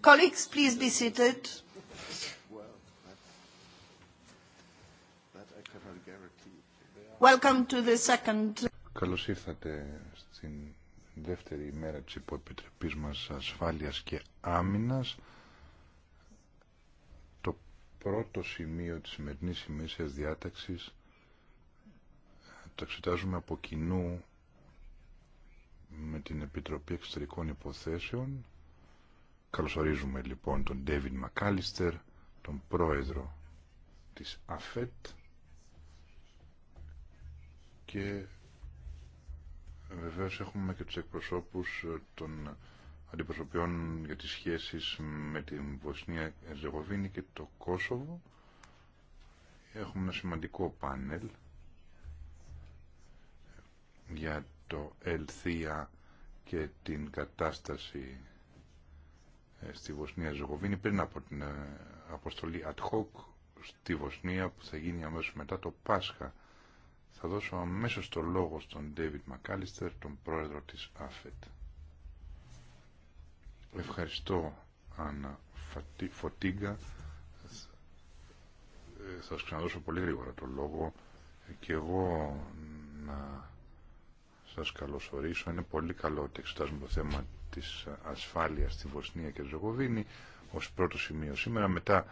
Colleagues, Καλώς ήρθατε στην δεύτερη μέρα της υποεπιτροπής μας ασφάλειας και άμυνας. Το πρώτο σημείο της σημερινής ημέρας διάταξης το εξετάζουμε από κοινού με την Επιτροπή Εξωτερικών Υποθέσεων Καλωσορίζουμε λοιπόν τον David Μακάλιστερ, τον πρόεδρο της ΑΦΕΤ και βεβαίως έχουμε και τους εκπροσώπους των αντιπροσωπιών για τις σχέσεις με την Βοσνία Ερζεγοβίνη και το Κόσοβο. Έχουμε ένα σημαντικό πάνελ για το Ελθία και την κατάσταση ε, στη Βοσνία Ζεγοβίνη πριν από την ε, αποστολή ad hoc στη Βοσνία που θα γίνει αμέσως μετά το Πάσχα. Θα δώσω αμέσως το λόγο στον David Μακάλιστερ, τον πρόεδρο της ΑΦΕΤ. Ευχαριστώ, Άννα Φωτίγκα. Ε, θα σας ξαναδώσω πολύ γρήγορα το λόγο και εγώ να σας καλωσορίσω. Είναι πολύ καλό ότι εξετάζουμε το θέμα της ασφάλειας στη Βοσνία και Ζεγοβίνη ως πρώτο σημείο σήμερα. Μετά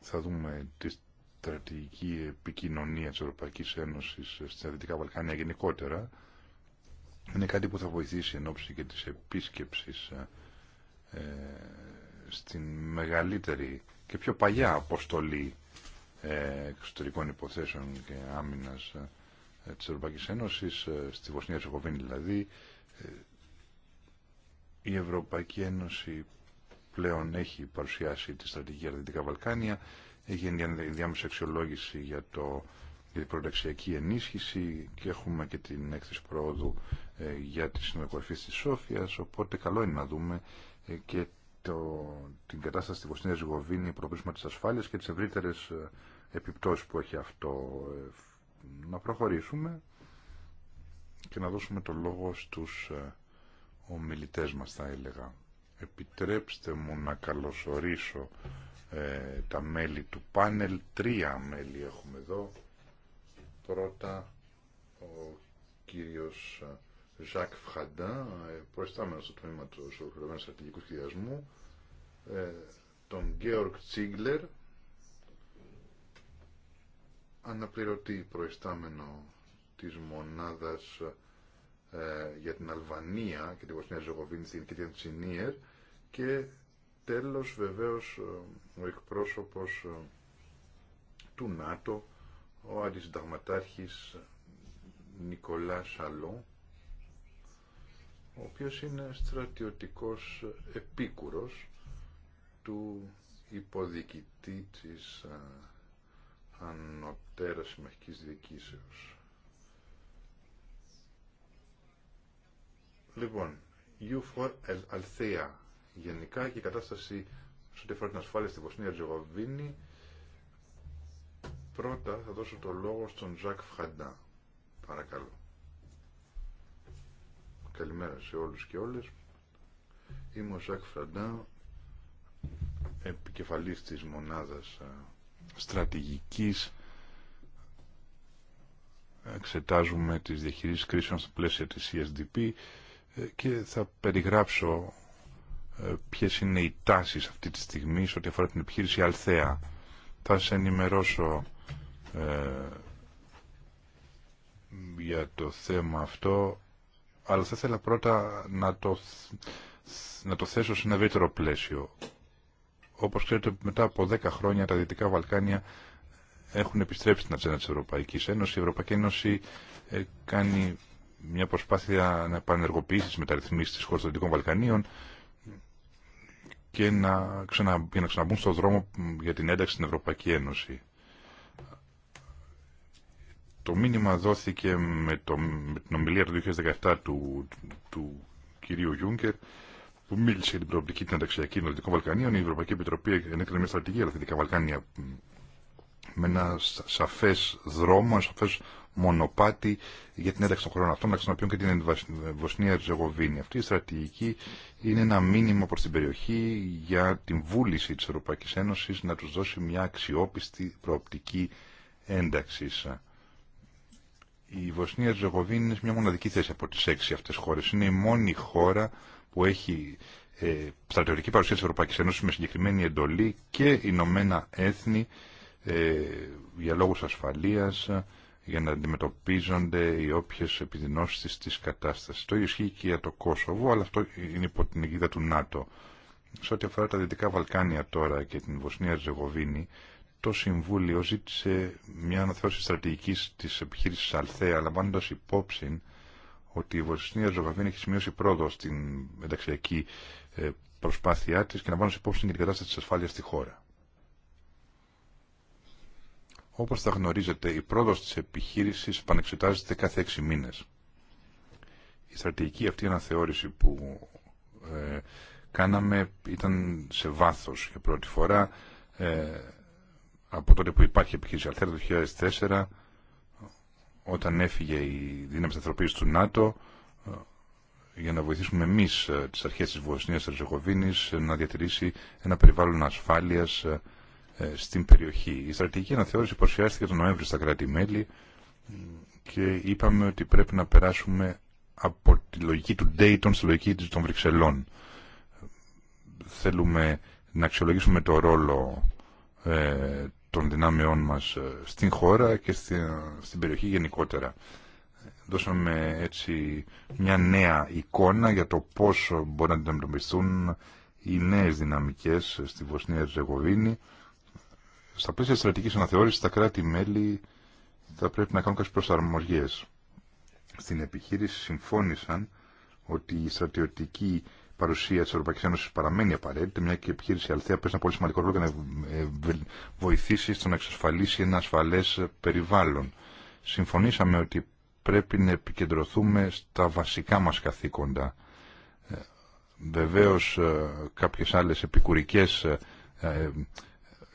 θα δούμε τη στρατηγική επικοινωνία της Ευρωπαϊκής Ένωσης στα Δυτικά Βαλκάνια γενικότερα. Είναι κάτι που θα βοηθήσει εν ώψη και της επίσκεψης ε, ε στην μεγαλύτερη και πιο παλιά αποστολή ε, εξωτερικών υποθέσεων και άμυνας ε, της Ευρωπαϊκής Ένωσης, ε, στη Βοσνία δηλαδή, ε, η Ευρωπαϊκή Ένωση πλέον έχει παρουσιάσει τη στρατηγική Δυτικά Βαλκάνια, έχει διάμεση αξιολόγηση για, το, την προταξιακή ενίσχυση και έχουμε και την έκθεση προόδου ε, για τη συνοδοκορφή τη Σόφια. οπότε καλό είναι να δούμε ε, και το, την κατάσταση στη Βοσνία προ προπίσμα τη ασφάλεια και τις ευρύτερε επιπτώσει που έχει αυτό. Ε, να προχωρήσουμε και να δώσουμε το λόγο στους ο ομιλητές μας θα έλεγα. Επιτρέψτε μου να καλωσορίσω ε, τα μέλη του πάνελ. Τρία μέλη έχουμε εδώ. Πρώτα ο κύριος Ζακ ε, Φχαντά, ε, προϊστάμενος στο τμήμα του Ολοκληρωμένου Στρατηγικού Σχεδιασμού, ε, τον Γκέορκ Τσίγκλερ, αναπληρωτή προϊστάμενο της μονάδας ε, ε, για την Αλβανία και την Βοσνία Ζεγοβίνη στην Κυρία και τέλος βεβαίως ε, ο εκπρόσωπος ε, του ΝΑΤΟ, ο αντισυνταγματάρχης Νικολά Σαλό, ο οποίος είναι στρατιωτικός επίκουρος του υποδικητή της ανωτέρας συμμαχικής διοικήσεως. Λοιπόν, U4 Althea γενικά και η κατάσταση σε ό,τι αφορά την ασφάλεια στη Βοσνία Τζεγοβίνη. Πρώτα θα δώσω το λόγο στον Ζακ Φραντά Παρακαλώ. Καλημέρα σε όλους και όλες. Είμαι ο Ζακ Φραντά επικεφαλής της μονάδας στρατηγικής εξετάζουμε τις διαχειρίσεις κρίσεων στο πλαίσιο της CSDP e ε, και θα περιγράψω ε, ποιες είναι οι τάσεις αυτή τη στιγμή σε ό,τι αφορά την επιχείρηση Αλθέα. Θα σε ενημερώσω ε, για το θέμα αυτό, αλλά θα ήθελα πρώτα να το, να το θέσω σε ένα ευρύτερο πλαίσιο. Όπως ξέρετε, μετά από 10 χρόνια τα Δυτικά Βαλκάνια έχουν επιστρέψει στην ατζέντα της Ευρωπαϊκής Ένωσης. Η Ευρωπαϊκή Ένωση ε, κάνει μια προσπάθεια να επανεργοποιήσει τι μεταρρυθμίσει της χώρα των Δυτικών Βαλκανίων και να, ξανα, να ξαναμπούν στον δρόμο για την ένταξη στην Ευρωπαϊκή Ένωση. Το μήνυμα δόθηκε με, το, με την ομιλία του 2017 του, του κυρίου Γιούγκερ που μίλησε για την προοπτική την ανταξιακή των Δυτικών Βαλκανίων. Η Ευρωπαϊκή Επιτροπή ενέκρινε μια στρατηγία για τα Δυτικά Βαλκάνια με ένα σαφέ δρόμο, ένα σαφές μονοπάτι για την ένταξη των χωρών αυτών, μεταξύ των οποίων και την Βοσνία Ερζεγοβίνη. Αυτή η στρατηγική είναι ένα μήνυμα προ την περιοχή για την βούληση τη Ευρωπαϊκή Ένωση να του δώσει μια αξιόπιστη προοπτική ένταξη. Η Βοσνία Ερζεγοβίνη είναι μια μοναδική θέση από τι έξι αυτέ χώρε. Είναι η μόνη χώρα που έχει ε, στρατιωτική παρουσία τη Ευρωπαϊκή Ένωση με συγκεκριμένη εντολή και Ηνωμένα Έθνη ε, για λόγου ασφαλείας για να αντιμετωπίζονται οι όποιε επιδεινώσεις της κατάσταση. Το ισχύει και για το Κόσοβο, αλλά αυτό είναι υπό την αιγίδα του ΝΑΤΟ. Σε ό,τι αφορά τα Δυτικά Βαλκάνια τώρα και την Βοσνία Ζεγοβίνη, το Συμβούλιο ζήτησε μια αναθεώρηση στρατηγικής της επιχείρηση Αλθέα, λαμβάνοντα υπόψη ότι η Βοσνία Ζεγοβίνη έχει σημειώσει πρόοδο στην ενταξιακή ε, προσπάθειά τη και να υπόψη και την κατάσταση τη ασφάλεια στη χώρα. Όπως θα γνωρίζετε, η πρόοδος της επιχείρησης επανεξετάζεται κάθε έξι μήνες. Η στρατηγική αυτή αναθεώρηση που ε, κάναμε ήταν σε βάθος για πρώτη φορά ε, από τότε που υπάρχει επιχείρηση Αλθέρα το 2004 όταν έφυγε η δύναμη σταθεροποίηση του ΝΑΤΟ ε, για να βοηθήσουμε εμεί ε, τι αρχέ τη Βοσνία και ε, να διατηρήσει ένα περιβάλλον ασφάλεια ε, στην περιοχή. Η στρατηγική αναθεώρηση παρουσιάστηκε τον Νοέμβριο στα κράτη-μέλη και είπαμε ότι πρέπει να περάσουμε από τη λογική του Dayton στη λογική των Βρυξελών. Θέλουμε να αξιολογήσουμε το ρόλο ε, των δυνάμεών μας ε, στην χώρα και στην, στην περιοχή γενικότερα. Δώσαμε έτσι μια νέα εικόνα για το πώς μπορούν να αντιμετωπιστούν οι νέες δυναμικές στη Βοσνία Ζεγοβίνη στα πλαίσια της στρατηγικής αναθεώρησης, τα κράτη-μέλη θα πρέπει να κάνουν κάποιες προσαρμογές. Στην επιχείρηση συμφώνησαν ότι η στρατιωτική παρουσία τη Ευρωπαϊκή Ένωση παραμένει απαραίτητη, μια και η επιχείρηση Αλθέα παίζει ένα πολύ σημαντικό ρόλο για να βοηθήσει στο να εξασφαλίσει ένα ασφαλέ περιβάλλον. Συμφωνήσαμε ότι πρέπει να επικεντρωθούμε στα βασικά μα καθήκοντα. Ε, Βεβαίω, ε, κάποιε άλλε επικουρικέ ε,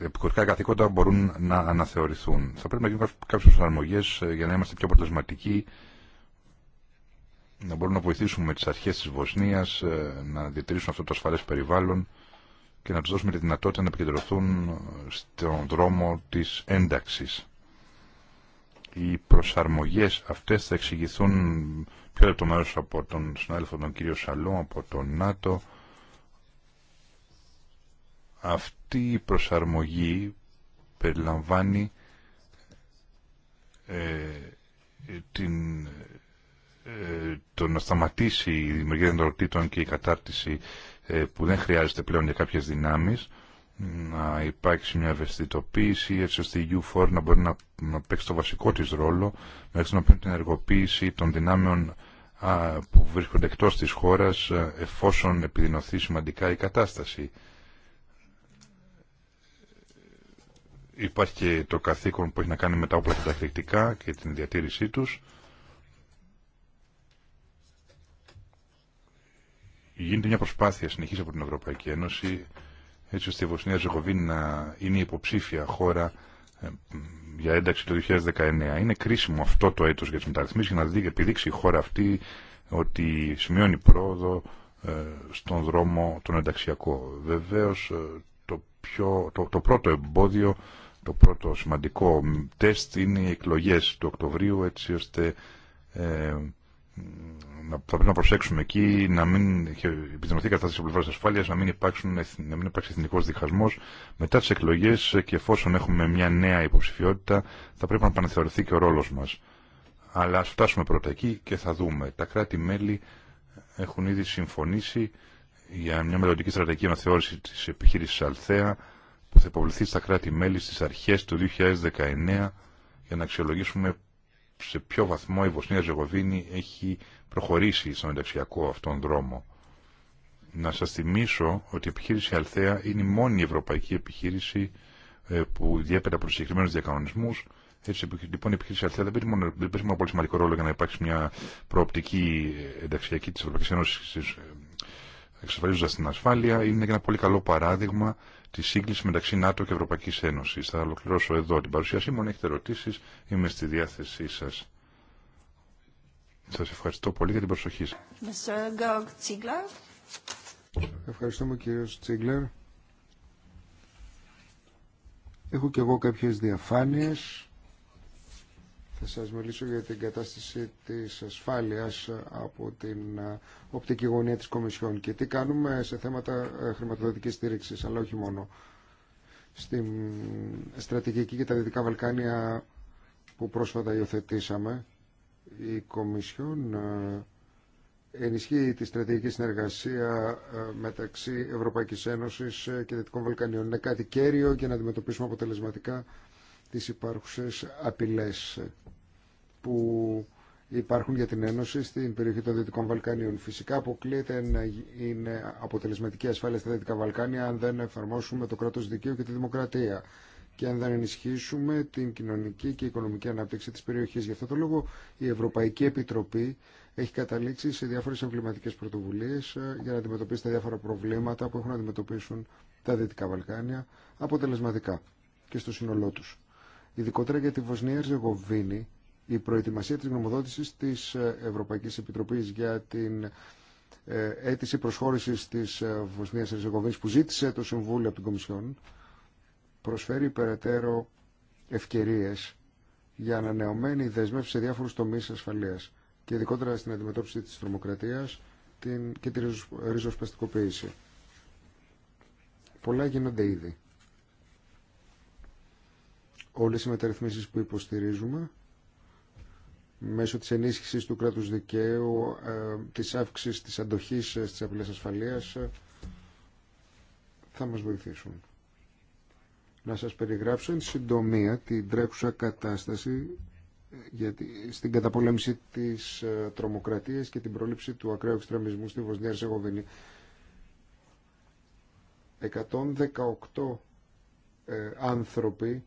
επικουρικά καθήκοντα μπορούν να αναθεωρηθούν. Θα πρέπει να γίνουν κάποιες προσαρμογέ ε, για να είμαστε πιο αποτελεσματικοί, να μπορούμε να βοηθήσουμε τις αρχές της Βοσνίας ε, να διατηρήσουν αυτό το ασφαλές περιβάλλον και να του δώσουμε τη δυνατότητα να επικεντρωθούν ε, στον δρόμο της ένταξης. Οι προσαρμογέ αυτέ θα εξηγηθούν πιο λεπτομέρω από τον συνάδελφο τον κύριο Σαλό, από τον ΝΑΤΟ. Αυτή αυτή η προσαρμογή περιλαμβάνει ε, την, ε, το να σταματήσει η δημιουργία εντολοτήτων και η κατάρτιση ε, που δεν χρειάζεται πλέον για κάποιες δυνάμεις, να υπάρξει μια ευαισθητοποίηση έτσι ώστε η U4 να μπορεί να, να παίξει το βασικό της ρόλο μέχρι να πει την ενεργοποίηση των δυνάμεων που βρίσκονται εκτός της χώρας ε, εφόσον επιδεινωθεί σημαντικά η κατάσταση. υπάρχει και το καθήκον που έχει να κάνει με τα όπλα και τα και την διατήρησή τους. Γίνεται μια προσπάθεια συνεχής από την Ευρωπαϊκή Ένωση έτσι ώστε η Βοσνία Ζεγοβίνη να είναι η υποψήφια χώρα ε, για ένταξη το 2019. Είναι κρίσιμο αυτό το έτος για τις μεταρρυθμίσεις για να δει, επιδείξει η χώρα αυτή ότι σημειώνει πρόοδο ε, στον δρόμο τον ενταξιακό. Βεβαίως ε, το, πιο, το, το πρώτο εμπόδιο το πρώτο σημαντικό τεστ είναι οι εκλογές του Οκτωβρίου έτσι ώστε ε, να, θα πρέπει να προσέξουμε εκεί να μην επιδεινωθεί η κατάσταση πλευρά ασφάλεια, να μην, να μην υπάρξει εθνικό διχασμό. Μετά τι εκλογέ ε, και εφόσον έχουμε μια νέα υποψηφιότητα, θα πρέπει να επαναθεωρηθεί και ο ρόλο μα. Αλλά α φτάσουμε πρώτα εκεί και θα δούμε. Τα κράτη-μέλη έχουν ήδη συμφωνήσει για μια μελλοντική στρατηγική αναθεώρηση τη επιχείρηση Αλθέα που θα υποβληθεί στα κράτη-μέλη στις αρχές του 2019 για να αξιολογήσουμε σε ποιο βαθμό η Βοσνία Ζεγοβίνη έχει προχωρήσει στον ενταξιακό αυτόν δρόμο. Να σας θυμίσω ότι η επιχείρηση Αλθέα είναι η μόνη ευρωπαϊκή επιχείρηση ε, που διέπεται από συγκεκριμένου διακανονισμού. Έτσι, λοιπόν, η επιχείρηση Αλθέα δεν παίζει μόνο, μόνο πολύ σημαντικό ρόλο για να υπάρξει μια προοπτική ενταξιακή τη Ευρωπαϊκή Ένωση εξασφαλίζοντα την ασφάλεια είναι ένα πολύ καλό παράδειγμα τη σύγκληση μεταξύ ΝΑΤΟ και Ευρωπαϊκή Ένωσης. Θα ολοκληρώσω εδώ την παρουσίασή μου. Αν έχετε ερωτήσει, είμαι στη διάθεσή σας. Σα ευχαριστώ πολύ για την προσοχή σας. Ευχαριστούμε κύριο Τσίγκλερ. Έχω και εγώ κάποιες διαφάνειες. Θα σας μιλήσω για την κατάσταση της ασφάλειας από την οπτική γωνία της Κομισιόν και τι κάνουμε σε θέματα ε, χρηματοδοτικής στήριξης, αλλά όχι μόνο. Στην στρατηγική και τα Δυτικά Βαλκάνια που πρόσφατα υιοθετήσαμε, η Κομισιόν ε, ενισχύει τη στρατηγική συνεργασία ε, μεταξύ Ευρωπαϊκής Ένωσης και Δυτικών Βαλκανίων. Είναι κάτι κέριο για να αντιμετωπίσουμε αποτελεσματικά τις υπάρχουσες απειλές που υπάρχουν για την Ένωση στην περιοχή των Δυτικών Βαλκανίων. Φυσικά αποκλείεται να είναι αποτελεσματική ασφάλεια στα Δυτικά Βαλκάνια αν δεν εφαρμόσουμε το κράτος δικαίου και τη δημοκρατία και αν δεν ενισχύσουμε την κοινωνική και οικονομική ανάπτυξη της περιοχής. Γι' αυτό το λόγο η Ευρωπαϊκή Επιτροπή έχει καταλήξει σε διάφορες εμβληματικές πρωτοβουλίες ε, για να αντιμετωπίσει τα διάφορα προβλήματα που έχουν να αντιμετωπίσουν τα Δυτικά Βαλκάνια αποτελεσματικά και στο σύνολό τους ειδικότερα για τη Βοσνία Ζεγοβίνη, η προετοιμασία της γνωμοδότησης της ε, Ευρωπαϊκής Επιτροπής για την ε, αίτηση προσχώρησης της ε, Βοσνίας Ερζεγοβίνης που ζήτησε το Συμβούλιο από την Κομισιόν προσφέρει περαιτέρω ευκαιρίες για ανανεωμένη δεσμεύση σε διάφορους τομείς ασφαλείας και ειδικότερα στην αντιμετώπιση της τρομοκρατίας και τη ριζοσπαστικοποίηση. Πολλά γίνονται ήδη όλες οι μεταρρυθμίσεις που υποστηρίζουμε μέσω της ενίσχυσης του κράτους δικαίου, ε, της αύξησης της αντοχής ε, στις απειλές ασφαλείας ε, θα μας βοηθήσουν. Να σας περιγράψω εν συντομία την τρέχουσα κατάσταση γιατί στην καταπολέμηση της τρομοκρατίας και την πρόληψη του ακραίου εξτρεμισμού στη Βοσνία Ερσεγοβίνη. 118 άνθρωποι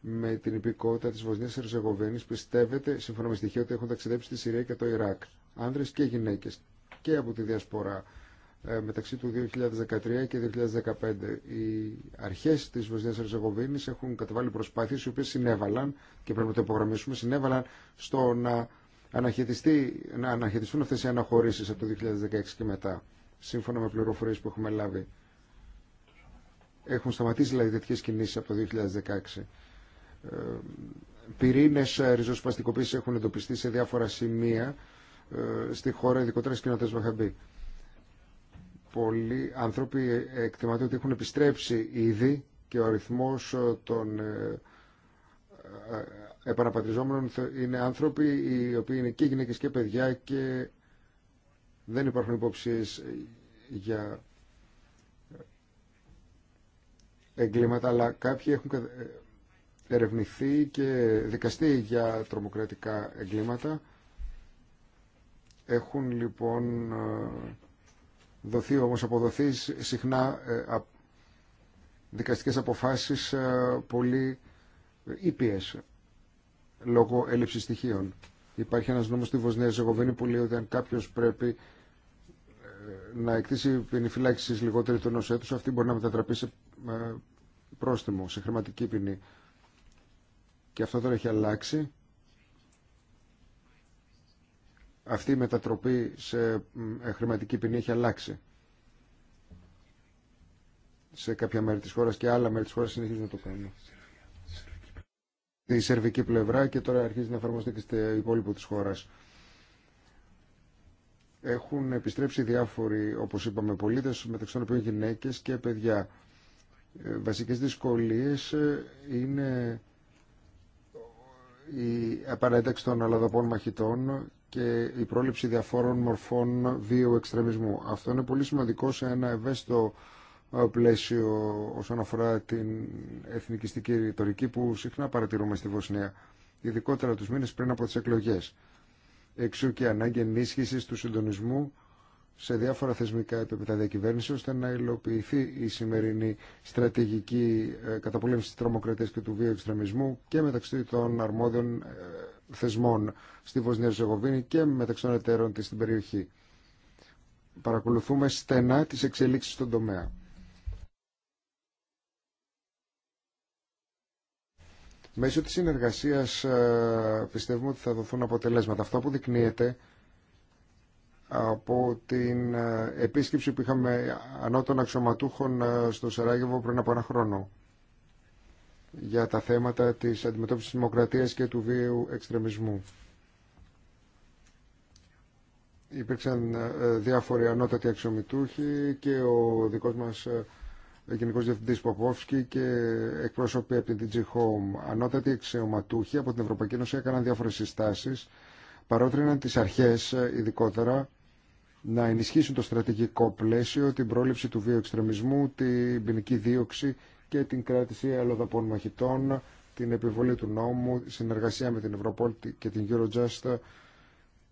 με την υπηκότητα τη Βοσνία Ερζεγοβίνης πιστεύετε, σύμφωνα με στοιχεία, ότι έχουν ταξιδέψει στη Συρία και το Ιράκ, άνδρε και γυναίκε. και από τη διασπορά ε, μεταξύ του 2013 και 2015. Οι αρχέ τη Βοσνία Ερζεγοβίνης έχουν καταβάλει προσπάθειε οι οποίε συνέβαλαν και πρέπει να το υπογραμμίσουμε, συνέβαλαν στο να, αναχαιτιστεί, να αναχαιτιστούν οι αναχωρήσει από το 2016 και μετά, σύμφωνα με πληροφορίε που έχουμε λάβει. Έχουν σταματήσει δηλαδή τέτοιε κινήσει από το 2016. Ε, Πυρήνε ριζοσπαστικοποίηση έχουν εντοπιστεί σε διάφορα σημεία ε, στη χώρα, ειδικότερα στι κοινότητε Βαχαμπή. Πολλοί άνθρωποι εκτιμάται ότι έχουν επιστρέψει ήδη και ο αριθμός ε, των επαναπατριζόμενων είναι άνθρωποι οι οποίοι είναι και γυναίκε και παιδιά και δεν υπάρχουν υποψίες για εγκλήματα, αλλά κάποιοι έχουν ερευνηθεί και δικαστεί για τρομοκρατικά εγκλήματα. Έχουν λοιπόν ε, δοθεί όμως αποδοθεί συχνά ε, δικαστικές αποφάσεις ε, πολύ ήπιες λόγω έλλειψης στοιχείων. Υπάρχει ένας νόμος στη Βοσνία Ζεγοβίνη που λέει ότι αν κάποιος πρέπει να εκτίσει ποινή φυλάξη λιγότερη των νοσέτους, αυτή μπορεί να μετατραπεί σε πρόστιμο, σε χρηματική ποινή και αυτό τώρα έχει αλλάξει. Αυτή η μετατροπή σε ε, χρηματική ποινή έχει αλλάξει. Σε κάποια μέρη της χώρας και άλλα μέρη της χώρας συνεχίζουν να το κάνουν. Στη σερβική πλευρά και τώρα αρχίζει να εφαρμοστεί και στο υπόλοιπο της χώρας. Έχουν επιστρέψει διάφοροι, όπως είπαμε, πολίτες, μεταξύ των οποίων γυναίκες και παιδιά. Ε, βασικές δυσκολίες ε, είναι η επανένταξη των αλλαδαπών μαχητών και η πρόληψη διαφόρων μορφών βίου εξτρεμισμού. Αυτό είναι πολύ σημαντικό σε ένα ευαίσθητο ε, πλαίσιο όσον αφορά την εθνικιστική ρητορική που συχνά παρατηρούμε στη Βοσνία, ειδικότερα τους μήνες πριν από τις εκλογές. Εξού και ανάγκη ενίσχυσης του συντονισμού σε διάφορα θεσμικά επίπεδα διακυβέρνηση ώστε να υλοποιηθεί η σημερινή στρατηγική ε, καταπολέμηση τη τρομοκρατίας και του βιοεξτρεμισμού και μεταξύ των αρμόδιων ε, θεσμών στη Βοσνία Ζεγοβίνη και μεταξύ των εταίρων της στην περιοχή. Παρακολουθούμε στενά τις εξελίξεις στον τομέα. Μέσω της συνεργασίας ε, πιστεύουμε ότι θα δοθούν αποτελέσματα. Αυτό που δεικνύεται από την ε, επίσκεψη που είχαμε ανώτων αξιωματούχων ε, στο Σεράγεβο πριν από ένα χρόνο για τα θέματα της αντιμετώπισης της δημοκρατίας και του βίαιου εξτρεμισμού. Υπήρξαν ε, διάφοροι ανώτατοι αξιωματούχοι και ο δικός μας Γενικός Διευθυντής Ποπόφσκι και εκπρόσωποι από την DG Home. Ανώτατοι αξιωματούχοι από την Ευρωπαϊκή Ένωση έκαναν διάφορες συστάσεις, παρότριναν τις αρχές ειδικότερα να ενισχύσουν το στρατηγικό πλαίσιο, την πρόληψη του βιοεξτρεμισμού, την ποινική δίωξη και την κράτηση αλλοδαπών μαχητών, την επιβολή του νόμου, συνεργασία με την Ευρωπόλ και την Eurojust,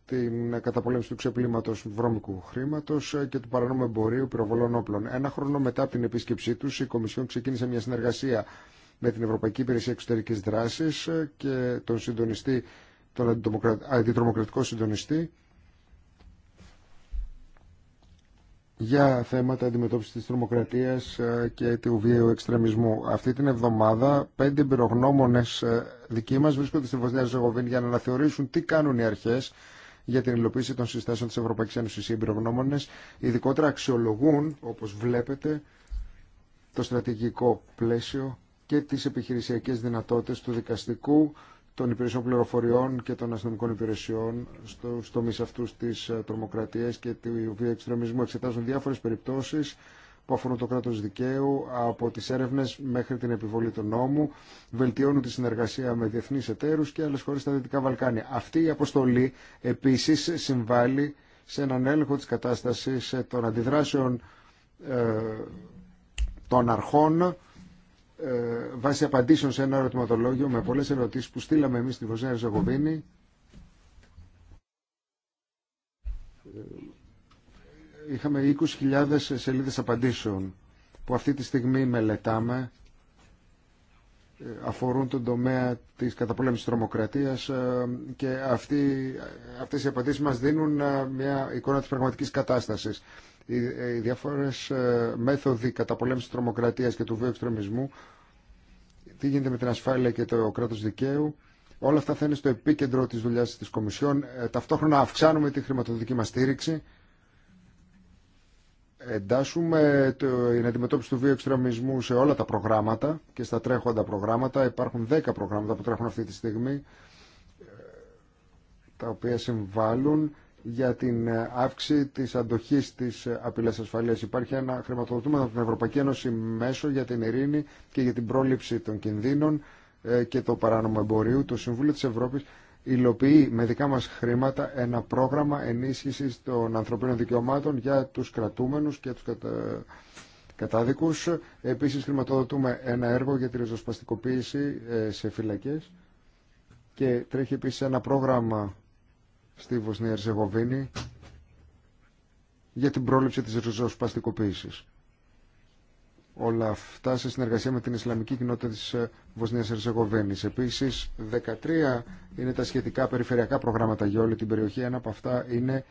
την καταπολέμηση του ξεπλήματο βρώμικου χρήματο και του παρανόμου εμπορίου πυροβολών όπλων. Ένα χρόνο μετά από την επίσκεψή του, η Κομισιόν ξεκίνησε μια συνεργασία με την Ευρωπαϊκή Υπηρεσία Εξωτερική Δράση και τον συντονιστή, τον αντιτρομοκρατικό συντονιστή, για θέματα αντιμετώπισης της τρομοκρατίας ε, και του βίαιου εξτρεμισμού. Αυτή την εβδομάδα πέντε εμπειρογνώμονες ε, δικοί μας βρίσκονται στη Βοσνία Ζεγοβίνη για να αναθεωρήσουν τι κάνουν οι αρχές για την υλοποίηση των συστάσεων της Ευρωπαϊκής Ένωσης. Οι εμπειρογνώμονες ειδικότερα αξιολογούν, όπως βλέπετε, το στρατηγικό πλαίσιο και τις επιχειρησιακές δυνατότητες του δικαστικού των υπηρεσιών πληροφοριών και των αστυνομικών υπηρεσιών στο, στο αυτούς της ε, τρομοκρατίας και του βιοεξτρεμισμού. εξετάζουν διάφορες περιπτώσεις που αφορούν το κράτο δικαίου, από τι έρευνε μέχρι την επιβολή του νόμου, βελτιώνουν τη συνεργασία με διεθνεί εταίρου και άλλε χώρε στα Δυτικά Βαλκάνια. Αυτή η αποστολή επίση συμβάλλει σε έναν έλεγχο τη κατάσταση ε, των αντιδράσεων ε, των αρχών ε, βάσει απαντήσεων σε ένα ερωτηματολόγιο με πολλές ερωτήσεις που στείλαμε εμείς στη Βοσνία Ζεγοβίνη ε, είχαμε 20.000 σελίδες απαντήσεων που αυτή τη στιγμή μελετάμε ε, αφορούν τον τομέα της καταπολέμησης τρομοκρατίας και αυτοί, αυτές οι απαντήσεις μας δίνουν μια εικόνα της πραγματικής κατάστασης. Οι, οι διάφορες μέθοδοι καταπολέμησης τρομοκρατίας και του βιοεξτρεμισμού τι γίνεται με την ασφάλεια και το κράτο δικαίου. Όλα αυτά θα είναι στο επίκεντρο της δουλειά της Κομισιόν. Ε, ταυτόχρονα αυξάνουμε τη χρηματοδοτική μα στήριξη. Εντάσσουμε την αντιμετώπιση του βιοεξτρεμισμού σε όλα τα προγράμματα και στα τρέχοντα προγράμματα. Υπάρχουν 10 προγράμματα που τρέχουν αυτή τη στιγμή ε, τα οποία συμβάλλουν για την ε, αύξηση τη αντοχή τη ε, απειλή ασφαλεία. Υπάρχει ένα χρηματοδοτούμενο από την Ευρωπαϊκή Ένωση μέσω για την ειρήνη και για την πρόληψη των κινδύνων ε, και το παράνομο εμπορίου. Το Συμβούλιο τη Ευρώπη υλοποιεί με δικά μα χρήματα ένα πρόγραμμα ενίσχυση των ανθρωπίνων δικαιωμάτων για του κρατούμενου και του κατα... κατάδικου. Επίση, χρηματοδοτούμε ένα έργο για τη ριζοσπαστικοποίηση σε φυλακέ και τρέχει επίση ένα πρόγραμμα στη Βοσνία ριζεγοβινη για την πρόληψη της ριζοσπαστικοποίησης. Όλα αυτά σε συνεργασία με την Ισλαμική Κοινότητα της ε, Βοσνίας Ερζεγοβίνης. Επίσης, 13 είναι τα σχετικά περιφερειακά προγράμματα για όλη την περιοχή. Ένα από αυτά είναι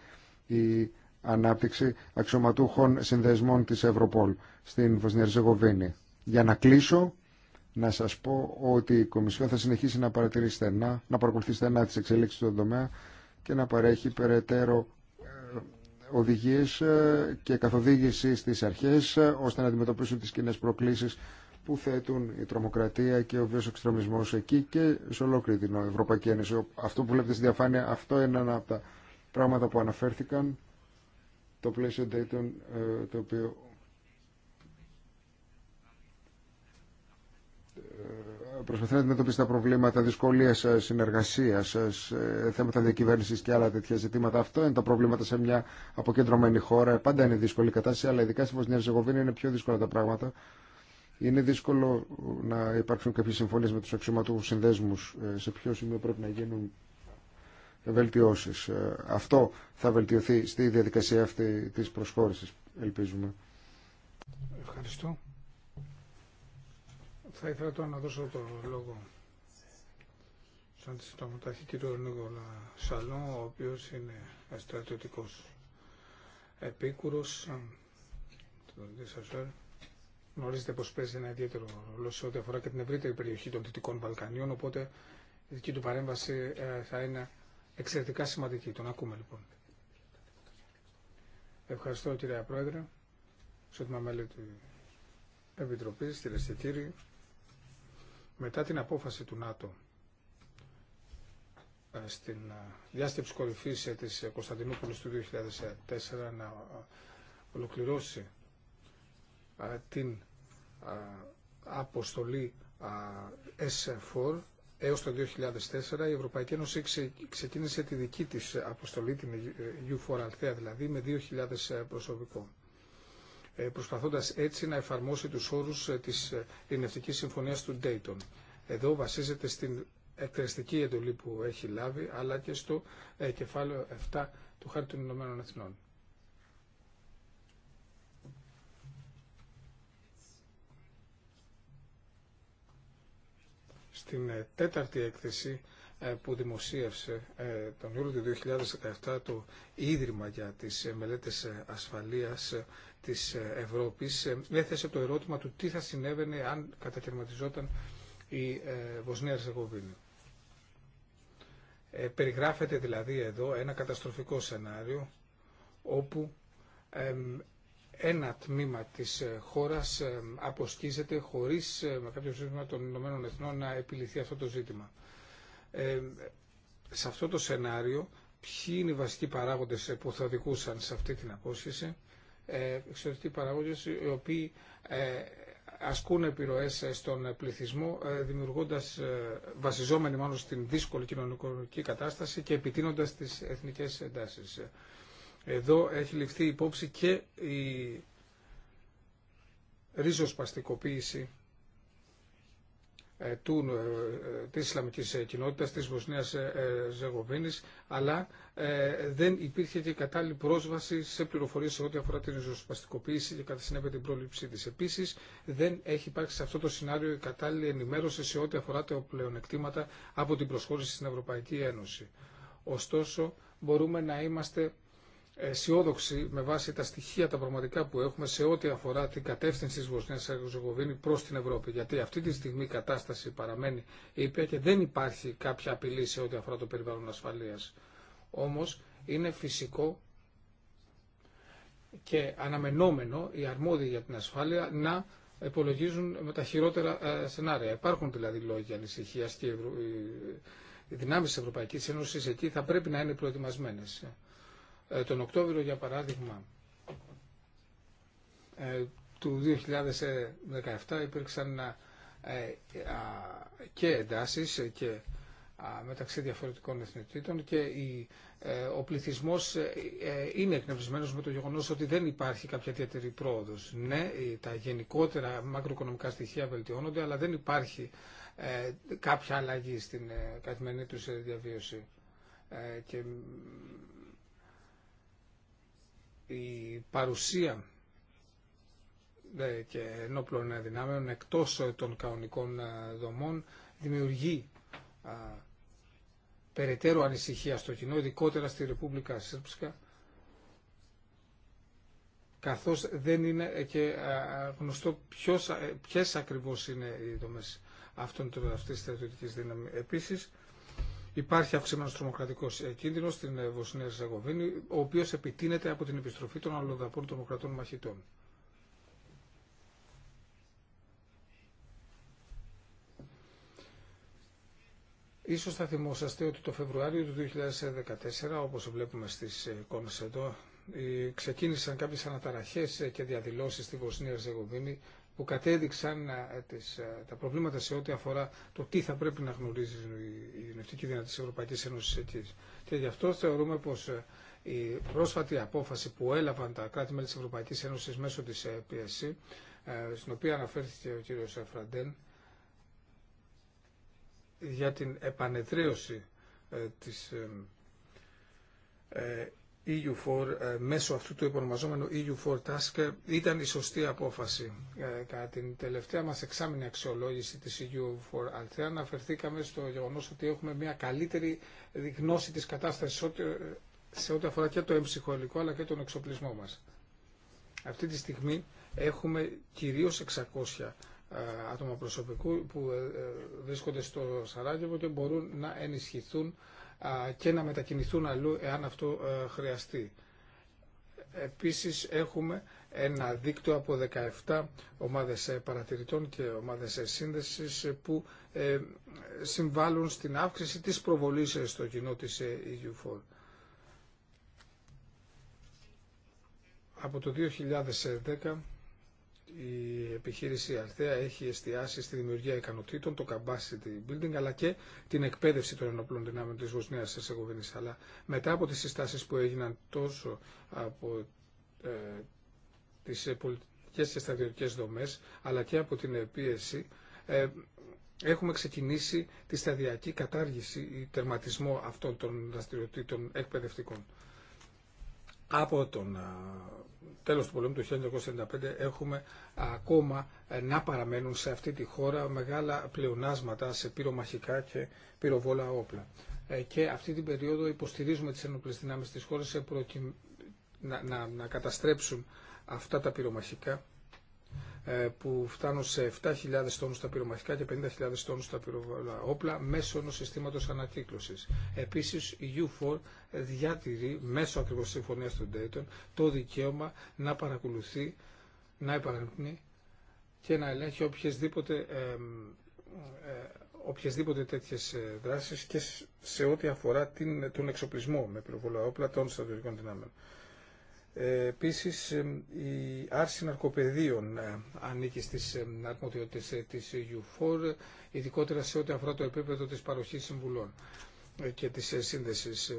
η ανάπτυξη αξιωματούχων συνδεσμών της Ευρωπόλ στην Βοσνία Ερζεγοβίνη. Για να κλείσω, να σας πω ότι η Κομισιόν θα συνεχίσει να, στενά, να παρακολουθεί στενά τις εξελίξεις στον τομέα και να παρέχει περαιτέρω ε, οδηγίες ε, και καθοδήγηση στις αρχές ε, ώστε να αντιμετωπίσουν τις κοινέ προκλήσεις που θέτουν η τρομοκρατία και ο βίος εξτρεμισμός εκεί και σε ολόκληρη την Ευρωπαϊκή Ένωση. Αυτό που βλέπετε στη διαφάνεια, αυτό είναι ένα από τα πράγματα που αναφέρθηκαν, το πλαίσιο Dayton, το οποίο προσπαθεί να αντιμετωπίσει τα προβλήματα δυσκολία ε, συνεργασία, ε, θέματα διακυβέρνηση και άλλα τέτοια ζητήματα. Αυτό είναι τα προβλήματα σε μια αποκεντρωμένη χώρα. Πάντα είναι δύσκολη η κατάσταση, αλλά ειδικά στη Βοσνία Ζεγοβίνη είναι πιο δύσκολα τα πράγματα. Είναι δύσκολο να υπάρξουν κάποιε συμφωνίε με του αξιωματούχου συνδέσμου ε, σε ποιο σημείο πρέπει να γίνουν βελτιώσει. Αυτό θα βελτιωθεί στη διαδικασία αυτή τη προσχώρηση, ελπίζουμε. Ευχαριστώ. Θα ήθελα τώρα να δώσω το λόγο σαν στον αντιστοματάρχη κύριο Νίκολα Σαλό, ο οποίος είναι στρατιωτικός επίκουρος του Δησασόρ. Ε. Γνωρίζετε πως παίζει ένα ιδιαίτερο ρόλο σε ό,τι αφορά και την ευρύτερη περιοχή των Δυτικών Βαλκανίων, οπότε η δική του παρέμβαση ε, θα είναι εξαιρετικά σημαντική. Τον ακούμε λοιπόν. Ευχαριστώ κύριε Πρόεδρε, σωτήμα μέλη του Επιτροπής, στη και μετά την απόφαση του ΝΑΤΟ ε, στην ε, διάσκεψη κορυφής ε, της Κωνσταντινούπολης του 2004 να ολοκληρώσει την αποστολή S4 έως το 2004 η Ευρωπαϊκή Ένωση ξεκίνησε τη δική της αποστολή, την U4 αλθεα δηλαδή, με 2.000 προσωπικών. Ε, προσπαθώντας έτσι να εφαρμόσει τους όρους ε, της Ειρηνευτικής Συμφωνίας του Dayton. Εδώ βασίζεται στην εκτελεστική εντολή που έχει λάβει, αλλά και στο ε, κεφάλαιο 7 του Χάρτη των Ηνωμένων Εθνών. Στην τέταρτη έκθεση που δημοσίευσε τον Ιούλιο του 2017 το Ίδρυμα για τις Μελέτες Ασφαλείας Τη ε, Ευρώπη, ε, έθεσε το ερώτημα του τι θα συνέβαινε αν κατακαιρματιζόταν η ε, Βοσνία Ε, περιγράφεται δηλαδή εδώ ένα καταστροφικό σενάριο όπου ένα τμήμα της χώρας αποσκίζεται χωρίς με κάποιο ζήτημα των Ηνωμένων Εθνών να επιληθεί αυτό το ζήτημα. Ε, σε αυτό το σενάριο ποιοι είναι οι βασικοί παράγοντες που θα οδηγούσαν σε αυτή την απόσχεση ε, εξωτερικοί παραγόντες οι οποίοι ε, ασκούν επιρροές στον πληθυσμό ε, δημιουργώντας, βασιζόμενοι μάλλον στην δύσκολη κοινωνικονομική κατάσταση και επιτείνοντας τις εθνικές εντάσεις. Εδώ έχει ληφθεί υπόψη και η ρίζοσπαστικοποίηση ε, του, ε, ε, της Ισλαμικής κοινότητας της Βοσνίας Ζεγοβίνης αλλά δεν υπήρχε και κατάλληλη πρόσβαση σε πληροφορίες σε ό,τι αφορά την ριζοσπαστικοποίηση και κατά συνέπεια την πρόληψή της. Επίσης δεν έχει υπάρξει σε αυτό το σενάριο η κατάλληλη ενημέρωση σε ό,τι αφορά τα πλεονεκτήματα από την προσχώρηση στην Ευρωπαϊκή Ένωση. Ωστόσο μπορούμε να είμαστε αισιόδοξοι με βάση τα στοιχεία τα πραγματικά που έχουμε σε ό,τι αφορά την κατεύθυνση της Βοσνίας Ερζεγοβίνη προς την Ευρώπη. Γιατί αυτή τη στιγμή η κατάσταση παραμένει ήπια και δεν υπάρχει κάποια απειλή σε ό,τι αφορά το περιβάλλον ασφαλείας. Όμως είναι φυσικό και αναμενόμενο οι αρμόδιοι για την ασφάλεια να υπολογίζουν με τα χειρότερα ε, σενάρια. Υπάρχουν δηλαδή λόγοι ανησυχία και οι δυνάμεις της Ευρωπαϊκής Ένωσης εκεί θα πρέπει να είναι προετοιμασμένε. Ε, τον Οκτώβριο για παράδειγμα ε, του 2017 υπήρξαν ε, και εντάσεις και μεταξύ διαφορετικών εθνικότητων και ο πληθυσμός είναι εκνευρισμένος με το γεγονός ότι δεν υπάρχει κάποια ιδιαίτερη πρόοδος. Ναι, τα γενικότερα μακροοικονομικά στοιχεία βελτιώνονται, αλλά δεν υπάρχει κάποια αλλαγή στην καθημερινή τους διαβίωση. Και η παρουσία και ενόπλων δυνάμεων εκτός των κανονικών ε, δομών δημιουργεί ε, περαιτέρω ανησυχία στο κοινό, ειδικότερα στη Ρεπούμπλικα Σύρψκα, καθώς δεν είναι ε, και γνωστό ποιος, ποιες ακριβώς είναι οι δομές αυτών, αυτής της στρατιωτικής δύναμης. Επίσης, υπάρχει αυξημένο τρομοκρατικό ε, κίνδυνο στην ε, Βοσνία Ερζεγοβίνη, ο οποίο επιτείνεται από την επιστροφή των αλλοδαπών τρομοκρατών μαχητών. Ίσως θα θυμόσαστε ότι το Φεβρουάριο του 2014, όπως βλέπουμε στις ε, εικόνες εδώ, ξεκίνησαν κάποιες αναταραχές και διαδηλώσεις στη Βοσνία Ζεγοβίνη που κατέδειξαν ε, ε, τα προβλήματα σε ό,τι αφορά το τι θα πρέπει να γνωρίζει η νευτική δυνατή της Ευρωπαϊκής Ένωσης εκεί. Και γι' αυτό θεωρούμε πως ε, η πρόσφατη απόφαση που έλαβαν τα κράτη-μέλη της Ευρωπαϊκής Ένωσης μέσω της PSC, στην οποία αναφέρθηκε ο κύριος Φραντέν, για την επανεδρέωση της EU4 ε, μέσω αυτού του υπονομαζομενου eu EU4 Task ε, ήταν η σωστή απόφαση. Ε, κατά την τελευταία μας εξάμεινη αξιολόγηση της EU4 Althea αναφερθήκαμε στο γεγονός ότι έχουμε μια καλύτερη γνώση της κατάστασης σε ό,τι αφορά και το εμψυχολικό αλλά και τον εξοπλισμό μας. Αυτή τη στιγμή έχουμε κυρίως 600 άτομα προσωπικού που βρίσκονται στο Σαράγεβο και μπορούν να ενισχυθούν και να μετακινηθούν αλλού εάν αυτό χρειαστεί. Επίσης έχουμε ένα δίκτυο από 17 ομάδες ε, παρατηρητών και ομάδες ε, σύνδεσης ε, που συμβάλλουν στην αύξηση της προβολής στο κοινό της EU4. Από το 2010 η επιχείρηση Αλθέα έχει εστιάσει στη δημιουργία ικανοτήτων, το capacity building, αλλά και την εκπαίδευση των ενόπλων δυνάμεων της Βοσνίας Ερσεγοβίνης. Αλλά μετά από τις συστάσεις που έγιναν τόσο από ε, τις ε, πολιτικές και στρατιωτικές δομές, αλλά και από την πίεση, ε, έχουμε ξεκινήσει τη σταδιακή κατάργηση ή τερματισμό αυτών των δραστηριοτήτων εκπαιδευτικών από τον τέλος του πολέμου του 1995 έχουμε ακόμα ε, να παραμένουν σε αυτή τη χώρα μεγάλα πλεονάσματα σε πυρομαχικά και πυροβόλα όπλα. Ε, και αυτή την περίοδο υποστηρίζουμε τις ενόπλες δυνάμεις της χώρας να, να, να καταστρέψουν αυτά τα πυρομαχικά ε, που φτάνουν σε 7.000 τόνους τα πυρομαχικά και 50.000 τόνους τα πυροβολά όπλα μέσω ενός συστήματος ανακύκλωσης. Επίσης η U4 διατηρεί μέσω ακριβώς συμφωνίας των Dayton το δικαίωμα να παρακολουθεί, να επαγρυπνεί και να ελέγχει οποιασδήποτε, ε, ε, τέτοιες δράσεις και σε ό,τι αφορά την, τον εξοπλισμό με πυροβολαόπλα των στρατιωτικών δυνάμεων. Επίσης, ε, η άρση ναρκοπαιδείων ε, ανήκει στις ε, αρμοδιότητες της EU4, ειδικότερα σε ό,τι αφορά το επίπεδο της παροχής συμβουλών και της σύνδεσης.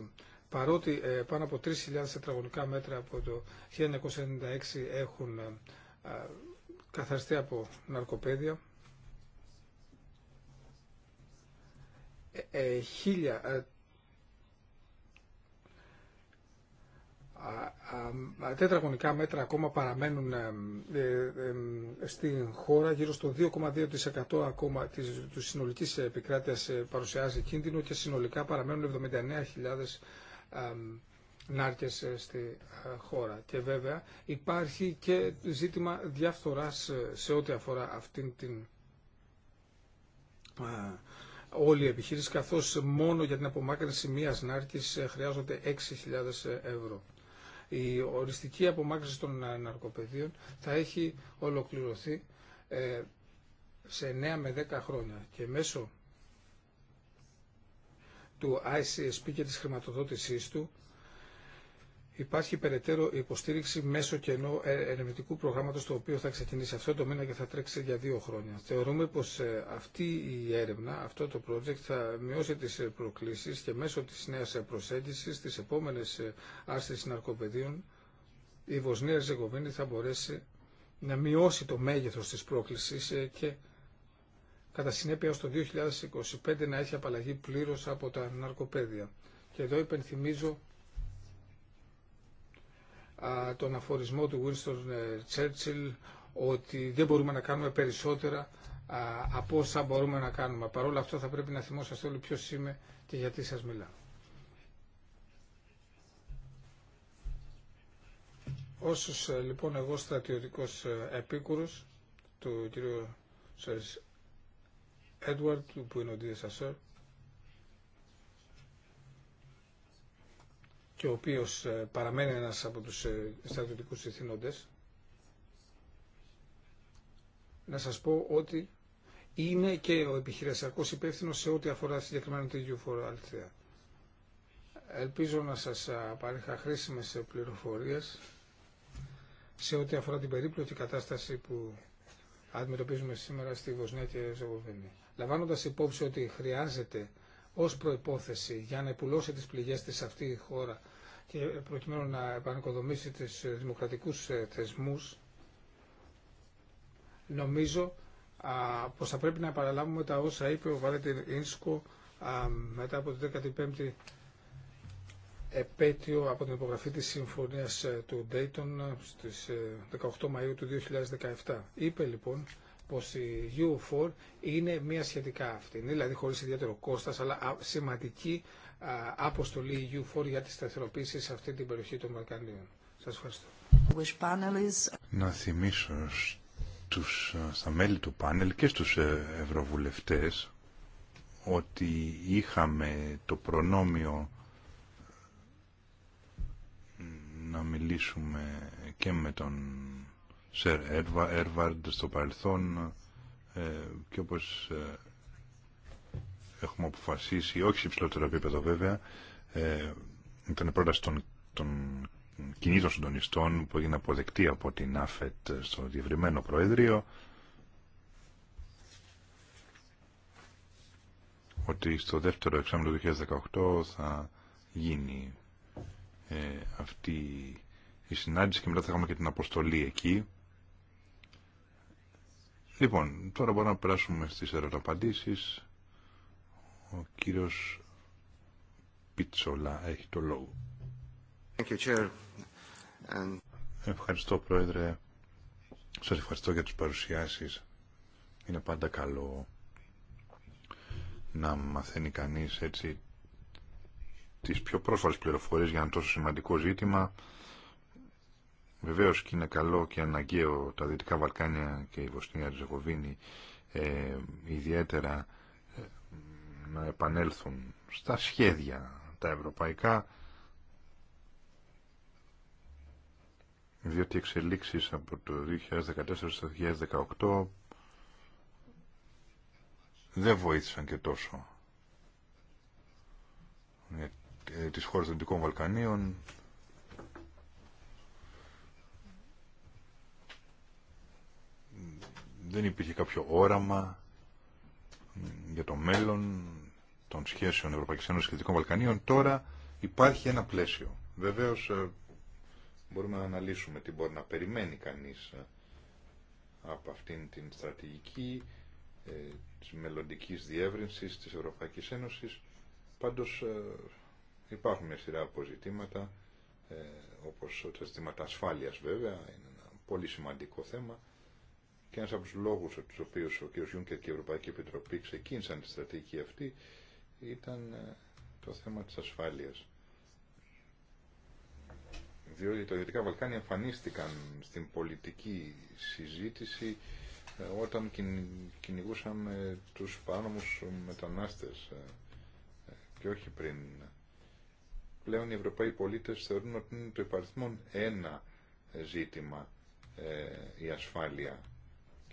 Παρότι πάνω από 3.000 τετραγωνικά μέτρα από το 1996 έχουν καθαριστεί από ναρκοπαίδια, χίλια τετραγωνικά μέτρα ακόμα παραμένουν ε, ε, ε, στην χώρα, γύρω στο 2,2% ακόμα της, της συνολικής επικράτειας παρουσιάζει κίνδυνο και συνολικά παραμένουν 79.000 νάρκες στη χώρα. Και βέβαια υπάρχει και ζήτημα διαφθοράς σε ό,τι αφορά αυτήν την όλη η επιχείρηση, καθώς μόνο για την απομάκρυνση μίας νάρκης χρειάζονται 6.000 ευρώ η οριστική απομάκρυνση των ε, ναρκοπαιδίων θα έχει ολοκληρωθεί ε, σε 9 με 10 χρόνια και μέσω του ICSP και της χρηματοδότησής του υπάρχει περαιτέρω υποστήριξη μέσω και ε, ερευνητικού προγράμματος το οποίο θα ξεκινήσει αυτό το μήνα και θα τρέξει για δύο χρόνια. Θεωρούμε πως ε, αυτή η έρευνα, αυτό το project θα μειώσει τις ε, προκλήσεις και μέσω της νέας προσέγγισης της επόμενες άρσεις ναρκοπαιδίων η Βοσνία Ζεγοβίνη θα μπορέσει να μειώσει το μέγεθος της πρόκλησης και κατά συνέπεια στο 2025 να έχει απαλλαγή πλήρως από τα ναρκοπαίδια. Και εδώ υπενθυμίζω τον αφορισμό του Winston ε, Churchill ότι δεν μπορούμε να κάνουμε περισσότερα από όσα μπορούμε να κάνουμε. Παρ' όλα αυτό θα πρέπει να θυμόσαστε όλοι ποιος είμαι και γιατί σας μιλάω. Όσους ε, λοιπόν εγώ στρατιωτικός ε, επίκουρος του κ. Σερς Έντουαρτ που είναι ο DSSR και ο οποίος ε, παραμένει ένας από τους ε, στρατιωτικούς ηθήνοντες, να σας πω ότι είναι και ο επιχειρησιακό υπεύθυνο σε ό,τι αφορά τη τη φορά Ελπίζω να σας παρέχα χρήσιμες πληροφορίες σε ό,τι αφορά την περίπλοκη κατάσταση που αντιμετωπίζουμε σήμερα στη Βοσνία και Ζεγοβίνη. Λαμβάνοντας υπόψη ότι χρειάζεται ως προπόθεση για να επουλώσει τις πληγές της αυτή η χώρα και προκειμένου να επανοικοδομήσει τις ε, δημοκρατικούς ε, θεσμούς, νομίζω πως θα πρέπει να παραλάβουμε τα όσα είπε ο Βαλέντι Ίνσκο μετά από την 15η επέτειο από την υπογραφή της Συμφωνίας ε, του Dayton στις 18 Μαΐου του 2017. Είπε λοιπόν πως η U4 είναι μια σχετικά αυτή, δηλαδή χωρίς ιδιαίτερο κόστος, αλλά σημαντική αποστολή U4 για τη σταθεροποίηση σε αυτή την περιοχή των Βαλκανίων. Σας ευχαριστώ. Να θυμίσω στους, στα μέλη του πάνελ και στους ε, ευρωβουλευτές ότι είχαμε το προνόμιο να μιλήσουμε και με τον Σερ Έρβαρντ στο παρελθόν ε, και όπως ε, έχουμε αποφασίσει, όχι σε υψηλότερο επίπεδο βέβαια, ε, ήταν πρόταση των, των κινήτων συντονιστών που έγινε αποδεκτή από την ΑΦΕΤ στο διευρυμένο Προέδριο ότι στο δεύτερο εξάμεινο του 2018 θα γίνει ε, αυτή η συνάντηση και μετά θα έχουμε και την αποστολή εκεί Λοιπόν, τώρα μπορούμε να περάσουμε στις ερωταπαντήσεις. Ο κύριος Πιτσολά έχει το λόγο. Ευχαριστώ, Πρόεδρε. Σας ευχαριστώ για τις παρουσιάσεις. Είναι πάντα καλό να μαθαίνει κανείς έτσι τις πιο πρόσφατες πληροφορίες για ένα τόσο σημαντικό ζήτημα. Βεβαίω και είναι καλό και αναγκαίο τα Δυτικά Βαλκάνια και η Βοσνία Ριζεγοβίνη ε, ιδιαίτερα ε, να επανέλθουν στα σχέδια τα ευρωπαϊκά διότι εξελίξεις από το 2014 στο 2018 δεν βοήθησαν και τόσο ε, ε, τις χώρες των Δυτικών Βαλκανίων δεν υπήρχε κάποιο όραμα για το μέλλον των σχέσεων Ευρωπαϊκής Ένωσης και Δυτικών Βαλκανίων. Τώρα υπάρχει ένα πλαίσιο. Βεβαίως ε, μπορούμε να αναλύσουμε τι μπορεί να περιμένει κανείς ε, από αυτήν την στρατηγική ε, της μελλοντική διεύρυνσης της Ευρωπαϊκής Ένωσης. Πάντως ε, υπάρχουν μια σειρά αποζητήματα, ε, όπως τα ζητήματα ασφάλειας βέβαια, είναι ένα πολύ σημαντικό θέμα, και ένα από τους λόγους από τους οποίους ο κ. Γιούνκερ και η Ευρωπαϊκή Επιτροπή ξεκίνησαν τη στρατηγική αυτή ήταν ε, το θέμα της ασφάλειας. Διότι τα Δυτικά Βαλκάνια εμφανίστηκαν στην πολιτική συζήτηση ε, όταν κυνηγούσαμε τους πάνωμους μετανάστες ε, και όχι πριν. Πλέον οι Ευρωπαίοι πολίτες θεωρούν ότι είναι το υπαριθμόν ένα ζήτημα η ασφάλεια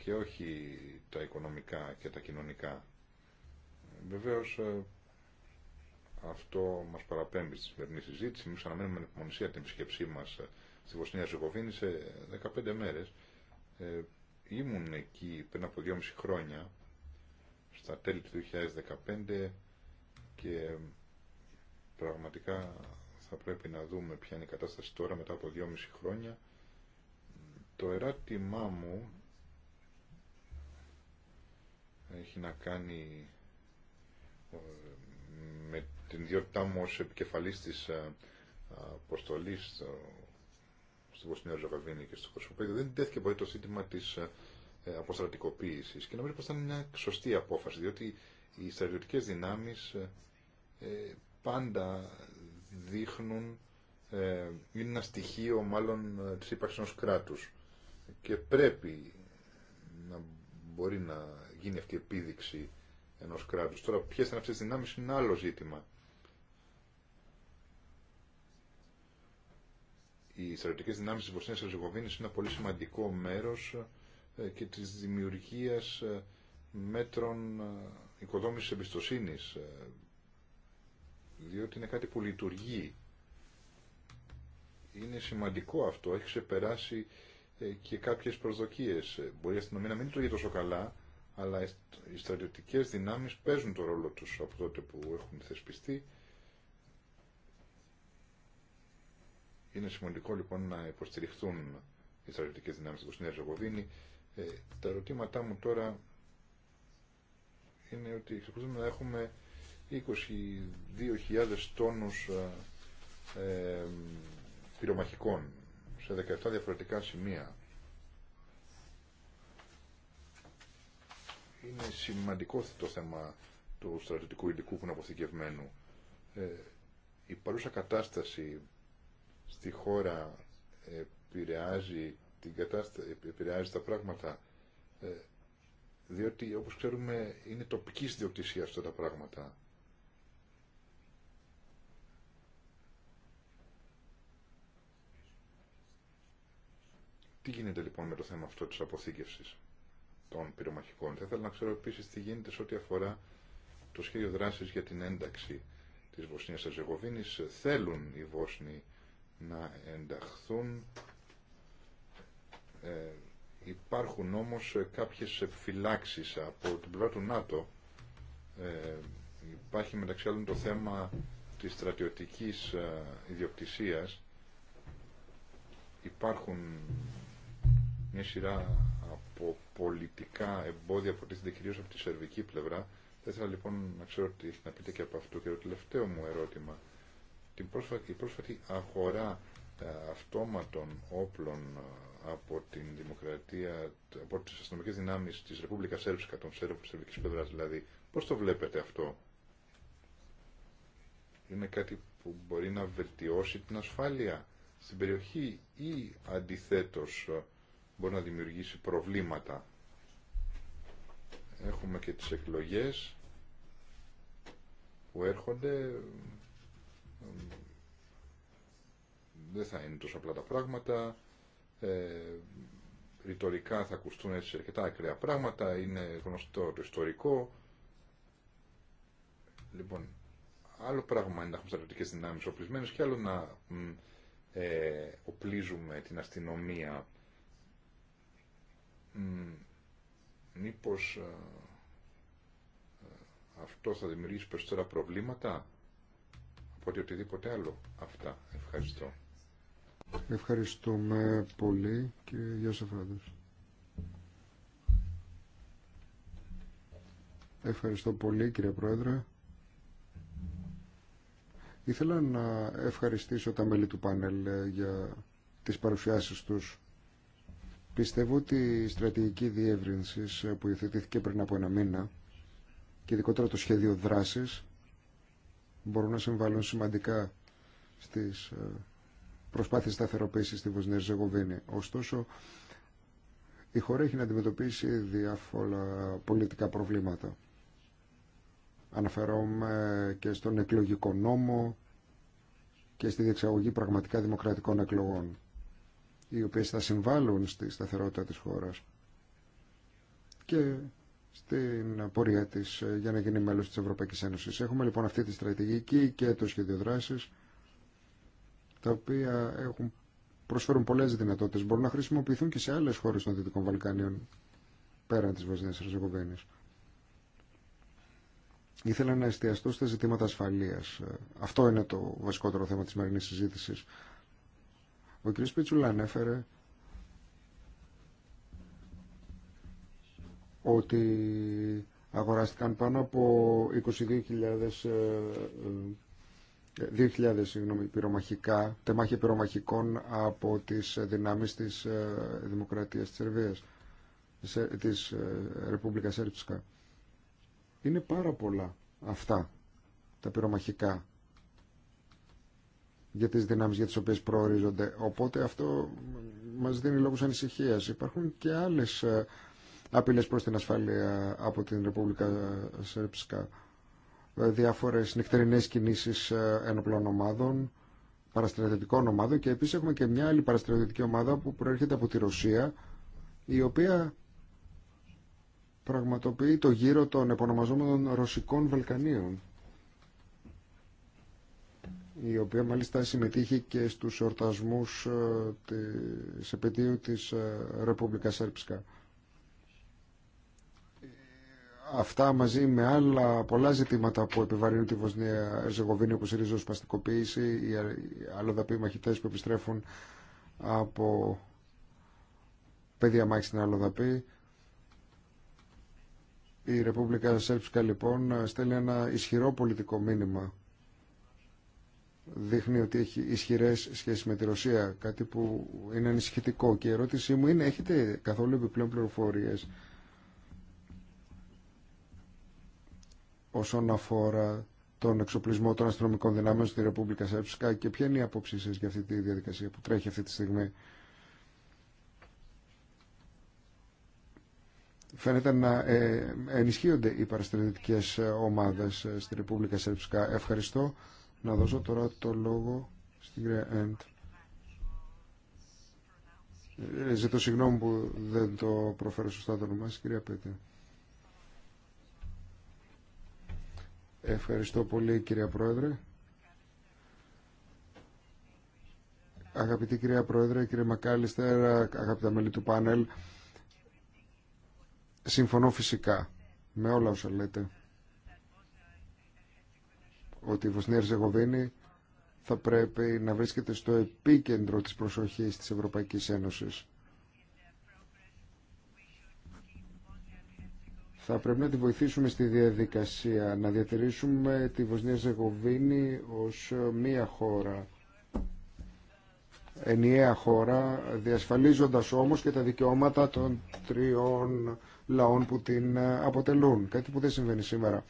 και όχι τα οικονομικά και τα κοινωνικά. Βεβαίως ε, αυτό μας παραπέμπει στη σημερινή συζήτηση. Εμείς αναμένουμε με υπομονησία την επισκεψή μας ε, στη Βοσνία Ζεγοβίνη σε 15 μέρες. Ε, ήμουν εκεί πριν από 2,5 χρόνια, στα τέλη του 2015 και ε, πραγματικά θα πρέπει να δούμε ποια είναι η κατάσταση τώρα μετά από 2,5 χρόνια. Το εράτημά μου έχει να κάνει ε, με την ιδιότητά μου ως επικεφαλής της ε, αποστολή στο, στην Βοσνία Ζαβαβίνη και στο Κοσμοπέδιο δεν τέθηκε ποτέ το σύντημα της ε, αποστρατικοποίησης και νομίζω πως ήταν μια σωστή απόφαση διότι οι στρατιωτικές δυνάμεις πάντα δείχνουν είναι ένα στοιχείο μάλλον της ύπαρξης ενός κράτους και πρέπει να μπορεί να γίνει αυτή η επίδειξη ενός κράτους. Τώρα ποιες είναι αυτές δυνάμεις είναι άλλο ζήτημα. Οι στρατιωτικές δυνάμεις της Βοσνίας Ερζεγοβίνης είναι ένα πολύ σημαντικό μέρος ε, και της δημιουργίας ε, μέτρων ε, οικοδόμησης εμπιστοσύνης διότι είναι κάτι που λειτουργεί είναι σημαντικό αυτό έχει ξεπεράσει και κάποιες προσδοκίες μπορεί η αστυνομία να μην λειτουργεί τόσο καλά αλλά οι στρατιωτικές δυνάμεις παίζουν το ρόλο τους από τότε που έχουν θεσπιστεί. Είναι σημαντικό λοιπόν να υποστηριχθούν οι στρατιωτικές δυνάμεις του Κωνσταντίνα Ε, τα ερωτήματά μου τώρα είναι ότι εξακολουθούμε να έχουμε 22.000 τόνους ε, ε, πυρομαχικών σε 17 διαφορετικά σημεία είναι σημαντικό το θέμα του στρατιωτικού υλικού που είναι αποθηκευμένου. Ε, η παρούσα κατάσταση στη χώρα επηρεάζει, την κατάσταση, επηρεάζει τα πράγματα ε, διότι όπως ξέρουμε είναι τοπικής διοκτησία αυτά τα πράγματα. Τι γίνεται λοιπόν με το θέμα αυτό της αποθήκευσης των πυρομαχικών. Θα ήθελα να ξέρω επίση τι γίνεται σε ό,τι αφορά το σχέδιο δράση για την ένταξη τη Βοσνία Ερζεγοβίνη. Θέλουν οι Βόσνοι να ενταχθούν. Ε, υπάρχουν όμως κάποιες φυλάξεις από την πλευρά του ΝΑΤΟ. Ε, υπάρχει μεταξύ άλλων το θέμα της στρατιωτικής ε, ιδιοκτησίας. Υπάρχουν μια σειρά από πολιτικά εμπόδια που τίθενται κυρίω από τη σερβική πλευρά. Θα ήθελα λοιπόν να ξέρω τι να πείτε και από αυτό Και το τελευταίο μου ερώτημα, την πρόσφατη, η πρόσφατη αγορά ε, αυτόματων όπλων ε, από την δημοκρατία, από τις αστυνομικές δυνάμεις της Ρεπούμπλικα Σέρβσκα, των Σέρβων της Σερβικής δηλαδή, Πώ το βλέπετε αυτό. Είναι κάτι που μπορεί να βελτιώσει την ασφάλεια στην περιοχή ή αντιθέτως ε, μπορεί να δημιουργήσει προβλήματα. Έχουμε και τις εκλογές που έρχονται. Δεν θα είναι τόσο απλά τα πράγματα. Ε, ρητορικά θα ακουστούν έτσι αρκετά ακραία πράγματα. Είναι γνωστό το ιστορικό. Λοιπόν, άλλο πράγμα είναι να έχουμε στρατιωτικές δυνάμεις οπλισμένες και άλλο να ε, οπλίζουμε την αστυνομία μήπως ε, ε, αυτό θα δημιουργήσει περισσότερα προβλήματα από ότι οτιδήποτε άλλο. Αυτά. Ευχαριστώ. Ευχαριστούμε πολύ κύριε Γιώσεφραντος. Ευχαριστώ πολύ κύριε Πρόεδρε. Ήθελα να ευχαριστήσω τα μέλη του πάνελ για τις παρουσιάσεις τους. Πιστεύω ότι η στρατηγική διεύρυνση που υιοθετήθηκε πριν από ένα μήνα και ειδικότερα το σχέδιο δράση, μπορούν να συμβάλλουν σημαντικά στις ε, προσπάθειες σταθεροποίηση στη Βοσνία Ζεγοβίνη. Ωστόσο, η χώρα έχει να αντιμετωπίσει διάφορα πολιτικά προβλήματα. Αναφερόμαι και στον εκλογικό νόμο και στη διεξαγωγή πραγματικά δημοκρατικών εκλογών οι οποίες θα συμβάλλουν στη σταθερότητα της χώρας και στην πορεία της ε, για να γίνει μέλος της Ευρωπαϊκής Ένωσης. Έχουμε λοιπόν αυτή τη στρατηγική και το σχέδιο δράσης, τα οποία έχουν, προσφέρουν πολλές δυνατότητες. Μπορούν να χρησιμοποιηθούν και σε άλλες χώρες των Δυτικών Βαλκανίων, πέραν της Βοσνίας Ρεζεγοβίνης. Ήθελα να εστιαστώ στα ζητήματα ασφαλείας. Ε, αυτό είναι το βασικότερο θέμα της σημερινής συζήτησης. Ο κ. Πίτσουλα ανέφερε ότι αγοράστηκαν πάνω από 22.000 2.000 ε, ε, πυρομαχικά, τεμάχια πυρομαχικών από τις δυνάμεις της ε, Δημοκρατίας της Σερβίας, της Ρεπούμπλικας Σέρψκα. Είναι πάρα πολλά αυτά τα πυρομαχικά για τις δυνάμεις για τις οποίες προορίζονται. Οπότε αυτό μας δίνει λόγους ανησυχίας. Υπάρχουν και άλλες ε, απειλές προς την ασφάλεια από την Ρεπούμπλικα Σέρψκα. Ε, διάφορες νυχτερινές κινήσεις ε, ενοπλών ομάδων, παραστρατιωτικών ομάδων και επίσης έχουμε και μια άλλη παραστρατιωτική ομάδα που προέρχεται από τη Ρωσία, η οποία πραγματοποιεί το γύρο των επωνομαζόμενων Ρωσικών Βαλκανίων η οποία μάλιστα συμμετείχε και στους ορτασμούς ε, της επαιτίου της ε, Ρεπούμπλικα Σέρψκα. Αυτά μαζί με άλλα πολλά ζητήματα που επιβαρύνουν τη Βοσνία Ερζεγοβίνη όπως η ριζοσπαστικοποίηση, οι αλλοδαποί μαχητές που επιστρέφουν από παιδιά μάχη στην αλλοδαπή. Η Ρεπούμπλικα Σέρψκα λοιπόν στέλνει ένα ισχυρό πολιτικό μήνυμα δείχνει ότι έχει ισχυρές σχέσεις με τη Ρωσία, κάτι που είναι ανησυχητικό. Και η ερώτησή μου είναι, έχετε καθόλου επιπλέον πληροφορίες όσον αφορά τον εξοπλισμό των αστυνομικών δυνάμεων στη Ρεπούμπλικα Σερψικά και ποια είναι η άποψή σα για αυτή τη διαδικασία που τρέχει αυτή τη στιγμή. Φαίνεται να ε, ενισχύονται οι παραστρατητικές ομάδες ε, στη Ρεπούμπλικα Σερψικά Ευχαριστώ. Να δώσω τώρα το λόγο στην κυρία Έντ. Ε, ζητώ συγγνώμη που δεν το προφέρω σωστά το όνομά σας, κυρία Πέτρη. Ευχαριστώ πολύ κυρία Πρόεδρε. Αγαπητή κυρία Πρόεδρε, κύριε Μακάλιστερ, αγαπητά μέλη του πάνελ, συμφωνώ φυσικά με όλα όσα λέτε ότι η Βοσνία θα πρέπει να βρίσκεται στο επίκεντρο της προσοχής της Ευρωπαϊκής Ένωσης. Θα πρέπει να τη βοηθήσουμε στη διαδικασία, να διατηρήσουμε τη Βοσνία Ζεγοβίνη ως μία χώρα, ενιαία χώρα, διασφαλίζοντας όμως και τα δικαιώματα των τριών λαών που την αποτελούν, κάτι που δεν συμβαίνει σήμερα.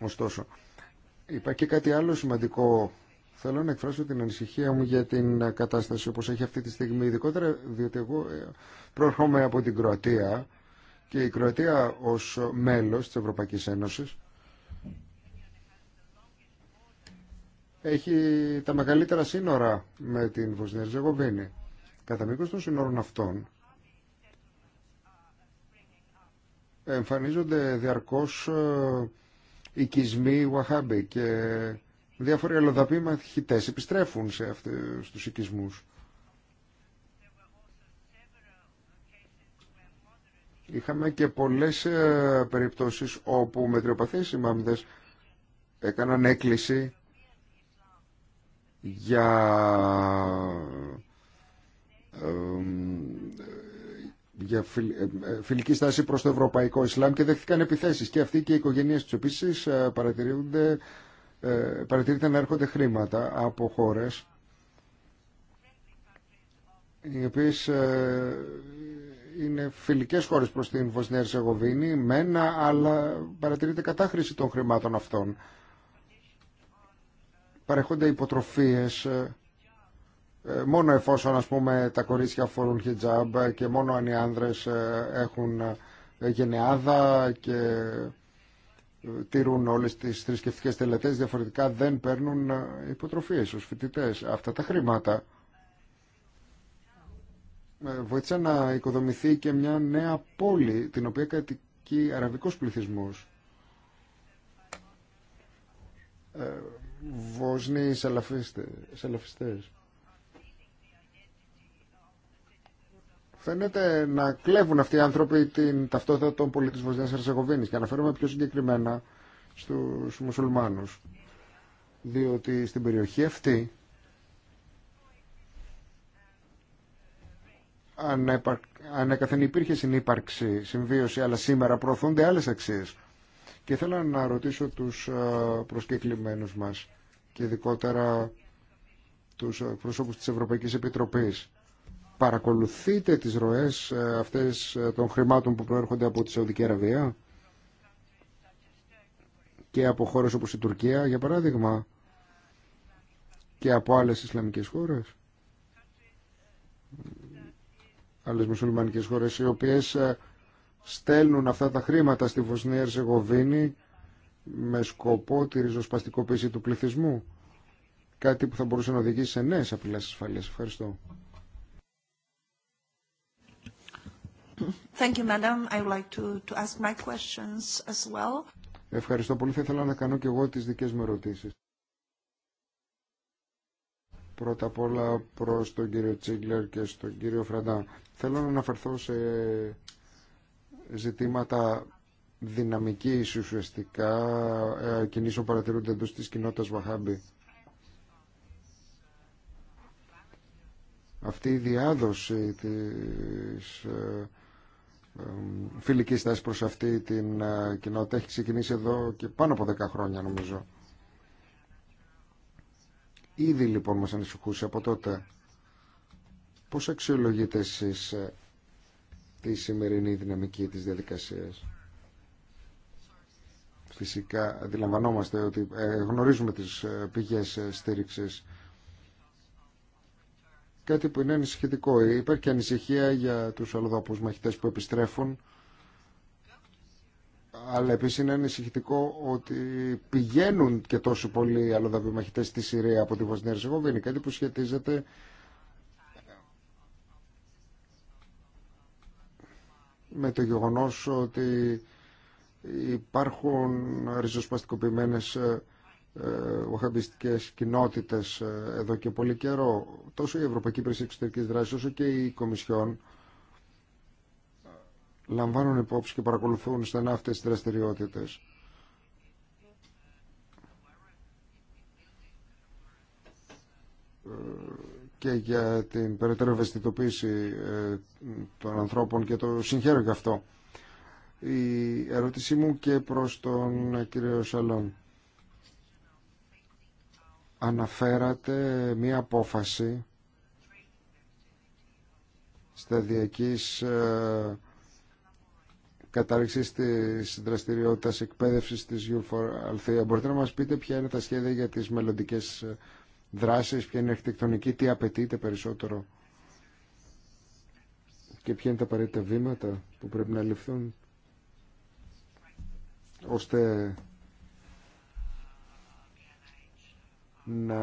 Ωστόσο, είπα και κάτι άλλο σημαντικό. Θέλω να εκφράσω την ανησυχία μου για την κατάσταση όπως έχει αυτή τη στιγμή, ειδικότερα διότι εγώ ε, προέρχομαι από την Κροατία και η Κροατία ως μέλος της Ευρωπαϊκής Ένωσης έχει τα μεγαλύτερα σύνορα με την Βοσνία Ζεγοβίνη. Κατά μήκο των σύνορων αυτών εμφανίζονται διαρκώς ε, οικισμοί Ουαχάμπη και διάφοροι αλλοδαποί μαθητές επιστρέφουν σε αυτούς τους οικισμούς. Είχαμε και πολλές ε, περιπτώσεις όπου μετριοπαθείς ημάμιδες έκαναν έκκληση για για ε, ε, φιλική στάση προς το ευρωπαϊκό Ισλάμ και δέχτηκαν επιθέσεις και αυτοί και οι οικογένειες τους επίσης ε, παρατηρούνται, παρατηρείται να έρχονται χρήματα από χώρες οι οποίες είναι φιλικές χώρες προς την Βοσνία Ερσεγοβίνη μένα αλλά παρατηρείται κατάχρηση των χρημάτων αυτών παρέχονται υποτροφίες ε, μόνο εφόσον ας πούμε τα κορίτσια φορούν χιτζάμπ και μόνο αν οι άνδρες ε, έχουν ε, γενεάδα και τηρούν όλες τις θρησκευτικές τελετές διαφορετικά δεν παίρνουν υποτροφίες ως φοιτητέ. Αυτά τα χρήματα βοήθησαν να οικοδομηθεί και μια νέα πόλη την οποία κατοικεί αραβικός πληθυσμός. Βοσνοί σαλαφιστές. Φαίνεται να κλέβουν αυτοί οι άνθρωποι την ταυτότητα των πολίτων της Βοσνίας και αναφέρομαι πιο συγκεκριμένα στους μουσουλμάνους. Διότι στην περιοχή αυτή ανέκαθεν υπήρχε συνύπαρξη, συμβίωση, αλλά σήμερα προωθούνται άλλες αξίες. Και θέλω να ρωτήσω τους ε, προσκεκλημένους μας και ειδικότερα τους ε, προσώπους της Ευρωπαϊκής Επιτροπής παρακολουθείτε τις ροές ε, αυτές ε, των χρημάτων που προέρχονται από τη Σαουδική Αραβία και από χώρες όπως η Τουρκία για παράδειγμα και από άλλες Ισλαμικές χώρες άλλες μουσουλμανικές χώρες οι οποίες ε, στέλνουν αυτά τα χρήματα στη Βοσνία Ερζεγοβίνη με σκοπό τη ριζοσπαστικοποίηση του πληθυσμού κάτι που θα μπορούσε να οδηγήσει σε νέες απειλές ασφαλείας. Ευχαριστώ. Thank you, madam. I would like to, ask my questions as well. Ευχαριστώ πολύ. Θα ήθελα να κάνω και εγώ τις δικές μου ερωτήσεις. Πρώτα απ' όλα προς τον κύριο Τσίγκλερ και στον κύριο Φραντά. Θέλω να αναφερθώ σε ζητήματα δυναμικής ουσιαστικά ε, κινήσεων παρατηρούνται εντός της κοινότητας Βαχάμπη. Αυτή η διάδοση της ε, ε, φιλική στάση προς αυτή την ε, κοινότητα. Έχει ξεκινήσει εδώ και πάνω από 10 χρόνια νομίζω. Ήδη λοιπόν μας ανησυχούσε από τότε. Πώς αξιολογείτε εσείς ε, τη σημερινή δυναμική της διαδικασίας. Φυσικά αντιλαμβανόμαστε ότι γνωρίζουμε τις πηγές στήριξης Κάτι που είναι ανησυχητικό. Υπάρχει ανησυχία για τους αλλοδαπούς μαχητές που επιστρέφουν. Αλλά επίσης είναι ανησυχητικό ότι πηγαίνουν και τόσο πολλοί αλλοδαποί μαχητές στη Συρία από τη Βοσνία Ριζεγοβίνη. Κάτι που σχετίζεται με το γεγονός ότι υπάρχουν ριζοσπαστικοποιημένες βαχαμπιστικές ε, κοινότητες ε, εδώ και πολύ καιρό. Τόσο η Ευρωπαϊκή Υπηρεσία Εξωτερική Δράση όσο και η Κομισιόν λαμβάνουν υπόψη και παρακολουθούν στενά αυτέ τις δραστηριότητες. και για την περαιτέρω ευαισθητοποίηση ε, των ανθρώπων και το συγχαίρω γι' αυτό. Η ερώτησή μου και προς τον κύριο Σαλόν αναφέρατε μία απόφαση σταδιακής ε, κατάρριξης της δραστηριότητας εκπαίδευσης της U4 Μπορείτε να μας πείτε ποια είναι τα σχέδια για τις μελλοντικές ε, δράσεις, ποια είναι η αρχιτεκτονική, τι απαιτείται περισσότερο και ποια είναι τα απαραίτητα βήματα που πρέπει να ληφθούν ώστε να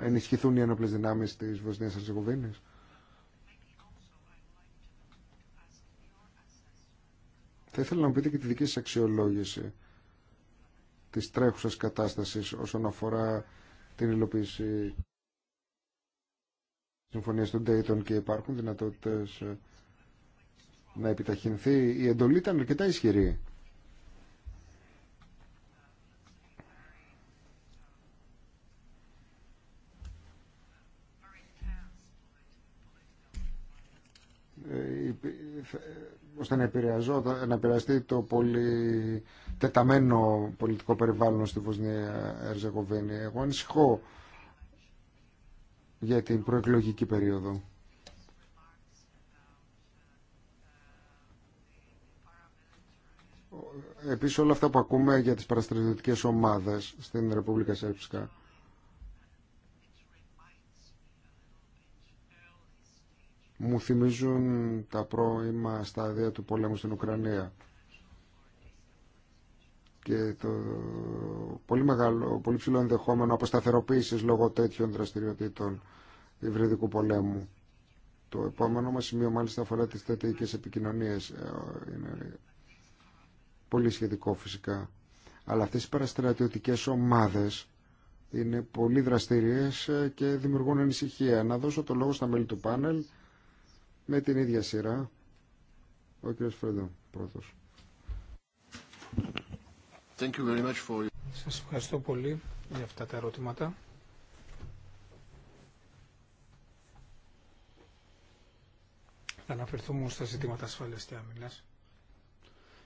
ενισχυθούν οι ενόπλες δυνάμεις της Βοσνίας Αρζεγοβίνης. Θα ήθελα να μου πείτε και τη δική σας αξιολόγηση της τρέχουσας κατάστασης όσον αφορά την υλοποίηση συμφωνίας των Dayton και υπάρχουν δυνατότητες να επιταχυνθεί. Η εντολή ήταν αρκετά ισχυρή ώστε να, να επηρεαστεί το πολύ τεταμένο πολιτικό περιβάλλον στη Βοσνία Ερζεγοβίνη. Εγώ ανησυχώ για την προεκλογική περίοδο. Επίσης όλα αυτά που ακούμε για τις παραστρατιωτικές ομάδες στην Ρεπούμπλικα Σέρψκα μου θυμίζουν τα πρώιμα στάδια του πολέμου στην Ουκρανία και το πολύ μεγάλο, πολύ ψηλό ενδεχόμενο αποσταθεροποίησης λόγω τέτοιων δραστηριοτήτων υβριδικού πολέμου. Το επόμενο μας σημείο μάλιστα αφορά τις θετικές επικοινωνίες. Ε, είναι πολύ σχετικό φυσικά. Αλλά αυτές οι παραστρατιωτικές ομάδες είναι πολύ δραστηριές και δημιουργούν ανησυχία. Να δώσω το λόγο στα μέλη του πάνελ με την ίδια σειρά. Ο κ. Φρέντο πρώτος. Thank you very much for... Σας ευχαριστώ πολύ για αυτά τα ερώτηματα. Θα αναφερθούμε στα ζητήματα ασφάλειας και άμυνας.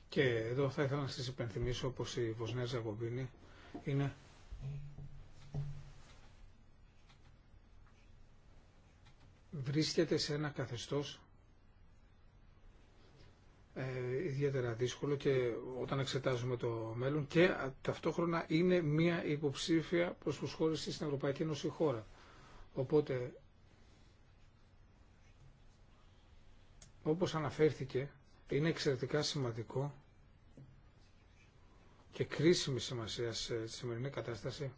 Και εδώ θα ήθελα να σας υπενθυμίσω πως η Βοσνέζα Ζαγοβίνη είναι βρίσκεται σε ένα καθεστώς ε, ιδιαίτερα δύσκολο και όταν εξετάζουμε το μέλλον και ταυτόχρονα είναι μια υποψήφια προς προσχώρηση στην Ευρωπαϊκή Ένωση χώρα. Οπότε, όπως αναφέρθηκε, είναι εξαιρετικά σημαντικό και κρίσιμη σημασία σε σημερινή κατάσταση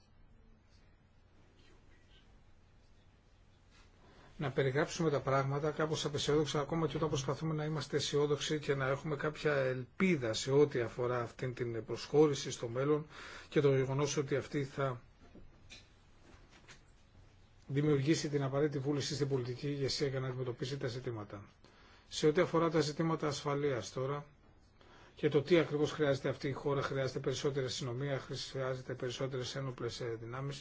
να περιγράψουμε τα πράγματα κάπω απεσιόδοξα ακόμα και όταν προσπαθούμε να είμαστε αισιόδοξοι και να έχουμε κάποια ελπίδα σε ό,τι αφορά αυτή την προσχώρηση στο μέλλον και το γεγονό ότι αυτή θα δημιουργήσει την απαραίτητη βούληση στην πολιτική ηγεσία για να αντιμετωπίσει τα ζητήματα. Σε ό,τι αφορά τα ζητήματα ασφαλεία τώρα και το τι ακριβώ χρειάζεται αυτή η χώρα, χρειάζεται περισσότερη συνομία, χρειάζεται περισσότερε ένοπλε δυνάμει.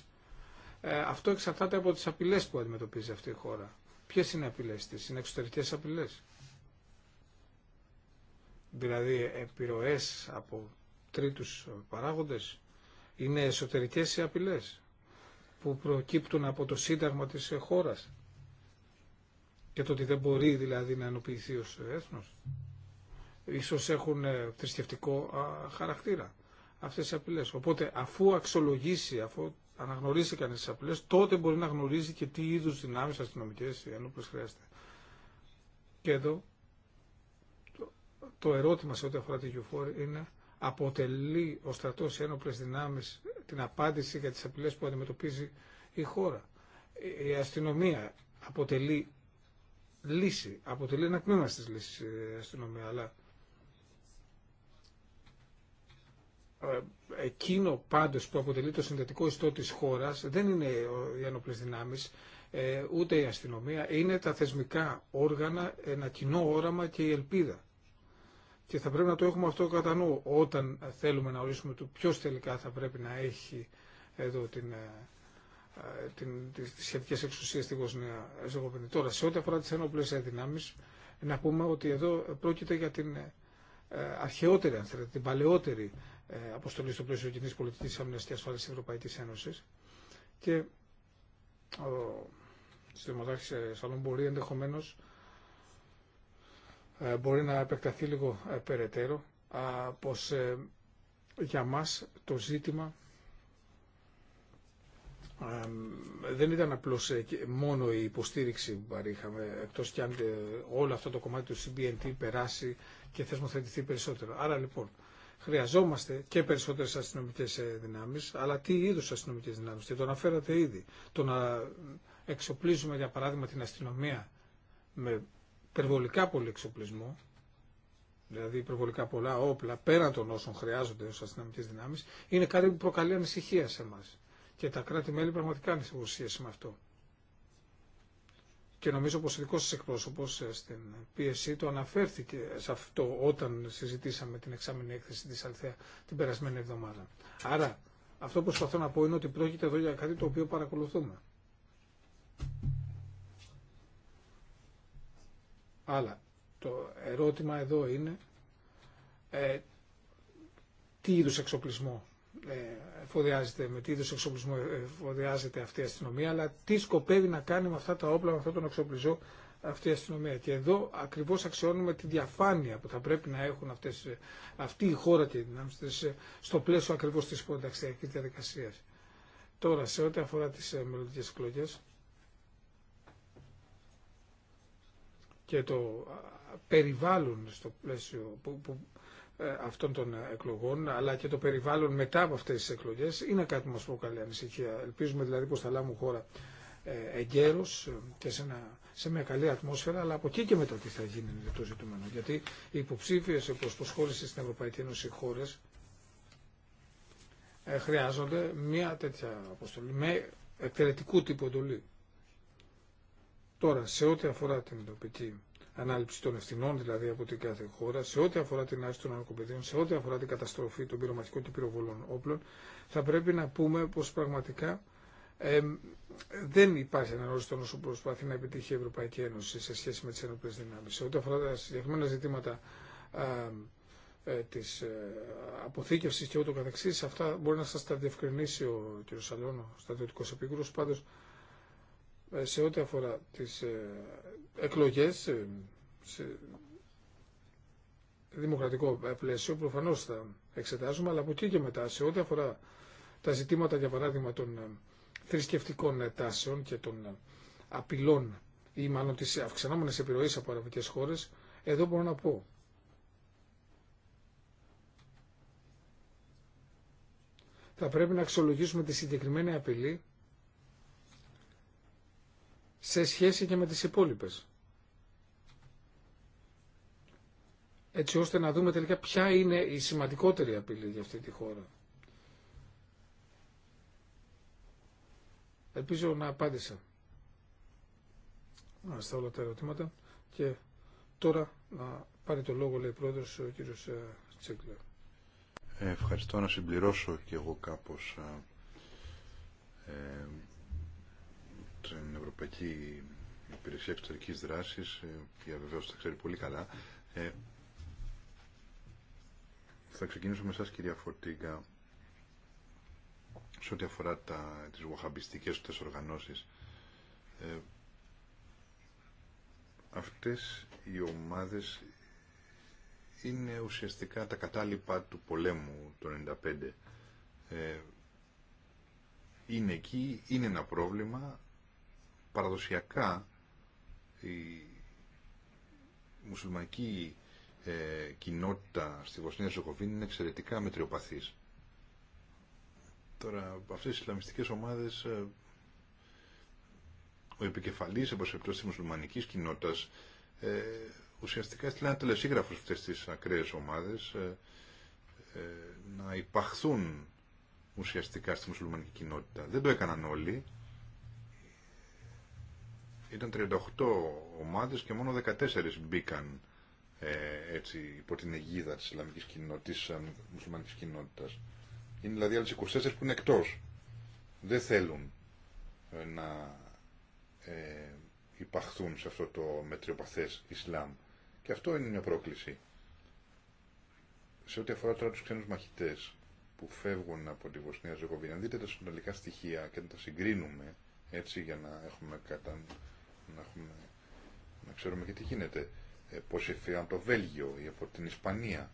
Ε, αυτό εξαρτάται από τις απειλές που αντιμετωπίζει αυτή η χώρα. Ποιες είναι οι απειλές της, είναι εξωτερικές απειλές. Δηλαδή επιρροές από τρίτους παράγοντες, είναι εσωτερικές οι απειλές που προκύπτουν από το σύνταγμα της χώρας και το ότι δεν μπορεί δηλαδή να ενοποιηθεί ως έθνος. Ίσως έχουν ε, θρησκευτικό χαρακτήρα αυτές οι απειλές. Οπότε αφού αξιολογήσει, αφού αναγνωρίσει κανεί τι απειλέ, τότε μπορεί να γνωρίζει και τι είδου δυνάμει αστυνομικέ ή ενόπλε χρειάζεται. Και εδώ το ερώτημα σε ό,τι αφορά τη UFOR είναι αποτελεί ο στρατός ένοπλες δυνάμεις την απάντηση για τις απειλές που αντιμετωπίζει η χώρα. Η αστυνομία αποτελεί λύση, αποτελεί ένα τμήμα στις λύσεις η αστυνομία, αλλά Ε, εκείνο πάντως που αποτελεί το συνδετικό ιστό της χώρας δεν είναι οι ένοπλες δυνάμεις, ε, ούτε η αστυνομία, είναι τα θεσμικά όργανα, ένα κοινό όραμα και η ελπίδα. Και θα πρέπει να το έχουμε αυτό κατά νου όταν θέλουμε να ορίσουμε το ποιος τελικά θα πρέπει να έχει εδώ την, ε, την, τις σχετικές εξουσίες στη Βοσνία Τώρα, σε ό,τι αφορά τις ένοπλες δυνάμεις, να πούμε ότι εδώ πρόκειται για την αρχαιότερη, αν θέλετε, την παλαιότερη ε, αποστολή στο πλαίσιο κοινή πολιτική άμυνα και ασφάλεια τη Ευρωπαϊκή Ένωση. Και ο Δημοτάρχη ε, Σαλόν μπορεί ενδεχομένω ε, μπορεί να επεκταθεί λίγο περαιτέρω πως για μας το ζήτημα δεν ήταν απλώς μόνο η υποστήριξη που παρήχαμε, εκτός και αν όλο αυτό το κομμάτι του CBNT περάσει και θεσμοθετηθεί περισσότερο. Άρα λοιπόν, Χρειαζόμαστε και περισσότερες αστυνομικές ε, δυνάμεις, αλλά τι είδους αστυνομικές δυνάμεις, και το αναφέρατε ήδη. Το να εξοπλίζουμε, για παράδειγμα, την αστυνομία με υπερβολικά πολύ εξοπλισμό, δηλαδή υπερβολικά πολλά όπλα, πέραν των όσων χρειάζονται ως αστυνομικές δυνάμεις, είναι κάτι που προκαλεί ανησυχία σε εμάς. Και τα κράτη-μέλη πραγματικά ανησυχούσιες με αυτό και νομίζω πως ο δικός σας εκπρόσωπος ε, στην πίεση το αναφέρθηκε σε αυτό όταν συζητήσαμε την εξάμεινη έκθεση της Αλθέα την περασμένη εβδομάδα. Άρα αυτό που προσπαθώ να πω είναι ότι πρόκειται εδώ για κάτι το οποίο παρακολουθούμε. Αλλά το ερώτημα εδώ είναι ε, τι είδους εξοπλισμό ε, εφοδιάζεται, με τι είδου εξοπλισμό εφοδιάζεται αυτή η αστυνομία, αλλά τι σκοπεύει να κάνει με αυτά τα όπλα, με αυτόν τον εξοπλισμό αυτή η αστυνομία. Και εδώ ακριβώ αξιώνουμε τη διαφάνεια που θα πρέπει να έχουν αυτές, αυτή η χώρα και οι δυνάμει ε, στο πλαίσιο ακριβώ τη πονταξιακής διαδικασία. Τώρα, σε ό,τι αφορά τι ε, μελλοντικέ εκλογέ και το περιβάλλον στο πλαίσιο που, που ε, αυτών των εκλογών, αλλά και το περιβάλλον μετά από αυτές τις εκλογές, είναι κάτι που μας προκαλεί ανησυχία. Ελπίζουμε δηλαδή πως θα λάβουμε χώρα ε, εγκαίρως ε, και σε, μια καλή ατμόσφαιρα, αλλά από εκεί και μετά τι θα γίνει είναι το ζητούμενο. Γιατί οι υποψήφιες προς προσχώρηση στην Ευρωπαϊκή Ένωση χώρες χρειάζονται μια τέτοια αποστολή, με εκτελετικού τύπου εντολή. Τώρα, σε ό,τι αφορά την τοπική ανάληψη των ευθυνών δηλαδή από την κάθε χώρα, σε ό,τι αφορά την άρση των ανακοπαιδίων, σε ό,τι αφορά την καταστροφή των πυρομαχικών και πυροβολών όπλων, θα πρέπει να πούμε πω πραγματικά ε, δεν υπάρχει ένα όριστο όσο προσπαθεί να επιτύχει η Ευρωπαϊκή Ένωση σε σχέση με τι ενόπλες δυνάμει. Σε ό,τι αφορά τα συγκεκριμένα ζητήματα ε, ε, της ε, αποθήκευσης και ούτω καθεξής, αυτά μπορεί να σα τα διευκρινίσει ο κ. Σαλώνο, στρατιωτικό επίκουρο. πάντως ε, σε ό,τι αφορά τις ε, εκλογές ε, σε δημοκρατικό πλαίσιο προφανώς θα εξετάζουμε αλλά από εκεί και μετά σε ό,τι αφορά τα ζητήματα για παράδειγμα των θρησκευτικών τάσεων και των απειλών ή μάλλον τις αυξανόμενες επιρροής από αραβικές χώρες εδώ μπορώ να πω θα πρέπει να αξιολογήσουμε τη συγκεκριμένη απειλή σε σχέση και με τις υπόλοιπες. Έτσι ώστε να δούμε τελικά ποια είναι η σημαντικότερη απειλή για αυτή τη χώρα. Ελπίζω να απάντησα στα όλα τα ερωτήματα και τώρα να πάρει το λόγο λέει πρόεδρος ο κύριος ε, Τσέκλερ. Ε, ευχαριστώ να συμπληρώσω και εγώ κάπως ε, την Ευρωπαϊκή Υπηρεσία Εξωτερικής Δράσης, για ε, βεβαίως τα ξέρει πολύ καλά. Ε, θα ξεκινήσω με εσάς κυρία Φορτίγκα, σε ό,τι αφορά τα, τις βοχαμπιστικές οργανώσει. οργανώσεις. Ε, αυτές οι ομάδες είναι ουσιαστικά τα κατάλοιπα του πολέμου το 1995. Ε, είναι εκεί, είναι ένα πρόβλημα, παραδοσιακά η μουσουλμανική ε, κοινότητα στη Βοσνία Ζωκοβίνη είναι εξαιρετικά μετριοπαθής. Τώρα, αυτές οι Ισλαμιστικές ομάδες, ε, ο επικεφαλής εμπροσεπτός της μουσουλμανικής κοινότητας, ε, ουσιαστικά έστειλε ένα τελεσίγραφο σε αυτές τις ακραίες ομάδες να υπαχθούν ουσιαστικά στη μουσουλμανική κοινότητα. Δεν το έκαναν όλοι, ήταν 38 ομάδες και μόνο 14 μπήκαν ε, έτσι υπό την αιγίδα της Ισλαμικής κοινότητας, της μουσουλμανικής κοινότητας. Είναι δηλαδή άλλες 24 που είναι εκτός. Δεν θέλουν ε, να ε, υπαχθούν σε αυτό το μετριοπαθές Ισλάμ. Και αυτό είναι μια πρόκληση. Σε ό,τι αφορά τώρα τους ξένους μαχητές που φεύγουν από τη Βοσνία Ζεγοβίνη, αν δείτε τα συνολικά στοιχεία και να τα συγκρίνουμε, έτσι για να έχουμε κατά να, ξέρουμε και τι γίνεται. Ε, από το Βέλγιο ή από την Ισπανία.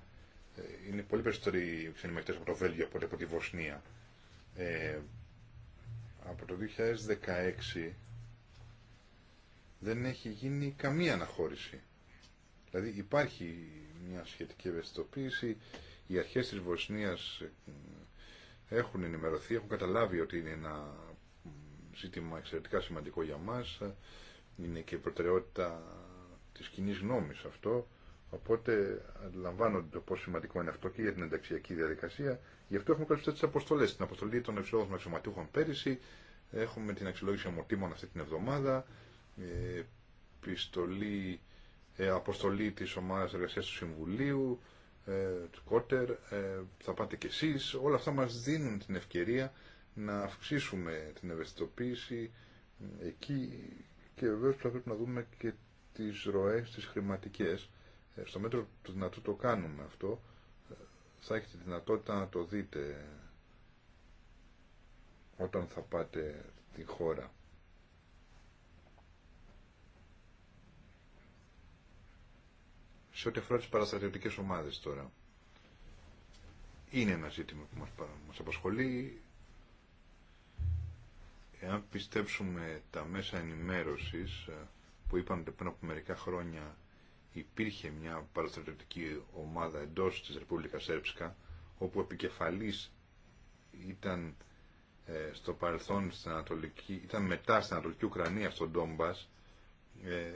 Ε, είναι πολύ περισσότεροι ξενιμαχητέ από το Βέλγιο από, από τη Βοσνία. Ε, από το 2016 δεν έχει γίνει καμία αναχώρηση. Δηλαδή υπάρχει μια σχετική ευαισθητοποίηση. Οι αρχές της Βοσνίας ε, έχουν ενημερωθεί, έχουν καταλάβει ότι είναι ένα ζήτημα εξαιρετικά σημαντικό για μας είναι και προτεραιότητα της κοινή γνώμης αυτό, οπότε αντιλαμβάνονται το πόσο σημαντικό είναι αυτό και για την ενταξιακή διαδικασία. Γι' αυτό έχουμε κάνει τι αποστολέ. Την αποστολή των εξόδων αξιωματούχων πέρυσι, έχουμε την αξιολόγηση ομορτήμων αυτή την εβδομάδα, ε, πιστολή, ε, αποστολή της ομάδας εργασίας του Συμβουλίου, ε, του Κότερ, ε, θα πάτε κι εσείς. Όλα αυτά μας δίνουν την ευκαιρία να αυξήσουμε την ευαισθητοποίηση ε, εκεί και βεβαίω πρέπει να δούμε και τις ροές, τις χρηματικές. Ε, στο μέτρο του δυνατού το κάνουμε αυτό. Θα έχετε τη δυνατότητα να το δείτε όταν θα πάτε τη χώρα. Σε ό,τι αφορά τι παραστατιωτικέ ομάδε τώρα. Είναι ένα ζήτημα που μας απασχολεί Εάν πιστέψουμε τα μέσα ενημέρωσης ε, που είπαν ότι πριν από μερικά χρόνια υπήρχε μια παραστρατιωτική ομάδα εντός της Ρεπούλικας Σέρψκα όπου επικεφαλής ήταν ε, στο παρελθόν στην Ανατολική, ήταν μετά στην Ανατολική Ουκρανία στον Ντόμπας ε,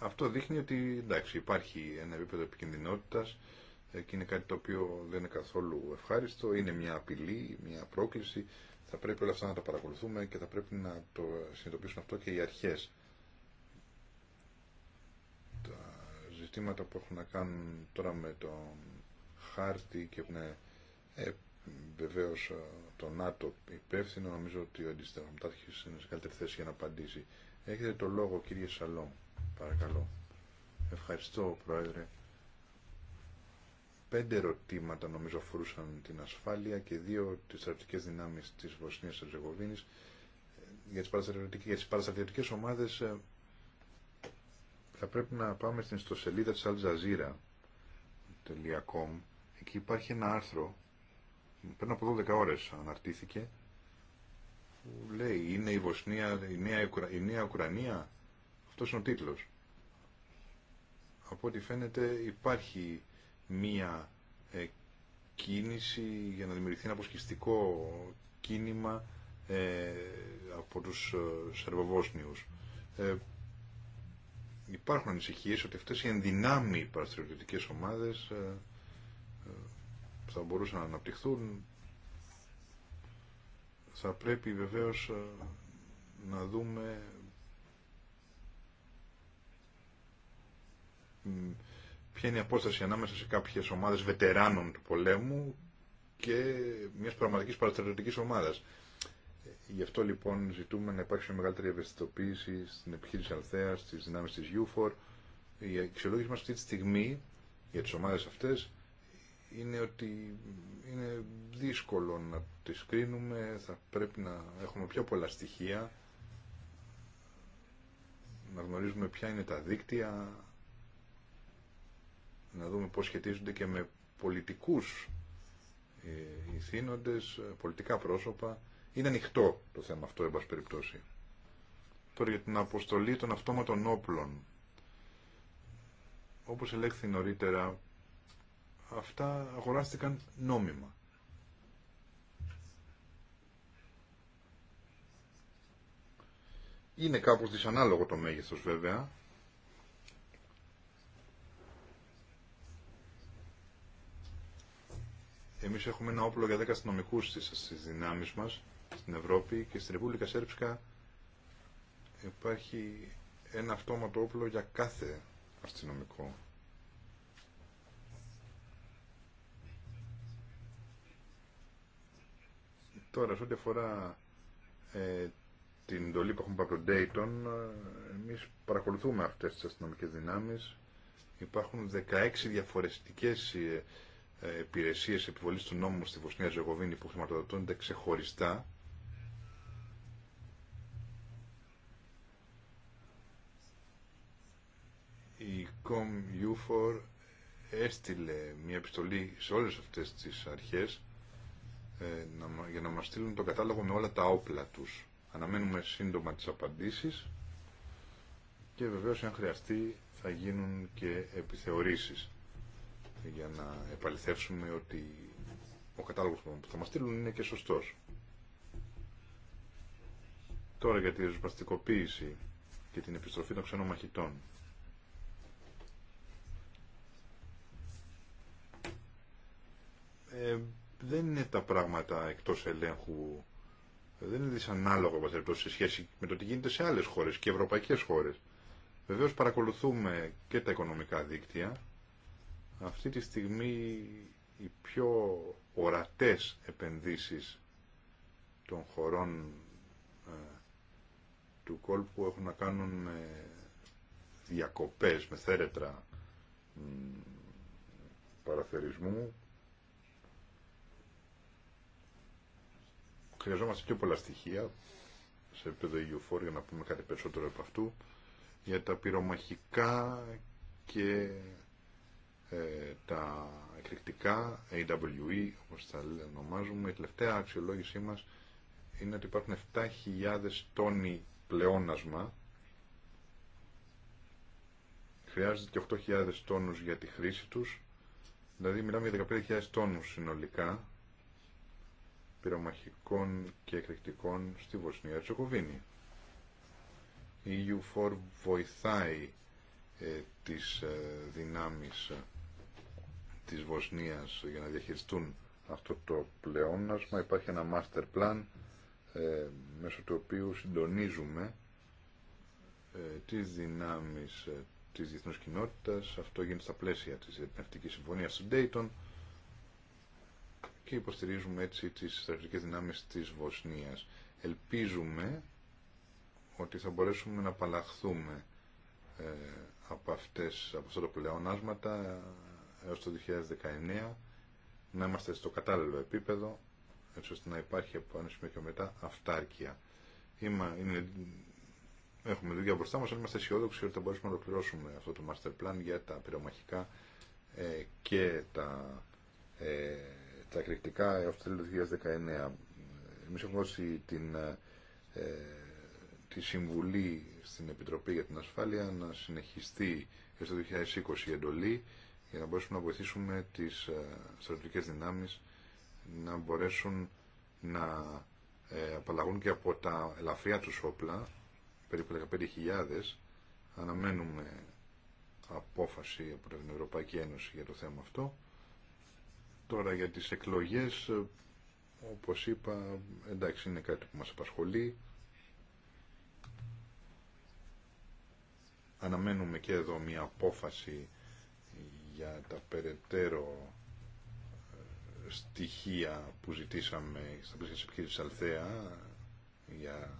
αυτό δείχνει ότι εντάξει, υπάρχει ένα επίπεδο επικινδυνότητας και είναι κάτι το οποίο δεν είναι καθόλου ευχάριστο, είναι μια απειλή, μια πρόκληση θα πρέπει όλα αυτά να τα παρακολουθούμε και θα πρέπει να το συνειδητοποιήσουν αυτό και οι αρχές. Τα ζητήματα που έχουν να κάνουν τώρα με τον χάρτη και που ε, βεβαίω ε, το ΝΑΤΟ υπεύθυνο, νομίζω ότι ο αντισταγματάρχης είναι σε καλύτερη θέση για να απαντήσει. Έχετε το λόγο κύριε Σαλό, παρακαλώ. Ευχαριστώ Πρόεδρε πέντε ερωτήματα νομίζω αφορούσαν την ασφάλεια και δύο τις στρατιωτικές δυνάμεις της Βοσνίας και ε, για τις τις ομάδε. ομάδες ε, θα πρέπει να πάμε στην ιστοσελίδα της aljazeera.com εκεί υπάρχει ένα άρθρο πριν από 12 ώρες αναρτήθηκε που λέει είναι η Βοσνία, η Νέα, η νέα Ουκρανία αυτός είναι ο τίτλος από ό,τι φαίνεται υπάρχει μία ε, κίνηση για να δημιουργηθεί ένα αποσχιστικό κίνημα ε, από τους ε, Σερβοβόσνιους. Ε, υπάρχουν ανησυχίες ότι αυτές οι ενδυνάμει παραστηριοτητικές ομάδες ε, ε, θα μπορούσαν να αναπτυχθούν. Θα πρέπει βεβαίως να δούμε ποια είναι η απόσταση ανάμεσα σε κάποιε ομάδε βετεράνων του πολέμου και μια πραγματική παραστρατιωτική ομάδα. Γι' αυτό λοιπόν ζητούμε να υπάρξει μεγαλύτερη ευαισθητοποίηση στην επιχείρηση Αλθέα, στις δυνάμεις της UFOR. Η αξιολόγηση μα αυτή τη στιγμή για τι ομάδε αυτέ είναι ότι είναι δύσκολο να τις κρίνουμε, θα πρέπει να έχουμε πιο πολλά στοιχεία, να γνωρίζουμε ποια είναι τα δίκτυα, να δούμε πώς σχετίζονται και με πολιτικούς ε, ηθήνοντες, πολιτικά πρόσωπα. Είναι ανοιχτό το θέμα αυτό, εν πάση περιπτώσει. Τώρα για την αποστολή των αυτόματων όπλων. Όπως ελέγχθη νωρίτερα, αυτά αγοράστηκαν νόμιμα. Είναι κάπως δυσανάλογο το μέγεθος βέβαια, Εμείς έχουμε ένα όπλο για 10 αστυνομικού στις δυνάμεις μας, στην Ευρώπη και στην Ρεπούλικα Σέρψκα υπάρχει ένα αυτόματο όπλο για κάθε αστυνομικό. Τώρα, σε ό,τι αφορά ε, την εντολή που έχουμε από τον Dayton, ε, εμείς παρακολουθούμε αυτές τις αστυνομικές δυνάμεις. Υπάρχουν 16 διαφορετικές ε, ε, υπηρεσίες επιβολής του νόμου στη Βοσνία Ζεγοβίνη που χρηματοδοτούνται ξεχωριστά η COM-UFOR έστειλε μια επιστολή σε όλες αυτές τις αρχές ε, για να μας στείλουν το κατάλογο με όλα τα όπλα τους. Αναμένουμε σύντομα τις απαντήσεις και βεβαίως αν χρειαστεί θα γίνουν και επιθεωρήσεις για να επαληθεύσουμε ότι ο κατάλογος που θα μας στείλουν είναι και σωστός. Τώρα για τη ριζοσπαστικοποίηση και την επιστροφή των ξένων μαχητών. Ε, δεν είναι τα πράγματα εκτός ελέγχου, δεν είναι δυσανάλογα σε σχέση με το τι γίνεται σε άλλες χώρες και ευρωπαϊκές χώρες. Βεβαίως παρακολουθούμε και τα οικονομικά δίκτυα αυτή τη στιγμή οι πιο ορατές επενδύσεις των χωρών ε, του κόλπου έχουν να κάνουν διακοπές, με θέρετρα παραθερισμού. Χρειαζόμαστε πιο πολλά στοιχεία σε επιπεδο να πούμε κάτι περισσότερο από αυτού για τα πυρομαχικά και ε, τα εκρηκτικά, AWE όπως τα ονομάζουμε, η τελευταία αξιολόγησή μας είναι ότι υπάρχουν 7.000 τόνοι πλεόνασμα χρειάζεται και 8.000 τόνους για τη χρήση τους δηλαδή μιλάμε για 15.000 τόνους συνολικά πυρομαχικών και εκρηκτικών στη Βοσνία Τσοκοβίνη η EU4 βοηθάει ε, τις ε, δυνάμεις της Βοσνίας για να διαχειριστούν αυτό το πλεόνασμα. Υπάρχει ένα master plan ε, μέσω του οποίου συντονίζουμε ε, τις δυνάμεις ε, της Αυτό γίνεται στα πλαίσια της Ειρηνευτικής Συμφωνίας του Dayton και υποστηρίζουμε έτσι τις στρατιωτικές δυνάμεις της Βοσνίας. Ελπίζουμε ότι θα μπορέσουμε να απαλλαχθούμε ε, από, αυτές, από αυτά τα πλεονάσματα έως το 2019 να είμαστε στο κατάλληλο επίπεδο έτσι ώστε να υπάρχει από ένα σημείο και μετά αυτάρκεια. Είμα, είναι, έχουμε δουλειά μπροστά μας, αλλά είμαστε αισιόδοξοι ότι θα μπορέσουμε να ολοκληρώσουμε αυτό το master plan για τα πυρομαχικά ε, και τα, ε, τα εκρηκτικά έως το 2019. Εμείς έχουμε δώσει την, ε, ε, τη συμβουλή στην Επιτροπή για την Ασφάλεια να συνεχιστεί έως το 2020 η εντολή για να μπορέσουμε να βοηθήσουμε τις ε, στρατιωτικές δυνάμεις να μπορέσουν να ε, απαλλαγούν και από τα ελαφριά τους όπλα, περίπου 15.000, αναμένουμε απόφαση από την Ευρωπαϊκή Ένωση για το θέμα αυτό. Τώρα για τις εκλογές, ε, όπως είπα, εντάξει είναι κάτι που μας απασχολεί. Αναμένουμε και εδώ μια απόφαση για τα περαιτέρω ε, στοιχεία που ζητήσαμε στα πλαίσια της επιχείρησης Αλθέα ε, για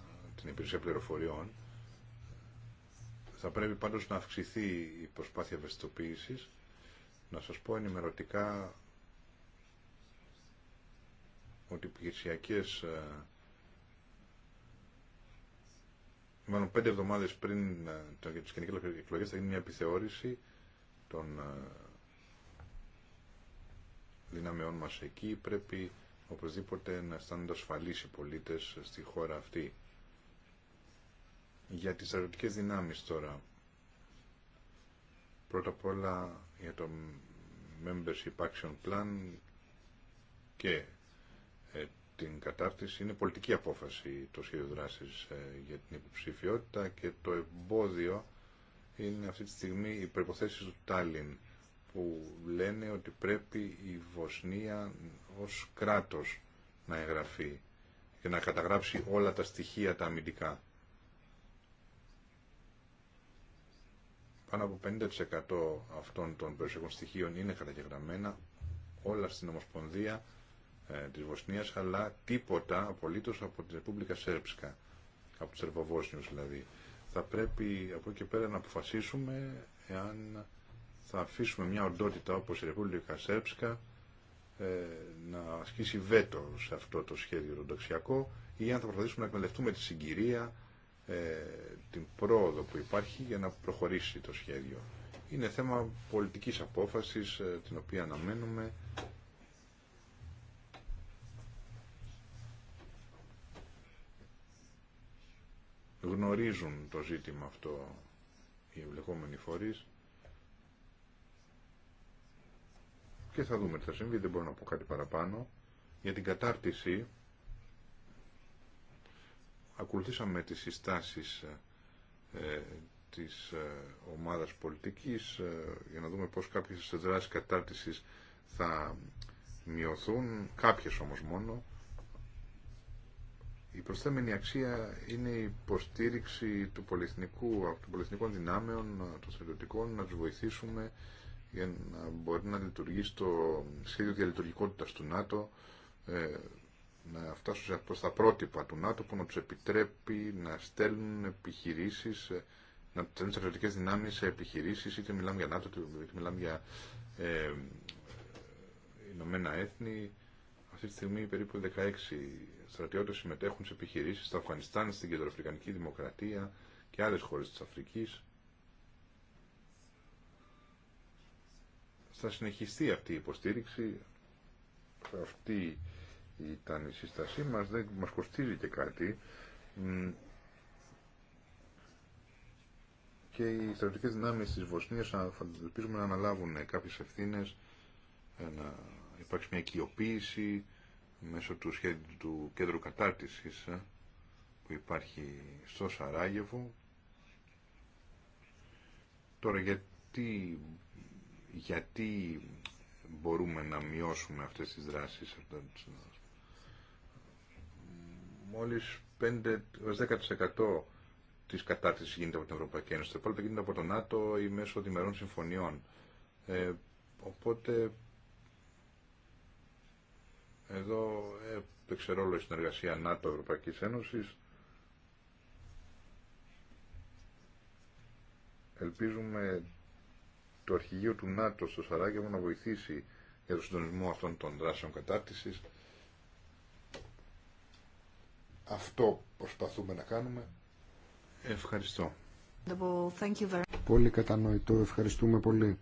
την υπηρεσία πληροφοριών. Θα πρέπει πάντως να αυξηθεί η προσπάθεια ευαισθητοποίησης. Να σας πω ενημερωτικά ότι οι επιχειρησιακές ε, μάλλον πέντε εβδομάδες πριν για τις κοινικές εκλογές θα γίνει μια επιθεώρηση των δυνάμεών μας εκεί πρέπει οπωσδήποτε να αισθάνονται ασφαλείς οι πολίτες στη χώρα αυτή. Για τις στρατιωτικές δυνάμεις τώρα, πρώτα απ' όλα για το Membership Action Plan και ε, την κατάρτιση είναι πολιτική απόφαση το σχέδιο δράσης ε, για την υποψηφιότητα και το εμπόδιο είναι αυτή τη στιγμή οι προποθέσει του Τάλιν που λένε ότι πρέπει η Βοσνία ως κράτος να εγγραφεί και να καταγράψει όλα τα στοιχεία τα αμυντικά. Πάνω από 50% αυτών των περιουσιακών στοιχείων είναι καταγεγραμμένα όλα στην Ομοσπονδία ε, της Βοσνίας, αλλά τίποτα απολύτως από την Ρεπούμπλικα Σέρψκα, από τους Σερβοβόσνιους δηλαδή. Θα πρέπει από εκεί και πέρα να αποφασίσουμε εάν θα αφήσουμε μια οντότητα όπως η Ρεπούλικα Σέρψκα ε, να ασκήσει βέτο σε αυτό το σχέδιο το ή αν θα προσπαθήσουμε να εκμελευτούμε τη συγκυρία, ε, την πρόοδο που υπάρχει για να προχωρήσει το σχέδιο. Είναι θέμα πολιτικής απόφασης ε, την οποία αναμένουμε. Γνωρίζουν το ζήτημα αυτό οι ευλεγόμενοι φορείς. και θα δούμε τι θα συμβεί, δεν μπορώ να πω κάτι παραπάνω. Για την κατάρτιση ακολουθήσαμε τις συστάσεις ε, της ε, ομάδας πολιτικής ε, για να δούμε πώς κάποιες δράσεις κατάρτισης θα μειωθούν, κάποιες όμως μόνο. Η προσθέμενη αξία είναι η υποστήριξη του πολυεθνικού, των πολυεθνικών δυνάμεων, των στρατιωτικών, να τους βοηθήσουμε για να μπορεί να λειτουργεί στο σχέδιο διαλειτουργικότητας του ΝΑΤΟ, ε, να φτάσουν προς τα πρότυπα του ΝΑΤΟ που να τους επιτρέπει να στέλνουν επιχειρήσεις, ε, να στέλνουν στρατιωτικές δυνάμεις σε επιχειρήσεις, είτε μιλάμε για ΝΑΤΟ, είτε μιλάμε για ε, Ηνωμένα Έθνη. Αυτή τη στιγμή περίπου 16 στρατιώτες συμμετέχουν σε επιχειρήσεις στο Αφγανιστάν, στην Κεντροαφρικανική Δημοκρατία και άλλες χώρες της Αφρικής. θα συνεχιστεί αυτή η υποστήριξη. Αυτή ήταν η συστασή μας, δεν μας κοστίζει και κάτι. Και οι στρατιωτικές δυνάμεις της Βοσνίας ελπίζουμε να αναλάβουν κάποιες ευθύνες, ε, να υπάρξει μια οικειοποίηση μέσω του, σχέδιου, του κέντρου κατάρτισης ε, που υπάρχει στο Σαράγεβο. Τώρα γιατί γιατί μπορούμε να μειώσουμε αυτές τις δράσεις. Μόλις 5-10% της κατάρτισης γίνεται από την Ευρωπαϊκή Ένωση. Το υπόλοιπο γίνεται από τον ΝΑΤΟ ή μέσω διμερών συμφωνιών. Ε, οπότε εδώ έπαιξε ρόλο η συνεργασία ΝΑΤΟ-Ευρωπαϊκής Ένωσης. Ελπίζουμε το αρχηγείο του ΝΑΤΟ στο Σαράγεβο να βοηθήσει για τον συντονισμό αυτών των δράσεων κατάρτισης. Αυτό προσπαθούμε να κάνουμε. Ευχαριστώ. Πολύ κατανοητό. Ευχαριστούμε πολύ.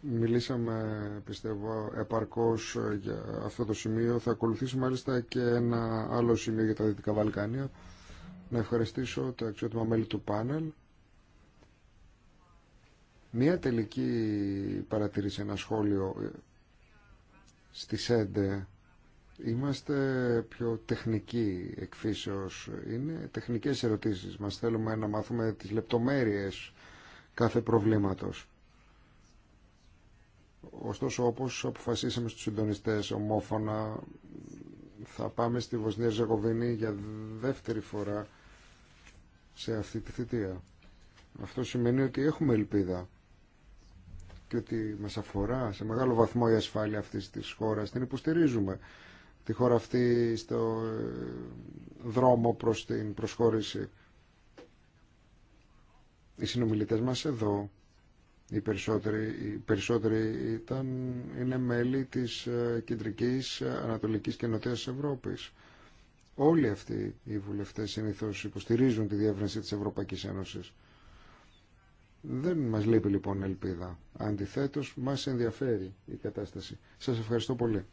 Μιλήσαμε, πιστεύω, επαρκώς για αυτό το σημείο. Θα ακολουθήσει μάλιστα και ένα άλλο σημείο για τα Δυτικά Βαλκάνια να ευχαριστήσω τα αξιότιμα μέλη του πάνελ. Μία τελική παρατηρήση, ένα σχόλιο στη ΣΕΝΤΕ. Είμαστε πιο τεχνικοί εκφύσεως. Είναι τεχνικές ερωτήσεις. Μας θέλουμε να μάθουμε τις λεπτομέρειες κάθε προβλήματος. Ωστόσο, όπως αποφασίσαμε στους συντονιστές ομόφωνα, θα πάμε στη Βοσνία Ζεγοβίνη για δεύτερη φορά σε αυτή τη θητεία. Αυτό σημαίνει ότι έχουμε ελπίδα και ότι μας αφορά σε μεγάλο βαθμό η ασφάλεια αυτής της χώρας. Την υποστηρίζουμε τη χώρα αυτή στο ε, δρόμο προς την προσχώρηση. Οι συνομιλητές μας εδώ οι περισσότεροι, οι περισσότεροι ήταν, είναι μέλη της ε, κεντρικής, ε, ανατολικής και νοτιάς Ευρώπης. Όλοι αυτοί οι βουλευτές συνήθως υποστηρίζουν τη διεύρυνση της Ευρωπαϊκής Ένωσης. Δεν μας λείπει λοιπόν ελπίδα. Αντιθέτως, μας ενδιαφέρει η κατάσταση. Σας ευχαριστώ πολύ.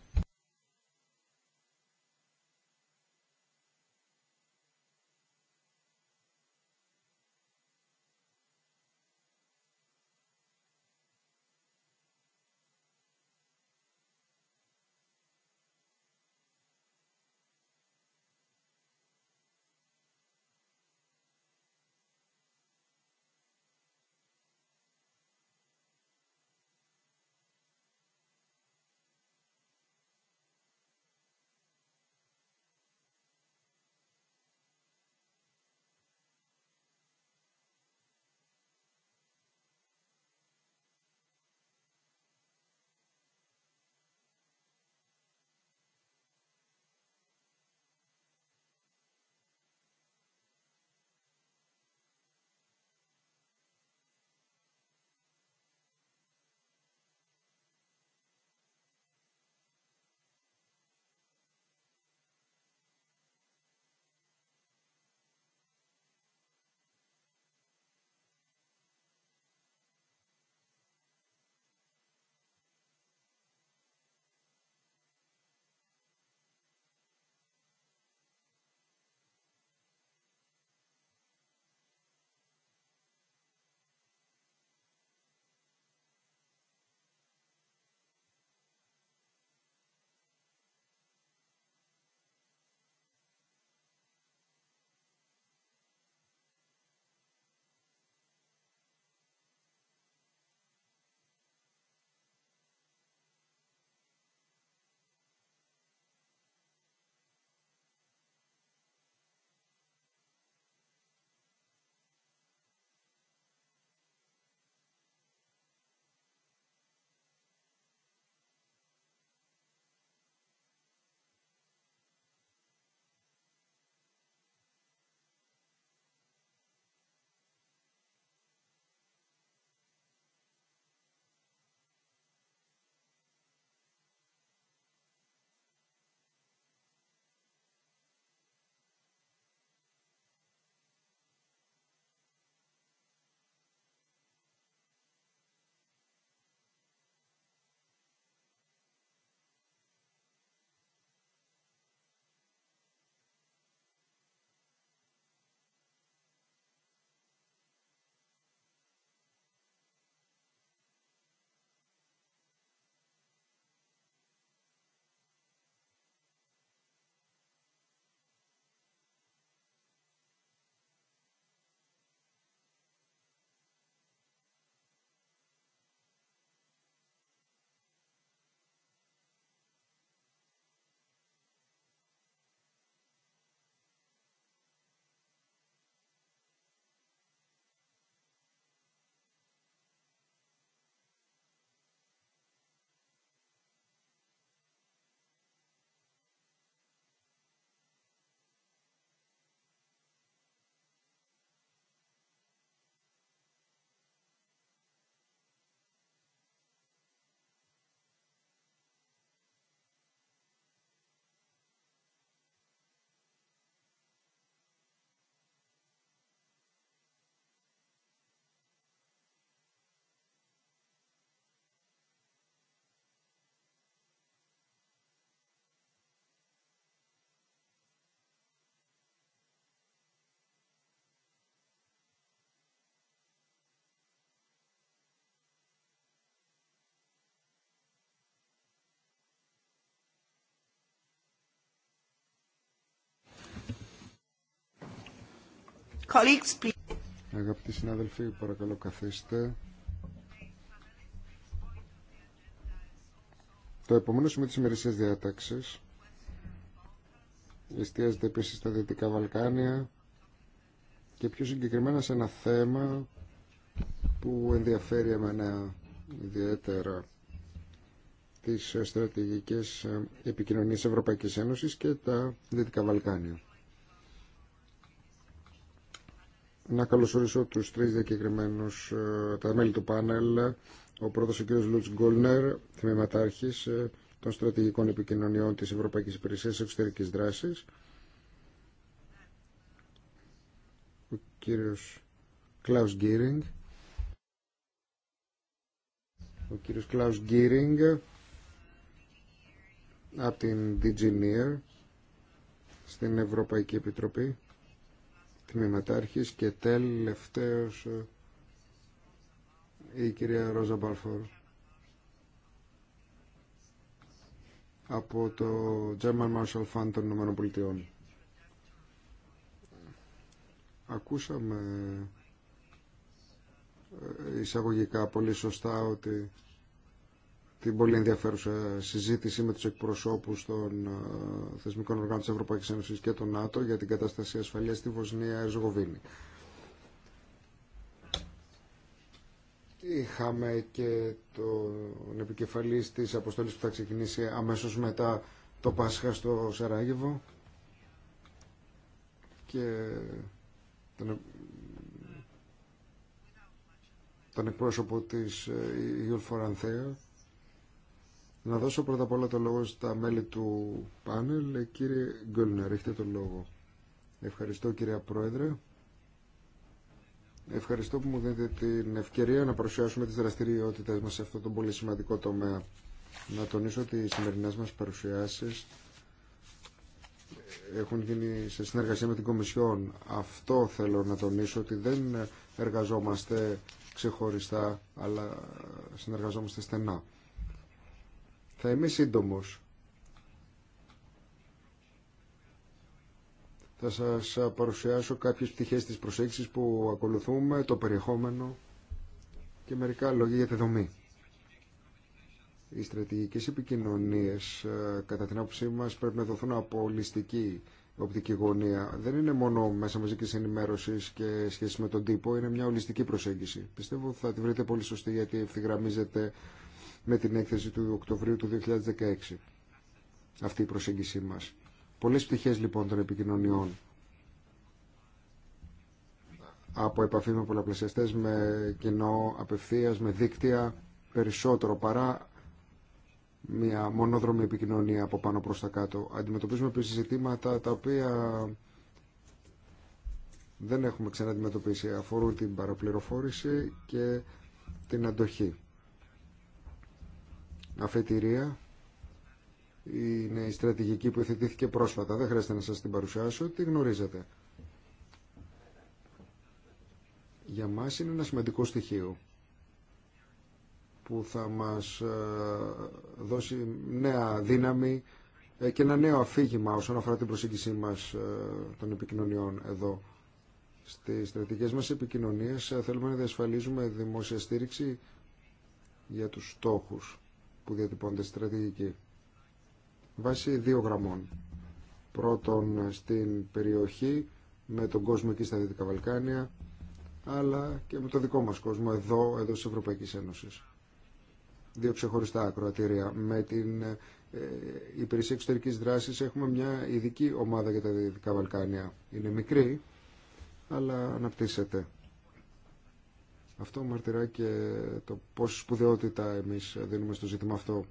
Αγαπητοί συνάδελφοι, παρακαλώ καθίστε. Το επόμενο σημείο της ημερησίας διάταξης εστιάζεται επίσης στα Δυτικά Βαλκάνια και πιο συγκεκριμένα σε ένα θέμα που ενδιαφέρει εμένα ιδιαίτερα τις στρατηγικές επικοινωνίες Ευρωπαϊκής Ένωσης και τα Δυτικά Βαλκάνια. Να καλωσορίσω τους τρεις διακεκριμένους ε, τα μέλη του πάνελ. Ο πρώτος ο κύριος Λουτς Γκόλνερ, ε, των στρατηγικών επικοινωνιών της Ευρωπαϊκής Υπηρεσίας Εξωτερικής Δράσης. Ο κύριος Κλάους Γκίρινγκ. Ο κύριος Κλάους Γκίρινγκ από την DGNIR στην Ευρωπαϊκή Επιτροπή τμήματάρχης και τελευταίος ε, η κυρία Ρόζα Μπαλφόρ από το German Marshall Fund των Ηνωμένων Πολιτειών. Ακούσαμε ε, εισαγωγικά πολύ σωστά ότι την πολύ ενδιαφέρουσα συζήτηση με τους εκπροσώπους των ε, θεσμικών οργάνων της Ευρωπαϊκής Ένωσης και των ΝΑΤΟ για την κατάσταση ασφαλείας στη Βοσνία Ερζογοβίνη. Είχαμε και τον επικεφαλής της αποστολής που θα ξεκινήσει αμέσως μετά το Πάσχα στο Σεράγεβο και τον, ε, τον εκπρόσωπο της ε, Ιουλφορανθέα να δώσω πρώτα απ' όλα το λόγο στα μέλη του πάνελ. Ε, κύριε Γκόλνερ, έχετε το λόγο. Ευχαριστώ κύριε Πρόεδρε. Ευχαριστώ που μου δίνετε την ευκαιρία να παρουσιάσουμε τις δραστηριότητες μας σε αυτό το πολύ σημαντικό τομέα. Να τονίσω ότι οι σημερινές μας παρουσιάσεις έχουν γίνει σε συνεργασία με την Κομισιόν. Αυτό θέλω να τονίσω ότι δεν εργαζόμαστε ξεχωριστά, αλλά συνεργαζόμαστε στενά. Θα είμαι σύντομος. Θα σας παρουσιάσω κάποιες πτυχές της προσέγγισης που ακολουθούμε, το περιεχόμενο και μερικά λόγια για τη δομή. Οι στρατηγικές επικοινωνίες, ε, κατά την άποψή μας, πρέπει να δοθούν από ολιστική οπτική γωνία. Δεν είναι μόνο μέσα μαζική ενημέρωση και σχέση με τον τύπο, είναι μια ολιστική προσέγγιση. Πιστεύω θα τη βρείτε πολύ σωστή γιατί ευθυγραμμίζεται με την έκθεση του Οκτωβρίου του 2016. Αυτή η προσέγγιση μας. Πολλές πτυχές λοιπόν των επικοινωνιών από επαφή με πολλαπλασιαστές, με κοινό απευθείας, με δίκτυα, περισσότερο παρά μια μονόδρομη επικοινωνία από πάνω προς τα κάτω. Αντιμετωπίζουμε επίσης ζητήματα τα οποία δεν έχουμε ξανααντιμετωπίσει. Αφορούν την παραπληροφόρηση και την αντοχή αφετηρία είναι η στρατηγική που εθετήθηκε πρόσφατα. Δεν χρειάζεται να σας την παρουσιάσω, τη γνωρίζετε. Για μας είναι ένα σημαντικό στοιχείο που θα μας ε, δώσει νέα δύναμη ε, και ένα νέο αφήγημα όσον αφορά την προσέγγιση μας ε, των επικοινωνιών εδώ. Στις στρατηγικές μας επικοινωνίες θέλουμε να διασφαλίζουμε δημόσια στήριξη για τους στόχους που διατυπώνται στρατηγική βάσει δύο γραμμών. Πρώτον στην περιοχή με τον κόσμο εκεί στα Δυτικά Βαλκάνια αλλά και με το δικό μας κόσμο εδώ, εδώ της Ευρωπαϊκής Ένωσης. Δύο ξεχωριστά ακροατήρια. Με την ε, υπηρεσία εξωτερικής δράσης έχουμε μια ειδική ομάδα για τα Δυτικά Βαλκάνια. Είναι μικρή, αλλά αναπτύσσεται. Αυτό μαρτυρά και το πόση σπουδαιότητα εμείς δίνουμε στο ζήτημα αυτό.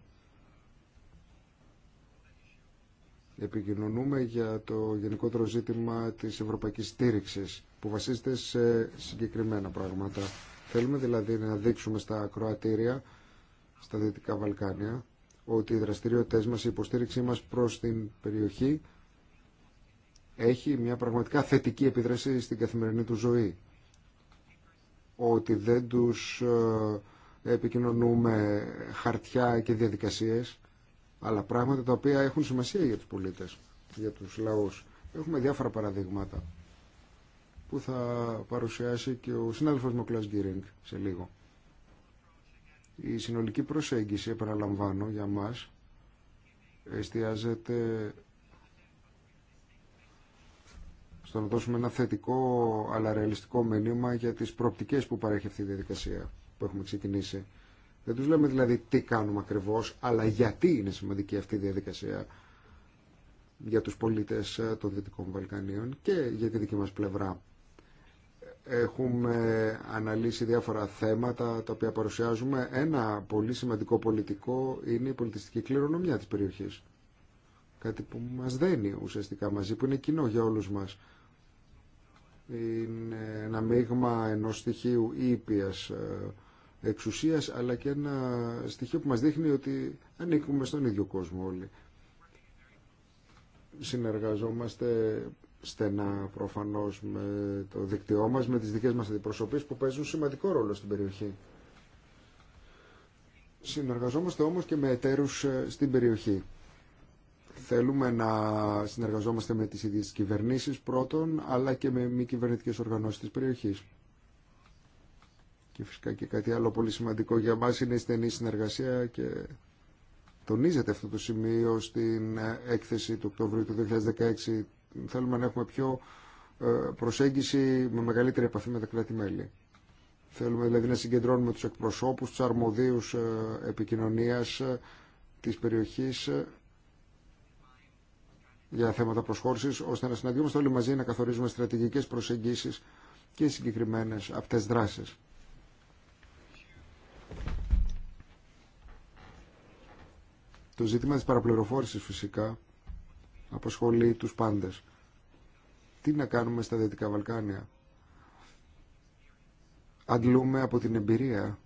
Επικοινωνούμε για το γενικότερο ζήτημα της ευρωπαϊκής στήριξης που βασίζεται σε συγκεκριμένα πράγματα. Θέλουμε δηλαδή να δείξουμε στα Κροατήρια, στα Δυτικά Βαλκάνια, ότι οι δραστηριότητες μας, η υποστήριξή μας προς την περιοχή έχει μια πραγματικά θετική επίδραση στην καθημερινή του ζωή ότι δεν τους ε, επικοινωνούμε χαρτιά και διαδικασίες, αλλά πράγματα τα οποία έχουν σημασία για τους πολίτες, για τους λαούς. Έχουμε διάφορα παραδείγματα που θα παρουσιάσει και ο συνάδελφος μου Γκίρινγκ σε λίγο. Η συνολική προσέγγιση, επαναλαμβάνω, για μας εστιάζεται στο να δώσουμε ένα θετικό αλλά ρεαλιστικό μήνυμα για τις προοπτικές που παρέχει αυτή η διαδικασία που έχουμε ξεκινήσει. Δεν τους λέμε δηλαδή τι κάνουμε ακριβώς, αλλά γιατί είναι σημαντική αυτή η διαδικασία για τους πολίτες των Δυτικών Βαλκανίων και για τη δική μας πλευρά. Έχουμε αναλύσει διάφορα θέματα τα οποία παρουσιάζουμε. Ένα πολύ σημαντικό πολιτικό είναι η πολιτιστική κληρονομιά της περιοχής. Κάτι που μας δένει ουσιαστικά μαζί, που είναι κοινό για όλους μας είναι ένα μείγμα ενός στοιχείου ήπιας ε, εξουσίας αλλά και ένα στοιχείο που μας δείχνει ότι ανήκουμε στον ίδιο κόσμο όλοι. Συνεργαζόμαστε στενά προφανώς με το δίκτυό μας, με τις δικές μας αντιπροσωπείς που παίζουν σημαντικό ρόλο στην περιοχή. Συνεργαζόμαστε όμως και με εταίρους ε, στην περιοχή θέλουμε να συνεργαζόμαστε με τις ίδιες κυβερνήσεις πρώτον, αλλά και με μη κυβερνητικές οργανώσεις της περιοχής. Και φυσικά και κάτι άλλο πολύ σημαντικό για μας είναι η στενή συνεργασία και τονίζεται αυτό το σημείο στην έκθεση του Οκτωβρίου του 2016. Θέλουμε να έχουμε πιο ε, προσέγγιση με μεγαλύτερη επαφή με τα κράτη-μέλη. Θέλουμε δηλαδή να συγκεντρώνουμε τους εκπροσώπους, τους αρμοδίους ε, επικοινωνίας ε, της περιοχής για θέματα προσχώρησης, ώστε να συναντιόμαστε όλοι μαζί να καθορίζουμε στρατηγικές προσεγγίσεις και συγκεκριμένες αυτές δράσεις. Το ζήτημα της παραπληροφόρησης φυσικά απασχολεί τους πάντες. Τι να κάνουμε στα Δυτικά Βαλκάνια. Αντλούμε από την εμπειρία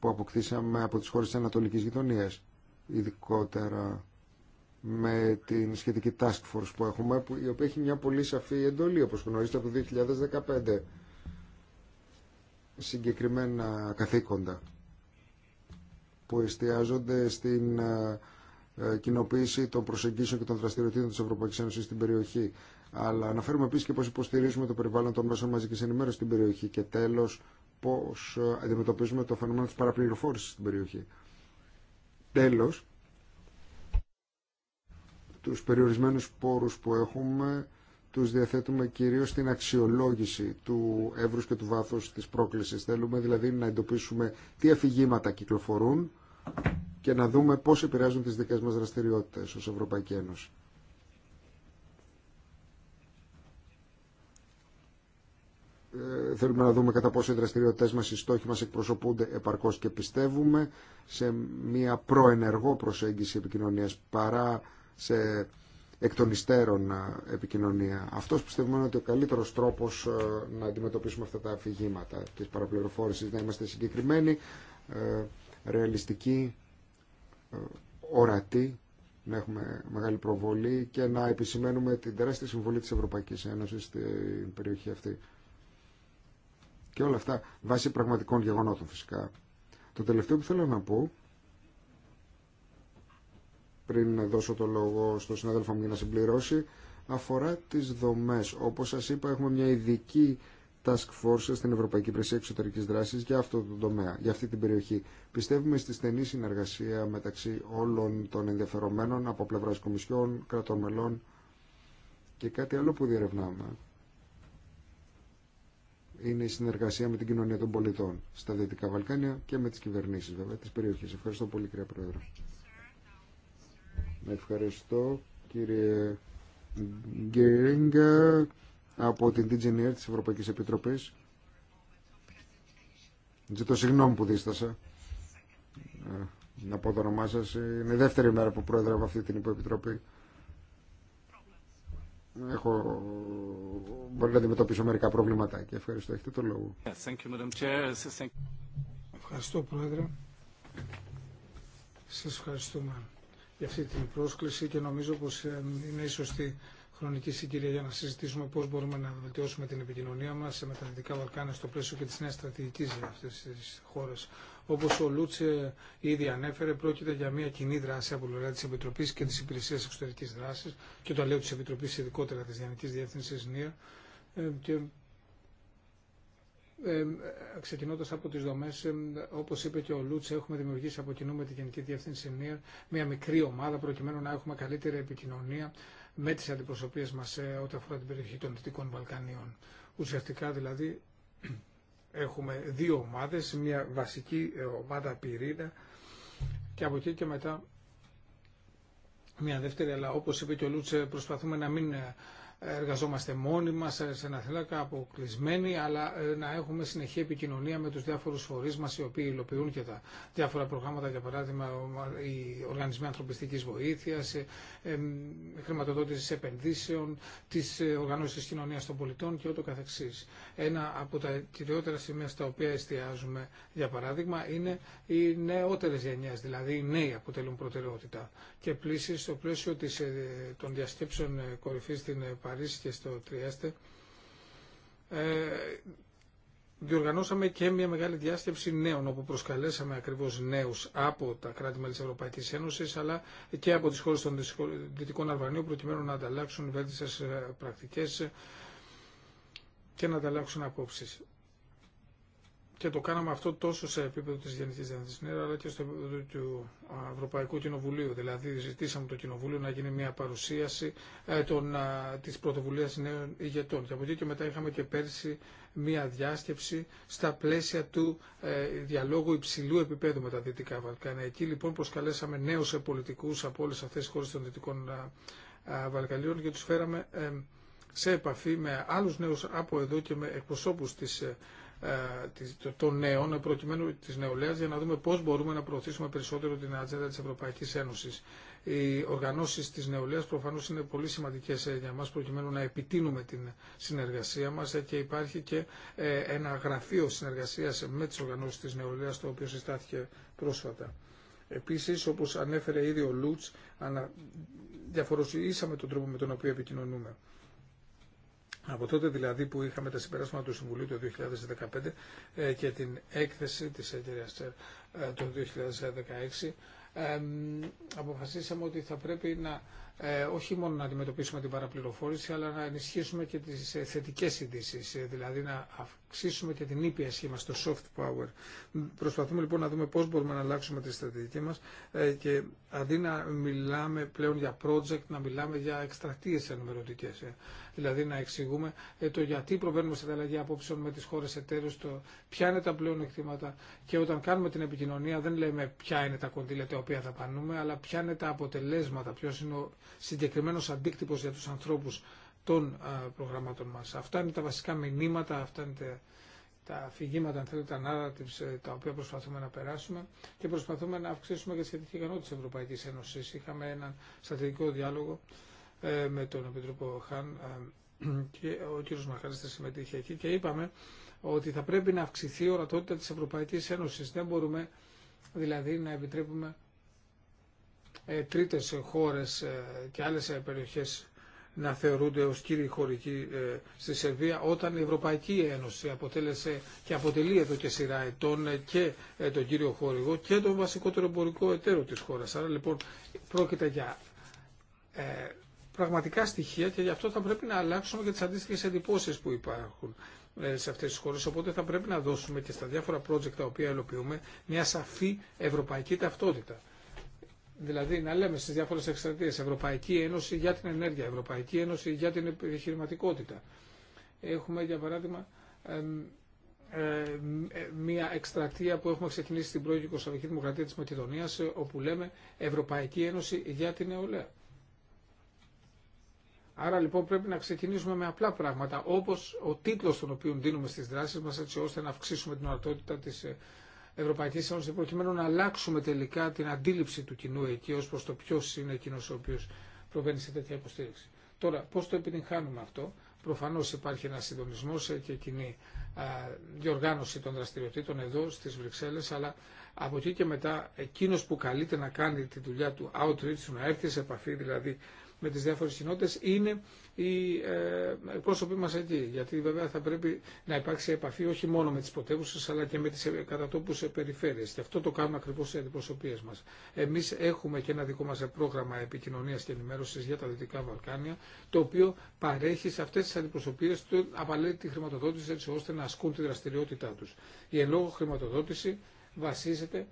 που αποκτήσαμε από τις χώρες της Ανατολικής Γειτονίας, ειδικότερα με την σχετική task force που έχουμε, που, η οποία έχει μια πολύ σαφή εντολή, όπως γνωρίζετε, από το 2015. Συγκεκριμένα καθήκοντα που εστιάζονται στην ε, ε, κοινοποίηση των προσεγγίσεων και των δραστηριοτήτων της Ευρωπαϊκής Ένωσης στην περιοχή. Αλλά αναφέρουμε επίσης και πώς υποστηρίζουμε το περιβάλλον των μέσων μαζικής ενημέρωσης στην περιοχή και τέλος πώς ε, αντιμετωπίζουμε το φαινόμενο της παραπληροφόρησης στην περιοχή. Τέλος, τους περιορισμένους πόρους που έχουμε τους διαθέτουμε κυρίως στην αξιολόγηση του εύρους και του βάθους της πρόκλησης. Θέλουμε δηλαδή να εντοπίσουμε τι αφηγήματα κυκλοφορούν και να δούμε πώς επηρεάζουν τις δικές μας δραστηριότητες ως Ευρωπαϊκή Ένωση. Ε, θέλουμε να δούμε κατά πόσο οι δραστηριότητε μα, οι στόχοι μα εκπροσωπούνται επαρκώ και πιστεύουμε σε μια προενεργό προσέγγιση επικοινωνία παρά σε εκ των υστέρων ε, επικοινωνία. Αυτός πιστεύουμε είναι ότι ο καλύτερος τρόπος ε, να αντιμετωπίσουμε αυτά τα αφηγήματα της παραπληροφόρησης, να είμαστε συγκεκριμένοι, ε, ρεαλιστικοί, ορατοί, να έχουμε μεγάλη προβολή και να επισημαίνουμε την τεράστια συμβολή της Ευρωπαϊκής Ένωσης στην περιοχή αυτή. Και όλα αυτά βάσει πραγματικών γεγονότων φυσικά. Το τελευταίο που θέλω να πω πριν δώσω το λόγο στον συνάδελφο μου για να συμπληρώσει, αφορά τις δομές. Όπως σας είπα, έχουμε μια ειδική task force στην Ευρωπαϊκή Υπηρεσία Εξωτερικής Δράσης για αυτό το τομέα, για αυτή την περιοχή. Πιστεύουμε στη στενή συνεργασία μεταξύ όλων των ενδιαφερομένων από πλευράς κομισιών, κρατών μελών και κάτι άλλο που διερευνάμε είναι η συνεργασία με την κοινωνία των πολιτών στα Δυτικά Βαλκάνια και με τις κυβερνήσεις βέβαια της περιοχής. Ευχαριστώ πολύ κύριε Πρόεδρε. Ευχαριστώ κύριε Γκέριγκα από την DGNR της Ευρωπαϊκής Επιτροπής. Ζητώ συγγνώμη που δίστασα. Ε, να πω το όνομά σα Είναι η δεύτερη μέρα που πρόεδρευα αυτή την υποεπιτροπή. Έχω... Μπορεί να αντιμετωπίσω μερικά προβλήματα και ευχαριστώ. Έχετε το λόγο. Ευχαριστώ, Πρόεδρε. Σας ευχαριστούμε για αυτή την πρόσκληση και νομίζω πως ε, είναι η σωστή χρονική συγκυρία για να συζητήσουμε πώς μπορούμε να βελτιώσουμε την επικοινωνία μας με τα Δυτικά Βαλκάνια στο πλαίσιο και της νέας στρατηγικής για αυτές τις χώρες. Όπως ο Λούτσε ήδη ανέφερε, πρόκειται για μια κοινή δράση από πλευρά της Επιτροπής και της Υπηρεσίας Εξωτερικής Δράσης και το λέω της Επιτροπής ειδικότερα της Διανικής Διεύθυνσης ΝΙΑ ε, ε, ξεκινώντα από τι δομέ, όπω είπε και ο Λούτσε, έχουμε δημιουργήσει από κοινού με τη Γενική Διεύθυνση μία, μία μικρή ομάδα προκειμένου να έχουμε καλύτερη επικοινωνία με τι αντιπροσωπείε μα ε, όταν αφορά την περιοχή των Δυτικών Βαλκανίων. Ουσιαστικά δηλαδή έχουμε δύο ομάδε, μια βασική ε, ομάδα πυρήνα και από εκεί και μετά μια δεύτερη, αλλά όπως είπε και ο Λούτσε προσπαθούμε να μην ε, εργαζόμαστε μόνοι μας σε ένα θελάκα αποκλεισμένοι, αλλά ε, να έχουμε συνεχή επικοινωνία με τους διάφορους φορείς μας οι οποίοι υλοποιούν και τα διάφορα προγράμματα, για παράδειγμα οι οργανισμοί ανθρωπιστικής βοήθειας, ε, χρηματοδότηση επενδύσεων, τις ε, οργανώσεις της κοινωνίας των πολιτών και ούτω καθεξής. Ένα από τα κυριότερα σημεία στα οποία εστιάζουμε, για παράδειγμα, είναι οι νεότερε γενιές δηλαδή οι νέοι αποτελούν προτεραιότητα. Και πλήσει στο πλαίσιο των διασκέψεων κορυφής στην Παρίσι και στο Τριέστε, ε, διοργανώσαμε και μια μεγάλη διάσκεψη νέων, όπου προσκαλέσαμε ακριβώ νέου από τα κράτη-μέλη τη Ευρωπαϊκή Ένωση, αλλά και από τι χώρε των Δυτικών Αλβανίων, προκειμένου να ανταλλάξουν βέλτιστε πρακτικέ και να ανταλλάξουν απόψει και το κάναμε αυτό τόσο σε επίπεδο της Γενικής Νέρα, αλλά και στο επίπεδο του Ευρωπαϊκού Κοινοβουλίου. Δηλαδή ζητήσαμε το Κοινοβούλιο να γίνει μια παρουσίαση ε, των, της πρωτοβουλίας νέων ηγετών. Και από εκεί και μετά είχαμε και πέρσι μια διάσκεψη στα πλαίσια του ε, διαλόγου υψηλού επίπεδου με τα Δυτικά Βαλκάνια. Εκεί λοιπόν προσκαλέσαμε νέους πολιτικούς από όλες αυτές τις χώρες των Δυτικών Βαλκαλίων και τους φέραμε ε, σε επαφή με άλλους νέους από εδώ και με εκπροσώπους της ε, των νέων, προκειμένου της νεολαίας, για να δούμε πώς μπορούμε να προωθήσουμε περισσότερο την ατζέντα της Ευρωπαϊκής Ένωσης. Οι οργανώσεις της νεολαίας προφανώς είναι πολύ σημαντικές ε, για μας προκειμένου να επιτείνουμε την συνεργασία μας ε, και υπάρχει και ένα γραφείο συνεργασίας με τις οργανώσεις της νεολαίας το οποίο συστάθηκε πρόσφατα. Επίσης, όπως ανέφερε ήδη ο Λούτς, διαφοροποιήσαμε τον τρόπο με τον οποίο επικοινωνούμε. Από τότε δηλαδή που είχαμε τα συμπεράσματα του Συμβουλίου το 2015 ε, και την έκθεση της Τσέρ ε, το 2016, ε, αποφασίσαμε ότι θα πρέπει να ε, όχι μόνο να αντιμετωπίσουμε την παραπληροφόρηση, αλλά να ενισχύσουμε και τις ε, θετικέ ειδήσει, ε, δηλαδή να αυξήσουμε και την ήπια σχήμα στο soft power. Προσπαθούμε λοιπόν να δούμε πώ μπορούμε να αλλάξουμε τη στρατηγική μας και αντί να μιλάμε πλέον για project, να μιλάμε για ενημερωτικέ. ενημερωτικές. Δηλαδή να εξηγούμε το γιατί προβαίνουμε σε ανταλλαγή απόψεων με τις χώρες εταίρου, το ποια είναι τα πλέον εκτήματα και όταν κάνουμε την επικοινωνία δεν λέμε ποια είναι τα κονδύλια τα οποία θα πανούμε, αλλά ποια είναι τα αποτελέσματα, ποιο είναι ο συγκεκριμένος αντίκτυπος για τους ανθρώπους των προγραμμάτων μας. Αυτά είναι τα βασικά μηνύματα, αυτά είναι τα αφηγήματα, αν θέλετε, τα narratives ε, τα οποία προσπαθούμε να περάσουμε και προσπαθούμε να αυξήσουμε και τη σχετική ικανότητα τη Ευρωπαϊκή Ένωση. Είχαμε έναν στρατηγικό διάλογο ε, με τον Επιτρόπο Χαν ε, και ο κ. Μαχάριστα συμμετείχε εκεί και είπαμε ότι θα πρέπει να αυξηθεί η ορατότητα της Ευρωπαϊκής Ένωσης. Δεν μπορούμε δηλαδή να επιτρέπουμε ε, τρίτες χώρες ε, και άλλες ε, περιοχές να θεωρούνται ως κύριοι χωρικοί στη Σερβία όταν η Ευρωπαϊκή Ένωση αποτέλεσε και αποτελεί εδώ και σειρά ετών και τον κύριο χορηγό και τον βασικότερο εμπορικό εταίρο της χώρας. Άρα λοιπόν πρόκειται για πραγματικά στοιχεία και γι' αυτό θα πρέπει να αλλάξουμε και τις αντίστοιχες εντυπώσεις που υπάρχουν σε αυτές τις χώρες. Οπότε θα πρέπει να δώσουμε και στα διάφορα project τα οποία ελοποιούμε μια σαφή ευρωπαϊκή ταυτότητα. Δηλαδή να λέμε στις διάφορες εκστρατείες Ευρωπαϊκή Ένωση για την ενέργεια, Ευρωπαϊκή Ένωση για την επιχειρηματικότητα. Έχουμε για παράδειγμα ε, μια εκστρατεία που έχουμε ξεκινήσει στην πρώην Δημοκρατία της Μακεδονίας ε, όπου λέμε Ευρωπαϊκή Ένωση για την νεολαία. Άρα λοιπόν πρέπει να ξεκινήσουμε με απλά πράγματα όπως ο τίτλος τον οποίο δίνουμε στις δράσεις μας έτσι ώστε να αυξήσουμε την ορατότητα της ε, Ευρωπαϊκή Ένωση προκειμένου να αλλάξουμε τελικά την αντίληψη του κοινού εκεί ως προς το ποιο είναι εκείνο ο οποίο προβαίνει σε τέτοια υποστήριξη. Τώρα, πώ το επιτυγχάνουμε αυτό. Προφανώς υπάρχει ένα συντονισμό ε, και κοινή διοργάνωση των δραστηριοτήτων εδώ στις Βρυξέλλες, αλλά από εκεί και μετά εκείνο που καλείται να κάνει τη δουλειά του outreach, να έρθει σε επαφή δηλαδή με τις διάφορες κοινότητες είναι οι ε, πρόσωποι μας εκεί. Γιατί βέβαια θα πρέπει να υπάρξει επαφή όχι μόνο με τις πρωτεύουσε αλλά και με τις κατατόπους περιφέρειες. Και αυτό το κάνουμε ακριβώς οι αντιπροσωπείες μας. Εμείς έχουμε και ένα δικό μας πρόγραμμα επικοινωνίας και ενημέρωσης για τα Δυτικά Βαλκάνια, το οποίο παρέχει σε αυτές τις αντιπροσωπείες το απαραίτητη χρηματοδότηση έτσι ώστε να ασκούν τη δραστηριότητά τους. Η ελόγω χρηματοδότηση βασίζεται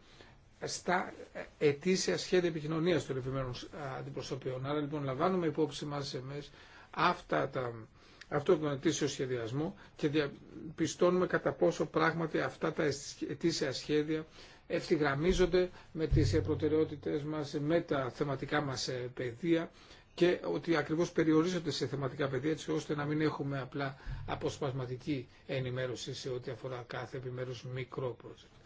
στα ετήσια σχέδια επικοινωνίας των επιμένων αντιπροσωπείων. Άρα λοιπόν λαμβάνουμε υπόψη μας εμείς αυτά τα, αυτό τον ετήσιο σχεδιασμό και διαπιστώνουμε κατά πόσο πράγματι αυτά τα ετήσια σχέδια ευθυγραμμίζονται με τις προτεραιότητες μας, με τα θεματικά μας ε, παιδεία και ότι ακριβώς περιορίζονται σε θεματικά παιδεία έτσι ώστε να μην έχουμε απλά αποσπασματική ενημέρωση σε ό,τι αφορά κάθε επιμέρους μικρό project.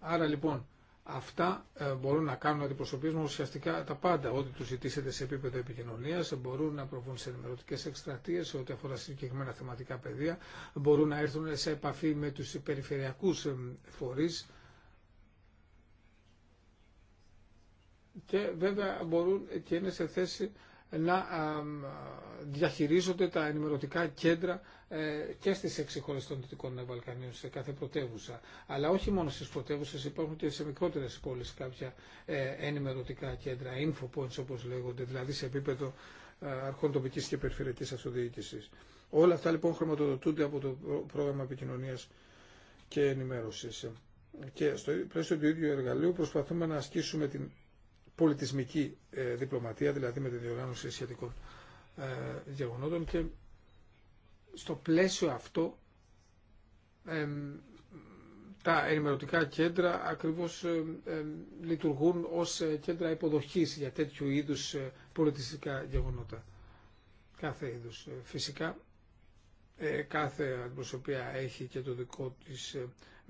Άρα λοιπόν αυτά ε, μπορούν να κάνουν αντιπροσωπείσμα ουσιαστικά τα πάντα. Ό,τι του ζητήσετε σε επίπεδο επικοινωνία, μπορούν να προβούν σε ενημερωτικέ εκστρατείε σε ό,τι αφορά συγκεκριμένα θεματικά πεδία, μπορούν να έρθουν σε επαφή με του περιφερειακού φορεί. Και βέβαια μπορούν και είναι σε θέση να διαχειρίζονται τα ενημερωτικά κέντρα ε, και στις έξι χώρες των Δυτικών Βαλκανίων, σε κάθε πρωτεύουσα. Αλλά όχι μόνο στις πρωτεύουσες, υπάρχουν και σε μικρότερες πόλεις κάποια ε, ενημερωτικά κέντρα, info points όπως λέγονται, δηλαδή σε επίπεδο ε, αρχών τοπικής και περιφερειακής αυτοδιοίκησης. Όλα αυτά λοιπόν χρηματοδοτούνται από το πρόγραμμα επικοινωνίας και ενημέρωσης. Και στο πλαίσιο του ίδιου εργαλείου προσπαθούμε να ασκήσουμε την πολιτισμική διπλωματία, δηλαδή με τη διοργάνωση σχετικών γεγονότων και στο πλαίσιο αυτό τα ενημερωτικά κέντρα ακριβώς λειτουργούν ως ε, κέντρα υποδοχής για τέτοιου είδους ε, πολιτιστικά γεγονότα. Κάθε είδους. Ε, φυσικά κάθε αντιπροσωπεία έχει και το δικό της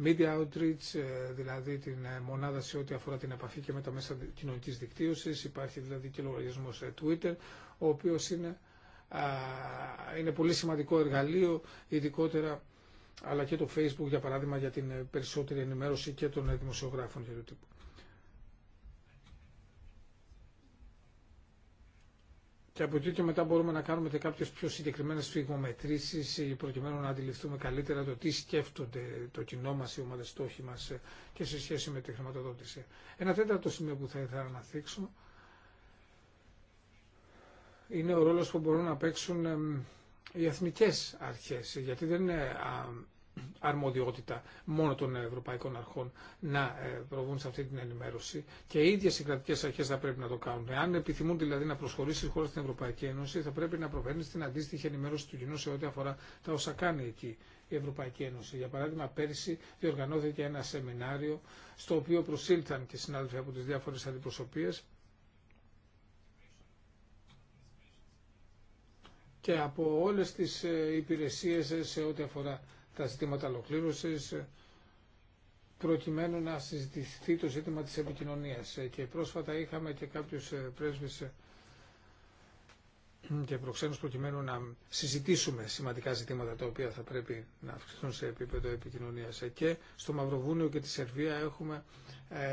media outreach, δηλαδή την μονάδα σε ό,τι αφορά την επαφή και με τα μέσα κοινωνικής δικτύωσης. Υπάρχει δηλαδή και λογαριασμός Twitter, ο οποίος είναι είναι πολύ σημαντικό εργαλείο, ειδικότερα αλλά και το Facebook για παράδειγμα για την περισσότερη ενημέρωση και των δημοσιογράφων και του τύπου. Και από εκεί και μετά μπορούμε να κάνουμε και κάποιες πιο συγκεκριμένες φυγομετρήσει προκειμένου να αντιληφθούμε καλύτερα το τι σκέφτονται το κοινό μας, οι ομάδες στόχοι μας ε, και σε σχέση με τη χρηματοδότηση. Ένα τέταρτο σημείο που θα ήθελα να θίξω είναι ο ρόλος που μπορούν να παίξουν οι εθνικές αρχές, γιατί δεν είναι αρμοδιότητα μόνο των ευρωπαϊκών αρχών να ε, προβούν σε αυτή την ενημέρωση και οι ίδιες οι κρατικές αρχές θα πρέπει να το κάνουν. Αν επιθυμούν δηλαδή να προσχωρήσει η χώρα στην Ευρωπαϊκή Ένωση θα πρέπει να προβαίνει στην αντίστοιχη ενημέρωση του κοινού σε ό,τι αφορά τα όσα κάνει εκεί η Ευρωπαϊκή Ένωση. Για παράδειγμα, πέρυσι διοργανώθηκε ένα σεμινάριο στο οποίο προσήλθαν και συνάδελφοι από τις διάφορες αντιπροσωπείες και από όλες τις ε, υπηρεσίες ε, σε ό,τι αφορά τα ζητήματα ολοκλήρωση ε, προκειμένου να συζητηθεί το ζήτημα της επικοινωνίας. Και πρόσφατα είχαμε και κάποιους πρέσβεις και προξένους προκειμένου να συζητήσουμε σημαντικά ζητήματα τα οποία θα πρέπει να αυξηθούν σε επίπεδο επικοινωνίας. Και στο Μαυροβούνιο και τη Σερβία έχουμε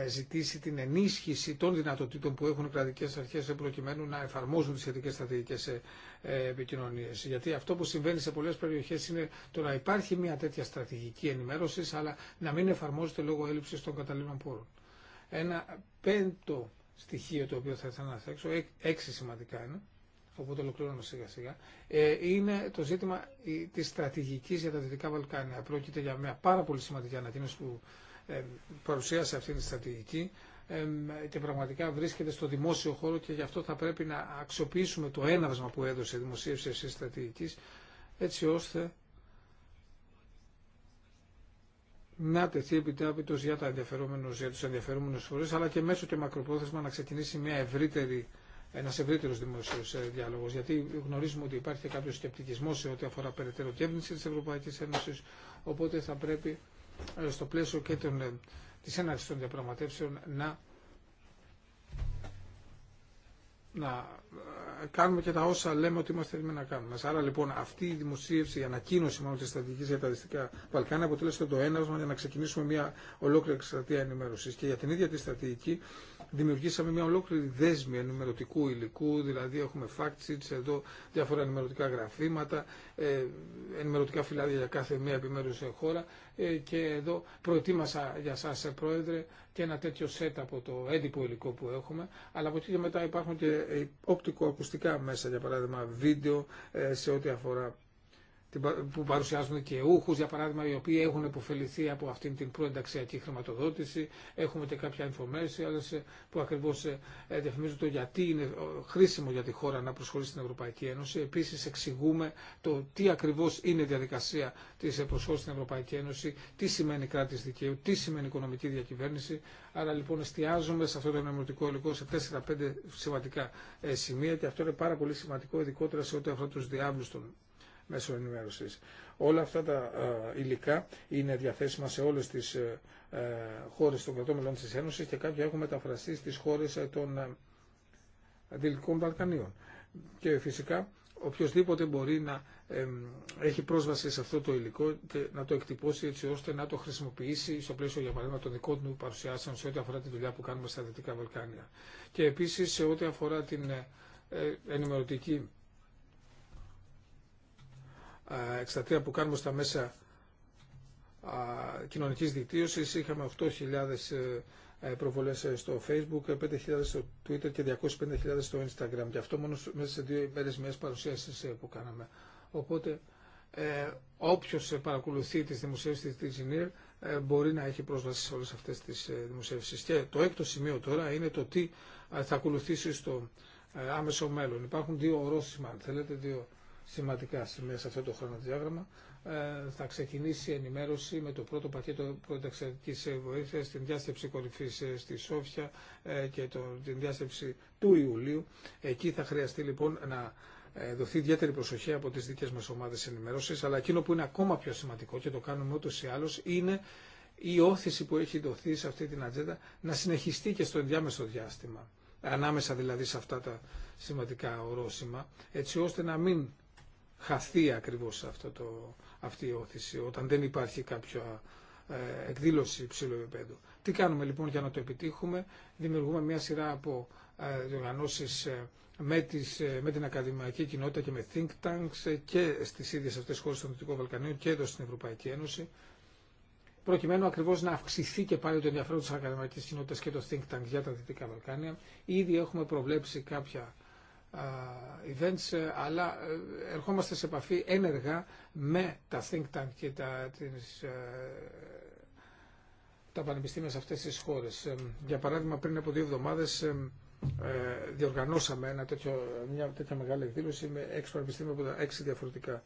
ζητήσει την ενίσχυση των δυνατοτήτων που έχουν οι κρατικές αρχές προκειμένου να εφαρμόζουν τις σχετικές στρατηγικές ε, επικοινωνίε. Γιατί αυτό που συμβαίνει σε πολλέ περιοχέ είναι το να υπάρχει μια τέτοια στρατηγική ενημέρωση, αλλά να μην εφαρμόζεται λόγω έλλειψη των καταλήλων πόρων. Ένα πέμπτο στοιχείο το οποίο θα ήθελα να θέξω, έξι σημαντικά είναι, οπότε ολοκληρώνω σιγά σιγά, ε, είναι το ζήτημα ε, τη στρατηγική για τα Δυτικά Βαλκάνια. Πρόκειται για μια πάρα πολύ σημαντική ανακοίνωση που παρουσίασε αυτή τη στρατηγική και πραγματικά βρίσκεται στο δημόσιο χώρο και γι' αυτό θα πρέπει να αξιοποιήσουμε το έναυσμα που έδωσε η δημοσίευση αυτής στρατηγικής έτσι ώστε να τεθεί επιτάπητος για, τα για τους ενδιαφερόμενους φορείς αλλά και μέσω και μακροπρόθεσμα να ξεκινήσει μια ευρύτερη ένα ευρύτερο δημόσιο ε, διάλογο. Γιατί γνωρίζουμε ότι υπάρχει κάποιο σκεπτικισμό σε ό,τι αφορά περαιτέρω διεύρυνση τη Ευρωπαϊκή Ένωση. Οπότε θα πρέπει ε, στο πλαίσιο και των ε, της έναρξης των διαπραγματεύσεων να να ε, κάνουμε και τα όσα λέμε ότι είμαστε έτοιμοι να κάνουμε. Άρα λοιπόν αυτή η δημοσίευση, η ανακοίνωση μάλλον τη στρατηγική για τα Δυτικά Βαλκάνια αποτέλεσε το έναυσμα για να ξεκινήσουμε μια ολόκληρη εκστρατεία ενημέρωση. Και για την ίδια τη στρατηγική δημιουργήσαμε μια ολόκληρη δέσμη ενημερωτικού υλικού, δηλαδή έχουμε fact sheets, εδώ διάφορα ενημερωτικά γραφήματα, ε, ενημερωτικά φυλάδια για κάθε μία επιμέρου χώρα. Ε, και εδώ προετοίμασα για εσά, Πρόεδρε, και ένα τέτοιο σετ από το έντυπο υλικό που έχουμε, αλλά από εκεί και μετά υπάρχουν και οπτικοακουστικά μέσα, για παράδειγμα βίντεο ε, σε ό,τι αφορά που παρουσιάζουν και ούχους, για παράδειγμα, οι οποίοι έχουν υποφεληθεί από αυτήν την προενταξιακή χρηματοδότηση. Έχουμε και κάποια information που ακριβώς ε, ε, διαφημίζουν το γιατί είναι ε, χρήσιμο για τη χώρα να προσχωρήσει στην Ευρωπαϊκή Ένωση. Επίσης εξηγούμε το τι ακριβώς είναι η διαδικασία της προσχώρησης στην Ευρωπαϊκή Ένωση, τι σημαίνει κράτη δικαίου, τι σημαίνει οικονομική διακυβέρνηση. Άρα λοιπόν εστιάζουμε σε αυτό το ενημερωτικό υλικό σε 4-5 σημαντικά σημεία και αυτό είναι πάρα πολύ σημαντικό ειδικότερα σε ό,τι αφορά του διάβλου των μέσω ενημέρωσης. Όλα αυτά τα ε, υλικά είναι διαθέσιμα σε όλες τις ε, ε, χώρες των κρατών μελών της Ένωσης και κάποια έχουν μεταφραστεί στις χώρες των Δυτικών Βαλκανίων. Και φυσικά οποιοδήποτε μπορεί να έχει πρόσβαση σε αυτό το υλικό και να το εκτυπώσει έτσι ώστε να το χρησιμοποιήσει στο πλαίσιο για παράδειγμα των δικών του παρουσιάσεων σε ό,τι αφορά τη δουλειά που κάνουμε στα Δυτικά Βαλκάνια. Και επίσης σε ό,τι αφορά την ενημερωτική εξαρτία που κάνουμε στα μέσα κοινωνικής δικτύωσης είχαμε 8.000 ε, ε, προβολές ε, στο facebook, 5.000 στο twitter και 250.000 στο instagram και αυτό μόνο μέσα σε δύο ημέρες μιας παρουσίασης που κάναμε. Οπότε ε, όποιος παρακολουθεί τις δημοσίευσεις της Engineer μπορεί να έχει πρόσβαση σε όλες αυτές τις δημοσίευσεις. Και το έκτο σημείο τώρα είναι το τι θα ακολουθήσει στο άμεσο μέλλον. Υπάρχουν δύο ορόσημα, θέλετε, δύο σημαντικά σημεία σε αυτό το χρονοδιάγραμμα. Ε, θα ξεκινήσει η ενημέρωση με το πρώτο πακέτο πρωταξιακή βοήθεια την διάσκεψη κορυφή ε, στη Σόφια ε, και την διάσκεψη του Ιουλίου. Εκεί θα χρειαστεί λοιπόν να δοθεί ιδιαίτερη προσοχή από τι δικέ μα ομάδε ενημέρωση. Αλλά εκείνο που είναι ακόμα πιο σημαντικό και το κάνουμε ούτω ή άλλω είναι η όθηση που έχει δοθεί σε αυτή την ατζέντα να συνεχιστεί και στο ενδιάμεσο διάστημα. Ανάμεσα δηλαδή σε αυτά τα σημαντικά ορόσημα, έτσι ώστε να μην χαθεί ακριβώς αυτό το, αυτή η όθηση, όταν δεν υπάρχει κάποια ε, εκδήλωση υψηλού επίπεδου. Τι κάνουμε λοιπόν για να το επιτύχουμε. Δημιουργούμε μια σειρά από ε, διοργανώσεις ε, με, τις, ε, με την ακαδημαϊκή κοινότητα και με think tanks και στις ίδιες αυτές χώρες των Δυτικών Βαλκανίων και εδώ στην Ευρωπαϊκή Ένωση προκειμένου ακριβώ να αυξηθεί και πάλι το ενδιαφέρον τη ακαδημαϊκή κοινότητα και το Think Tank για τα Δυτικά Βαλκάνια. Ήδη έχουμε προβλέψει κάποια events, ε, αλλά ε, ερχόμαστε σε επαφή ένεργα με τα think tank και τα, ε, πανεπιστήμια σε αυτές τις χώρες. Για παράδειγμα, πριν από δύο εβδομάδες διοργανώσαμε ένα τέτοιο, μια τέτοια μεγάλη εκδήλωση με έξι πανεπιστήμια από τα έξι διαφορετικά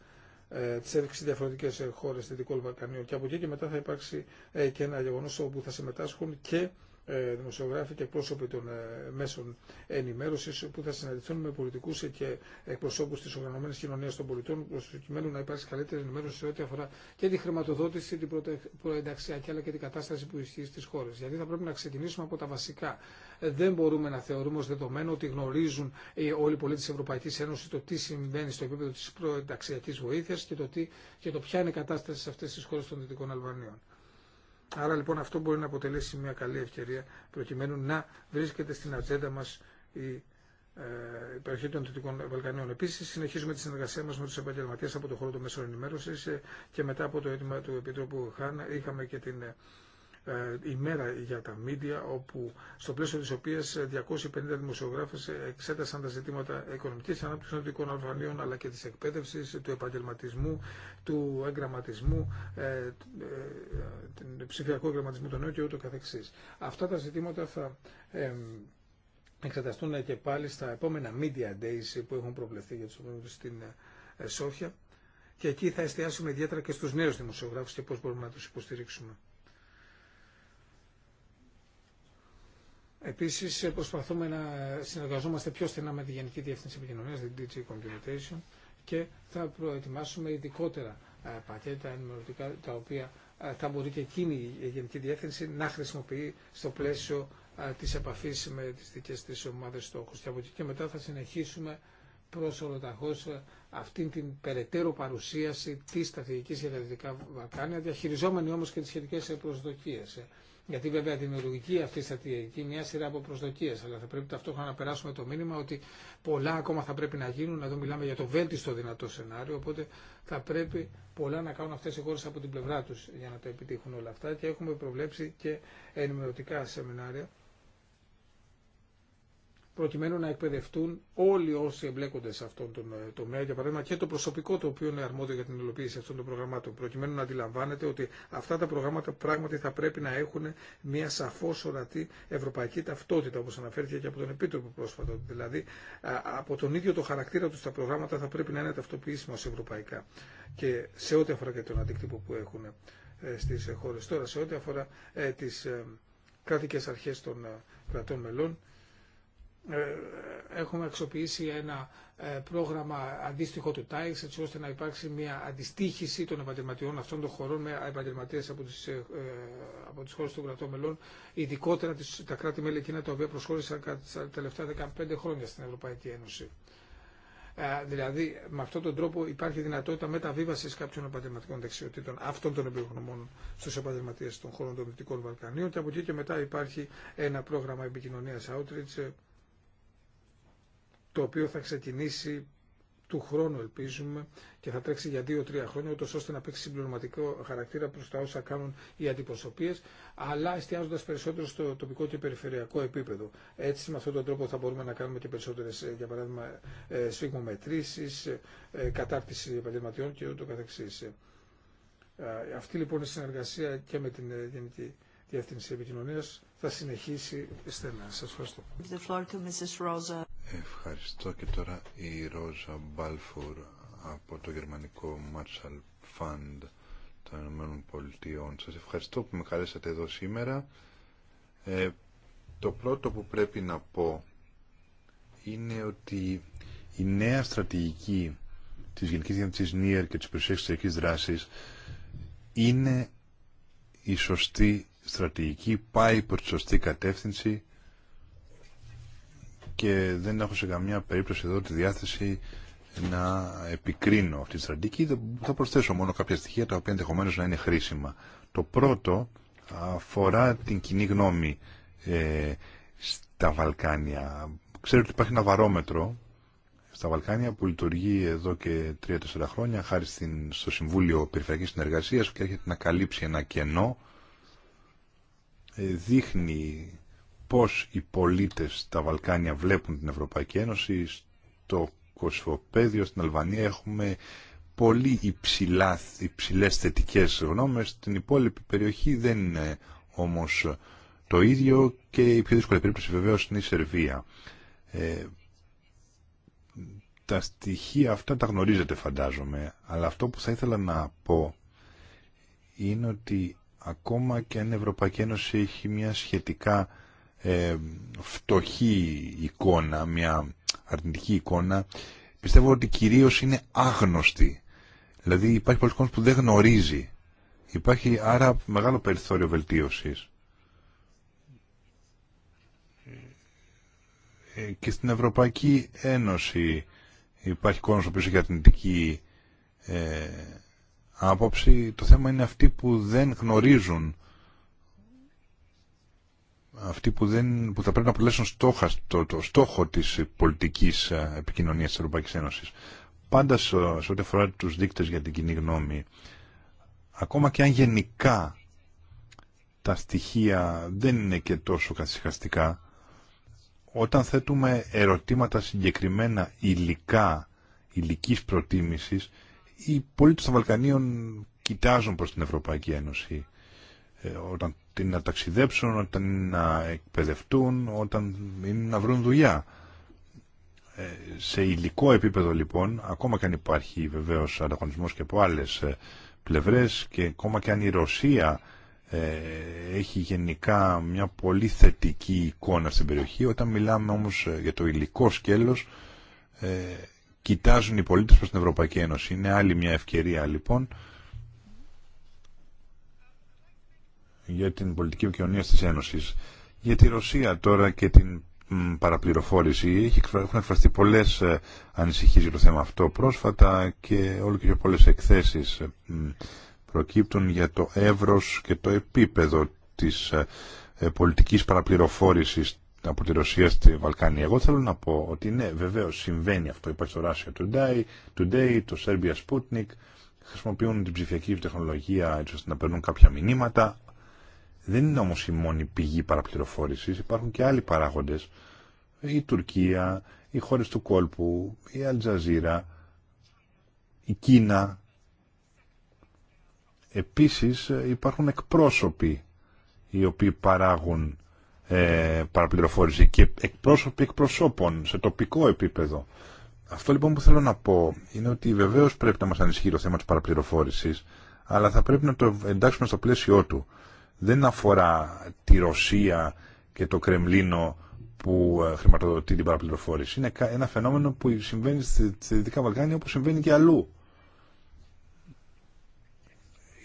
τις έξι διαφορετικές χώρες Δυτικών και από εκεί και μετά θα υπάρξει και ένα γεγονός όπου θα συμμετάσχουν και ε, δημοσιογράφοι και εκπρόσωποι των ε, μέσων ενημέρωση που θα συναντηθούν με πολιτικού και εκπροσώπους τη Οργανωμένη κοινωνία των πολιτών προκειμένου να υπάρξει καλύτερη ενημέρωση σε ό,τι αφορά και τη χρηματοδότηση, την προενταξιακή αλλά και την κατάσταση που ισχύει στι χώρε. Γιατί θα πρέπει να ξεκινήσουμε από τα βασικά. Δεν μπορούμε να θεωρούμε ω δεδομένο ότι γνωρίζουν ε, όλοι οι πολίτε τη Ευρωπαϊκή Ένωση το τι συμβαίνει στο επίπεδο τη προενταξιακή βοήθεια και το, και το ποια είναι η κατάσταση σε αυτέ τι χώρε των Δυτικών Αλβανίων. Άρα λοιπόν αυτό μπορεί να αποτελέσει μια καλή ευκαιρία προκειμένου να βρίσκεται στην ατζέντα μας η ε, η των Δυτικών Βαλκανίων. Επίση, συνεχίζουμε τη συνεργασία μα με του επαγγελματίε από το χώρο των μέσων ενημέρωση ε, και μετά από το αίτημα του Επιτρόπου Χάν, είχαμε και την ε, ε, η μέρα για τα μίντια, όπου στο πλαίσιο της οποίας 250 δημοσιογράφες εξέτασαν τα ζητήματα οικονομικής ανάπτυξης των δικών Αλβανίων, αλλά και της εκπαίδευσης, του επαγγελματισμού, του εγγραμματισμού, του ε, ε, ψηφιακού εγγραμματισμού των νέων και ούτω καθεξής. Αυτά τα ζητήματα θα εξεταστούν και πάλι στα επόμενα Media Days που έχουν προβλεφθεί για τους στην Σόφια και εκεί θα εστιάσουμε ιδιαίτερα και στους νέους δημοσιογράφους και πώς μπορούμε να τους υποστηρίξουμε. Επίση, προσπαθούμε να συνεργαζόμαστε πιο στενά με τη Γενική Διεύθυνση επικοινωνία, την DG Computation, και θα προετοιμάσουμε ειδικότερα ε, πακέτα ενημερωτικά τα οποία ε, θα μπορεί και εκείνη η Γενική Διεύθυνση να χρησιμοποιεί στο πλαίσιο ε, της επαφή με τι δικέ τη ομάδε στόχους. Και από εκεί και μετά θα συνεχίσουμε προ ολοταχώ αυτή την περαιτέρω παρουσίαση τη σταθερικής για τα Δυτικά Βαλκάνια, διαχειριζόμενη όμω και τι σχετικέ προσδοκίε. Γιατί βέβαια δημιουργεί αυτή η στρατηγική μια σειρά από προσδοκίε, αλλά θα πρέπει ταυτόχρονα να περάσουμε το μήνυμα ότι πολλά ακόμα θα πρέπει να γίνουν. Εδώ μιλάμε για το βέλτιστο δυνατό σενάριο, οπότε θα πρέπει πολλά να κάνουν αυτέ οι χώρε από την πλευρά του για να τα επιτύχουν όλα αυτά. Και έχουμε προβλέψει και ενημερωτικά σεμινάρια προκειμένου να εκπαιδευτούν όλοι όσοι εμπλέκονται σε αυτόν τον ε, τομέα, για παράδειγμα και το προσωπικό το οποίο είναι αρμόδιο για την υλοποίηση αυτών των προγραμμάτων, προκειμένου να αντιλαμβάνεται ότι αυτά τα προγράμματα πράγματι θα πρέπει να έχουν μια σαφώ ορατή ευρωπαϊκή ταυτότητα, όπω αναφέρθηκε και από τον Επίτροπο πρόσφατα. Δηλαδή, από τον ίδιο το χαρακτήρα του τα προγράμματα θα πρέπει να είναι ταυτοποιήσιμα ω ευρωπαϊκά και σε ό,τι αφορά και τον αντίκτυπο που έχουν ε, στι ε, χώρε. Τώρα, σε ό,τι αφορά τι κρατικέ αρχέ των κρατών μελών, ε, έχουμε αξιοποιήσει ένα ε, πρόγραμμα αντίστοιχο του ΤΑΙΚΣ έτσι ώστε να υπάρξει μια αντιστοίχηση των επαγγελματιών αυτών των χωρών με επαγγελματίε από τι ε, από τις χώρες των κρατών μελών, ειδικότερα τα κράτη-μέλη εκείνα τα οποία προσχώρησαν τα τελευταία 15 χρόνια στην Ευρωπαϊκή Ένωση. Δηλαδή, με αυτόν τον τρόπο υπάρχει δυνατότητα μεταβίβαση κάποιων επαγγελματικών δεξιοτήτων αυτών των εμπειρογνωμών στου επαγγελματίε των χώρων των Δυτικών Βαλκανίων και από εκεί και μετά υπάρχει ένα πρόγραμμα επικοινωνία outreach το οποίο θα ξεκινήσει του χρόνου ελπίζουμε και θα τρέξει για δύο-τρία χρόνια, ούτως ώστε να παίξει συμπληρωματικό χαρακτήρα προς τα όσα κάνουν οι αντιπροσωπείες, αλλά εστιάζοντας περισσότερο στο τοπικό και περιφερειακό επίπεδο. Έτσι με αυτόν τον τρόπο θα μπορούμε να κάνουμε και περισσότερες, ε, για παράδειγμα, ε, σφιγμομετρήσεις, ε, κατάρτιση επαγγελματιών και ούτω καθεξής. Αυτή λοιπόν η συνεργασία και με την Γενική Διεύθυνση Επικοινωνίας θα συνεχίσει στενά. Σας ευχαριστώ. Ευχαριστώ και τώρα η Ρόζα Μπάλφουρ από το γερμανικό Marshall Fund των Ηνωμένων Πολιτειών. Σας ευχαριστώ που με καλέσατε εδώ σήμερα. Ε, το πρώτο που πρέπει να πω είναι ότι η νέα στρατηγική της Γενικής Διεύθυνσης ΝΙΕΡ και της Περισσέξης Εξωτερικής Δράσης είναι η σωστή στρατηγική, πάει προς τη σωστή κατεύθυνση και δεν έχω σε καμία περίπτωση εδώ τη διάθεση να επικρίνω αυτή τη στρατική. Θα προσθέσω μόνο κάποια στοιχεία τα οποία ενδεχομένω να είναι χρήσιμα. Το πρώτο αφορά την κοινή γνώμη ε, στα Βαλκάνια. Ξέρω ότι υπάρχει ένα βαρόμετρο στα Βαλκάνια που λειτουργεί εδώ και 3-4 χρόνια χάρη στην, στο Συμβούλιο Περιφερειακής Συνεργασίας και έρχεται να καλύψει ένα κενό. Ε, δείχνει πώς οι πολίτες στα Βαλκάνια βλέπουν την Ευρωπαϊκή Ένωση. Στο Κωσφοπαίδιο, στην Αλβανία έχουμε πολύ υψηλά, υψηλές θετικές γνώμες. Στην υπόλοιπη περιοχή δεν είναι όμως το ίδιο και η πιο δύσκολη περίπτωση βεβαίως είναι η Σερβία. Ε, τα στοιχεία αυτά τα γνωρίζετε φαντάζομαι, αλλά αυτό που θα ήθελα να πω είναι ότι ακόμα και αν η Ευρωπαϊκή Ένωση έχει μια σχετικά ε, φτωχή εικόνα, μια αρνητική εικόνα, πιστεύω ότι κυρίως είναι άγνωστη. Δηλαδή υπάρχει πολλοί που δεν γνωρίζει. Υπάρχει άρα μεγάλο περιθώριο βελτίωσης. Ε, και στην Ευρωπαϊκή Ένωση υπάρχει κόσμος που έχει αρνητική ε, άποψη. Το θέμα είναι αυτοί που δεν γνωρίζουν αυτοί που, δεν, που θα πρέπει να αποτελέσουν το, στόχο της πολιτικής ε, επικοινωνίας της Ευρωπαϊκής Ένωσης. Πάντα σε ό,τι αφορά τους δείκτες για την κοινή γνώμη, ακόμα και αν γενικά τα στοιχεία δεν είναι και τόσο καθυσυχαστικά, όταν θέτουμε ερωτήματα συγκεκριμένα υλικά, υλική προτίμησης, οι πολίτες των Βαλκανίων κοιτάζουν προς την Ευρωπαϊκή Ένωση. Ε, όταν είναι να ταξιδέψουν, όταν να εκπαιδευτούν, όταν είναι να βρουν δουλειά. Ε, σε υλικό επίπεδο λοιπόν, ακόμα και αν υπάρχει βεβαίως ανταγωνισμός και από άλλες ε, πλευρές και ακόμα και αν η Ρωσία ε, έχει γενικά μια πολύ θετική εικόνα στην περιοχή, όταν μιλάμε όμως για το υλικό σκέλος, κοιτάζουν οι πολίτες προς την Ευρωπαϊκή Ένωση. Είναι άλλη μια ευκαιρία λοιπόν για την πολιτική επικοινωνία της Ένωσης. Για τη Ρωσία τώρα και την παραπληροφόρηση έχουν εκφραστεί πολλές ε, ανησυχίες για το θέμα αυτό πρόσφατα και όλο και πιο πολλές εκθέσεις ε, προκύπτουν για το εύρος και το επίπεδο της ε, πολιτικής παραπληροφόρησης από τη Ρωσία στη Βαλκάνια. Εγώ θέλω να πω ότι ναι, βεβαίως συμβαίνει αυτό. Υπάρχει το Russia Today, Today το Serbia Sputnik, χρησιμοποιούν την ψηφιακή τεχνολογία έτσι ώστε να παίρνουν κάποια μηνύματα. Δεν είναι όμως η μόνη πηγή παραπληροφόρησης, υπάρχουν και άλλοι παράγοντες. Η Τουρκία, οι χώρες του κόλπου, η Αλτζαζίρα, η Κίνα. Επίσης υπάρχουν εκπρόσωποι οι οποίοι παράγουν ε, παραπληροφόρηση και εκπρόσωποι εκπροσώπων σε τοπικό επίπεδο. Αυτό λοιπόν που θέλω να πω είναι ότι βεβαίως πρέπει να μας ανισχύει το θέμα της παραπληροφόρησης αλλά θα πρέπει να το εντάξουμε στο πλαίσιό του δεν αφορά τη Ρωσία και το Κρεμλίνο που ε, χρηματοδοτεί την παραπληροφόρηση. Είναι ένα φαινόμενο που συμβαίνει στη Δυτικά Βαλκάνια όπως συμβαίνει και αλλού.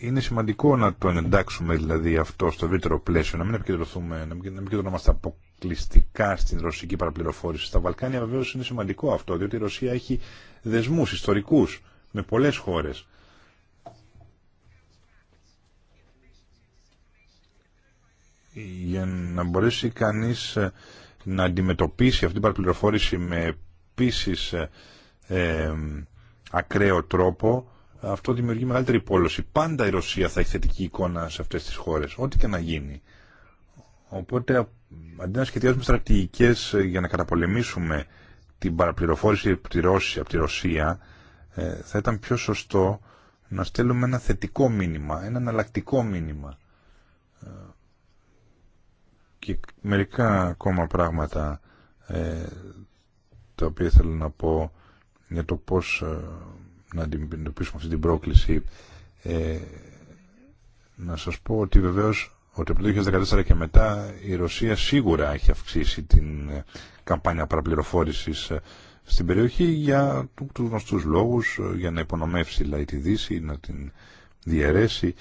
Είναι σημαντικό να το εντάξουμε δηλαδή αυτό στο ευρύτερο πλαίσιο, να μην επικεντρωθούμε, να μην, να αποκλειστικά στην ρωσική παραπληροφόρηση. Στα Βαλκάνια βεβαίω είναι σημαντικό αυτό, διότι η Ρωσία έχει δεσμού ιστορικού με πολλέ χώρε. για να μπορέσει κανείς ε, να αντιμετωπίσει αυτή την παραπληροφόρηση με επίση ε, ακραίο τρόπο, αυτό δημιουργεί μεγαλύτερη πόλωση. Πάντα η Ρωσία θα έχει θετική εικόνα σε αυτές τις χώρες, ό,τι και να γίνει. Οπότε, αντί να σχεδιάσουμε στρατηγικές ε, για να καταπολεμήσουμε την παραπληροφόρηση από τη Ρωσία, από τη Ρωσία ε, θα ήταν πιο σωστό να στέλνουμε ένα θετικό μήνυμα, ένα εναλλακτικό μήνυμα και μερικά ακόμα πράγματα ε, τα οποία θέλω να πω για το πώς ε, να αντιμετωπίσουμε αυτή την πρόκληση. Ε, να σας πω ότι βεβαίως ότι από το 2014 και μετά η Ρωσία σίγουρα έχει αυξήσει την ε, καμπάνια παραπληροφόρησης ε, στην περιοχή για τους γνωστούς λόγους, για να υπονομεύσει η δηλαδή, τη Δύση, να την διαιρέσει.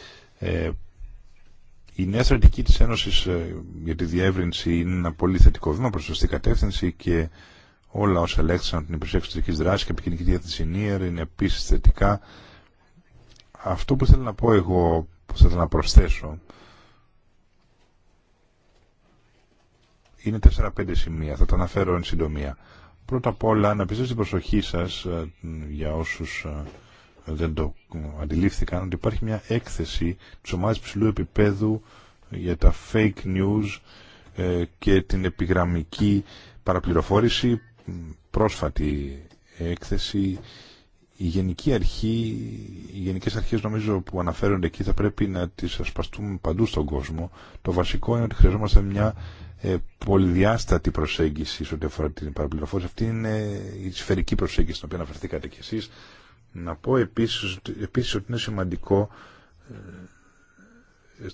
Η νέα στρατηγική της Ένωσης ε, για τη διεύρυνση είναι ένα πολύ θετικό βήμα προς σωστή κατεύθυνση και όλα όσα ελέγχθησαν την υπηρεσία εξωτερικής δράσης και επικοινωνική διεύθυνση ΝΙΕΡ είναι επίση θετικά. Αυτό που θέλω να πω εγώ, που θέλω να προσθέσω, είναι 4-5 σημεία. Θα τα αναφέρω εν συντομία. Πρώτα απ' όλα να πιστεύω την προσοχή σας ε, για όσους ε, δεν το αντιλήφθηκαν ότι υπάρχει μια έκθεση τη ομάδα ψηλού επίπεδου για τα fake news ε, και την επιγραμμική παραπληροφόρηση πρόσφατη έκθεση η γενική αρχή, οι γενικές αρχές νομίζω που αναφέρονται εκεί θα πρέπει να τις ασπαστούμε παντού στον κόσμο. Το βασικό είναι ότι χρειαζόμαστε μια ε, πολυδιάστατη προσέγγιση σε ό,τι αφορά την παραπληροφόρηση. Αυτή είναι ε, η σφαιρική προσέγγιση στην οποία αναφερθήκατε κι εσείς. Να πω επίσης, επίσης ότι είναι σημαντικό ε, ε,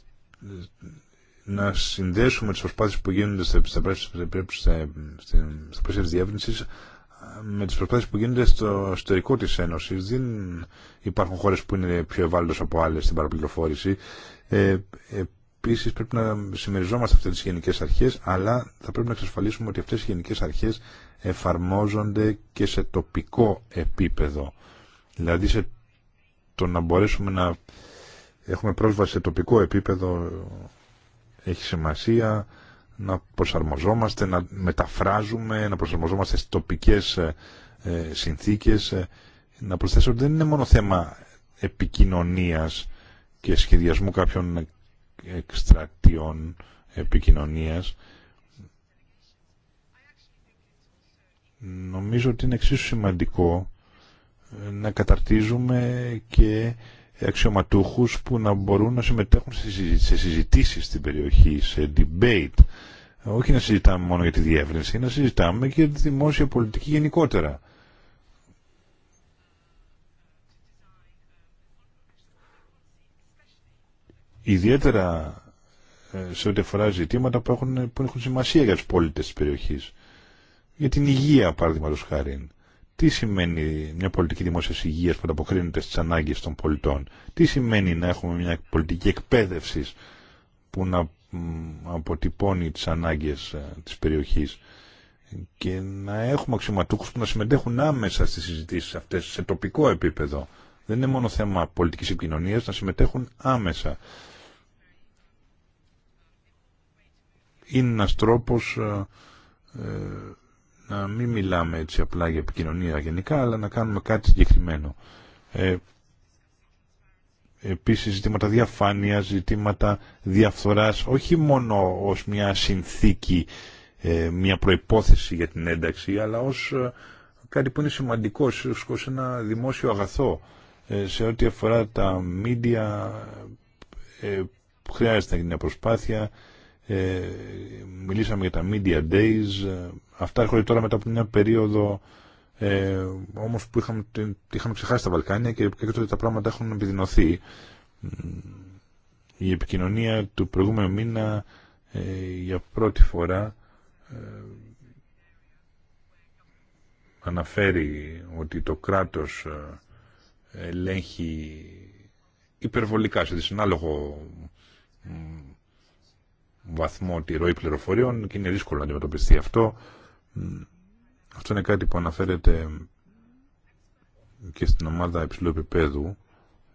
να συνδέσουμε τις προσπάθειες που γίνονται στα, πλαίσια της διεύρυνσης ε, με τις προσπάθειες που γίνονται στο εσωτερικό της Ένωσης. Δεν υπάρχουν χώρες που είναι πιο ευάλωτες από άλλες στην παραπληροφόρηση. Ε, Επίση πρέπει να συμμεριζόμαστε αυτές τις γενικές αρχές, αλλά θα πρέπει να εξασφαλίσουμε ότι αυτές οι γενικές αρχές εφαρμόζονται και σε τοπικό επίπεδο. Δηλαδή σε το να μπορέσουμε να έχουμε πρόσβαση σε τοπικό επίπεδο έχει σημασία να προσαρμοζόμαστε, να μεταφράζουμε, να προσαρμοζόμαστε στις τοπικές ε, ε, συνθήκες. Ε, να προσθέσω ότι δεν είναι μόνο θέμα επικοινωνίας και σχεδιασμού κάποιων εκστρατιών επικοινωνίας. Νομίζω ότι είναι εξίσου σημαντικό να καταρτίζουμε και αξιωματούχους που να μπορούν να συμμετέχουν σε συζητήσεις στην περιοχή, σε debate. Όχι να συζητάμε μόνο για τη διεύρυνση, να συζητάμε και τη δημόσια πολιτική γενικότερα. Ιδιαίτερα ε, σε ό,τι αφορά ζητήματα που έχουν, που έχουν σημασία για τους πολίτες της περιοχής. Για την υγεία, παραδείγματος χάρη τι σημαίνει μια πολιτική δημόσια υγεία που ανταποκρίνεται στι ανάγκε των πολιτών, Τι σημαίνει να έχουμε μια πολιτική εκπαίδευση που να αποτυπώνει τι ανάγκε ε, τη περιοχή και να έχουμε αξιωματούχου που να συμμετέχουν άμεσα στι συζητήσει αυτέ σε τοπικό επίπεδο. Δεν είναι μόνο θέμα πολιτική επικοινωνία, να συμμετέχουν άμεσα. Είναι ένα τρόπο ε, ε, να μην μιλάμε έτσι απλά για επικοινωνία γενικά, αλλά να κάνουμε κάτι συγκεκριμένο. Ε, επίσης ζητήματα διαφάνειας, ζητήματα διαφθοράς, όχι μόνο ως μια συνθήκη, ε, μια προϋπόθεση για την ένταξη, αλλά ως ε, κάτι που είναι σημαντικό, ως ένα δημόσιο αγαθό. Ε, σε ό,τι αφορά τα μίντια, χρειάζεται μια προσπάθεια ε, μιλήσαμε για τα Media Days. Ε, αυτά έρχονται τώρα μετά από μια περίοδο ε, όμως που είχαμε, είχαμε ξεχάσει τα Βαλκάνια και έκτοτε τα πράγματα έχουν επιδεινωθεί. Η επικοινωνία του προηγούμενου μήνα ε, για πρώτη φορά ε, αναφέρει ότι το κράτος ε, ελέγχει υπερβολικά σε δυσανάλογο βαθμό τη ροή πληροφοριών και είναι δύσκολο να αντιμετωπιστεί αυτό. Αυτό είναι κάτι που αναφέρεται και στην ομάδα υψηλού επίπεδου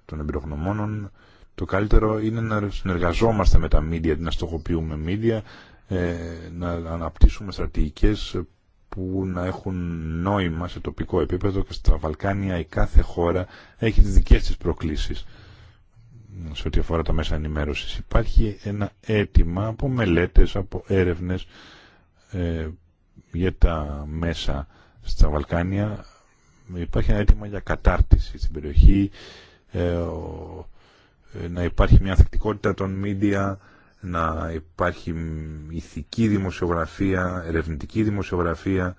των εμπειρογνωμόνων. Το καλύτερο είναι να συνεργαζόμαστε με τα μίδια, να στοχοποιούμε μίδια ε, να αναπτύσσουμε στρατηγικές που να έχουν νόημα σε τοπικό επίπεδο και στα Βαλκάνια η κάθε χώρα έχει τις δικές της προκλήσεις σε ό,τι αφορά τα μέσα ενημέρωσης. Υπάρχει ένα αίτημα από μελέτες, από έρευνες ε, για τα μέσα στα Βαλκάνια. Υπάρχει ένα αίτημα για κατάρτιση στην περιοχή, ε, ε, να υπάρχει μια ανθεκτικότητα των μίντια, να υπάρχει ηθική δημοσιογραφία, ερευνητική δημοσιογραφία.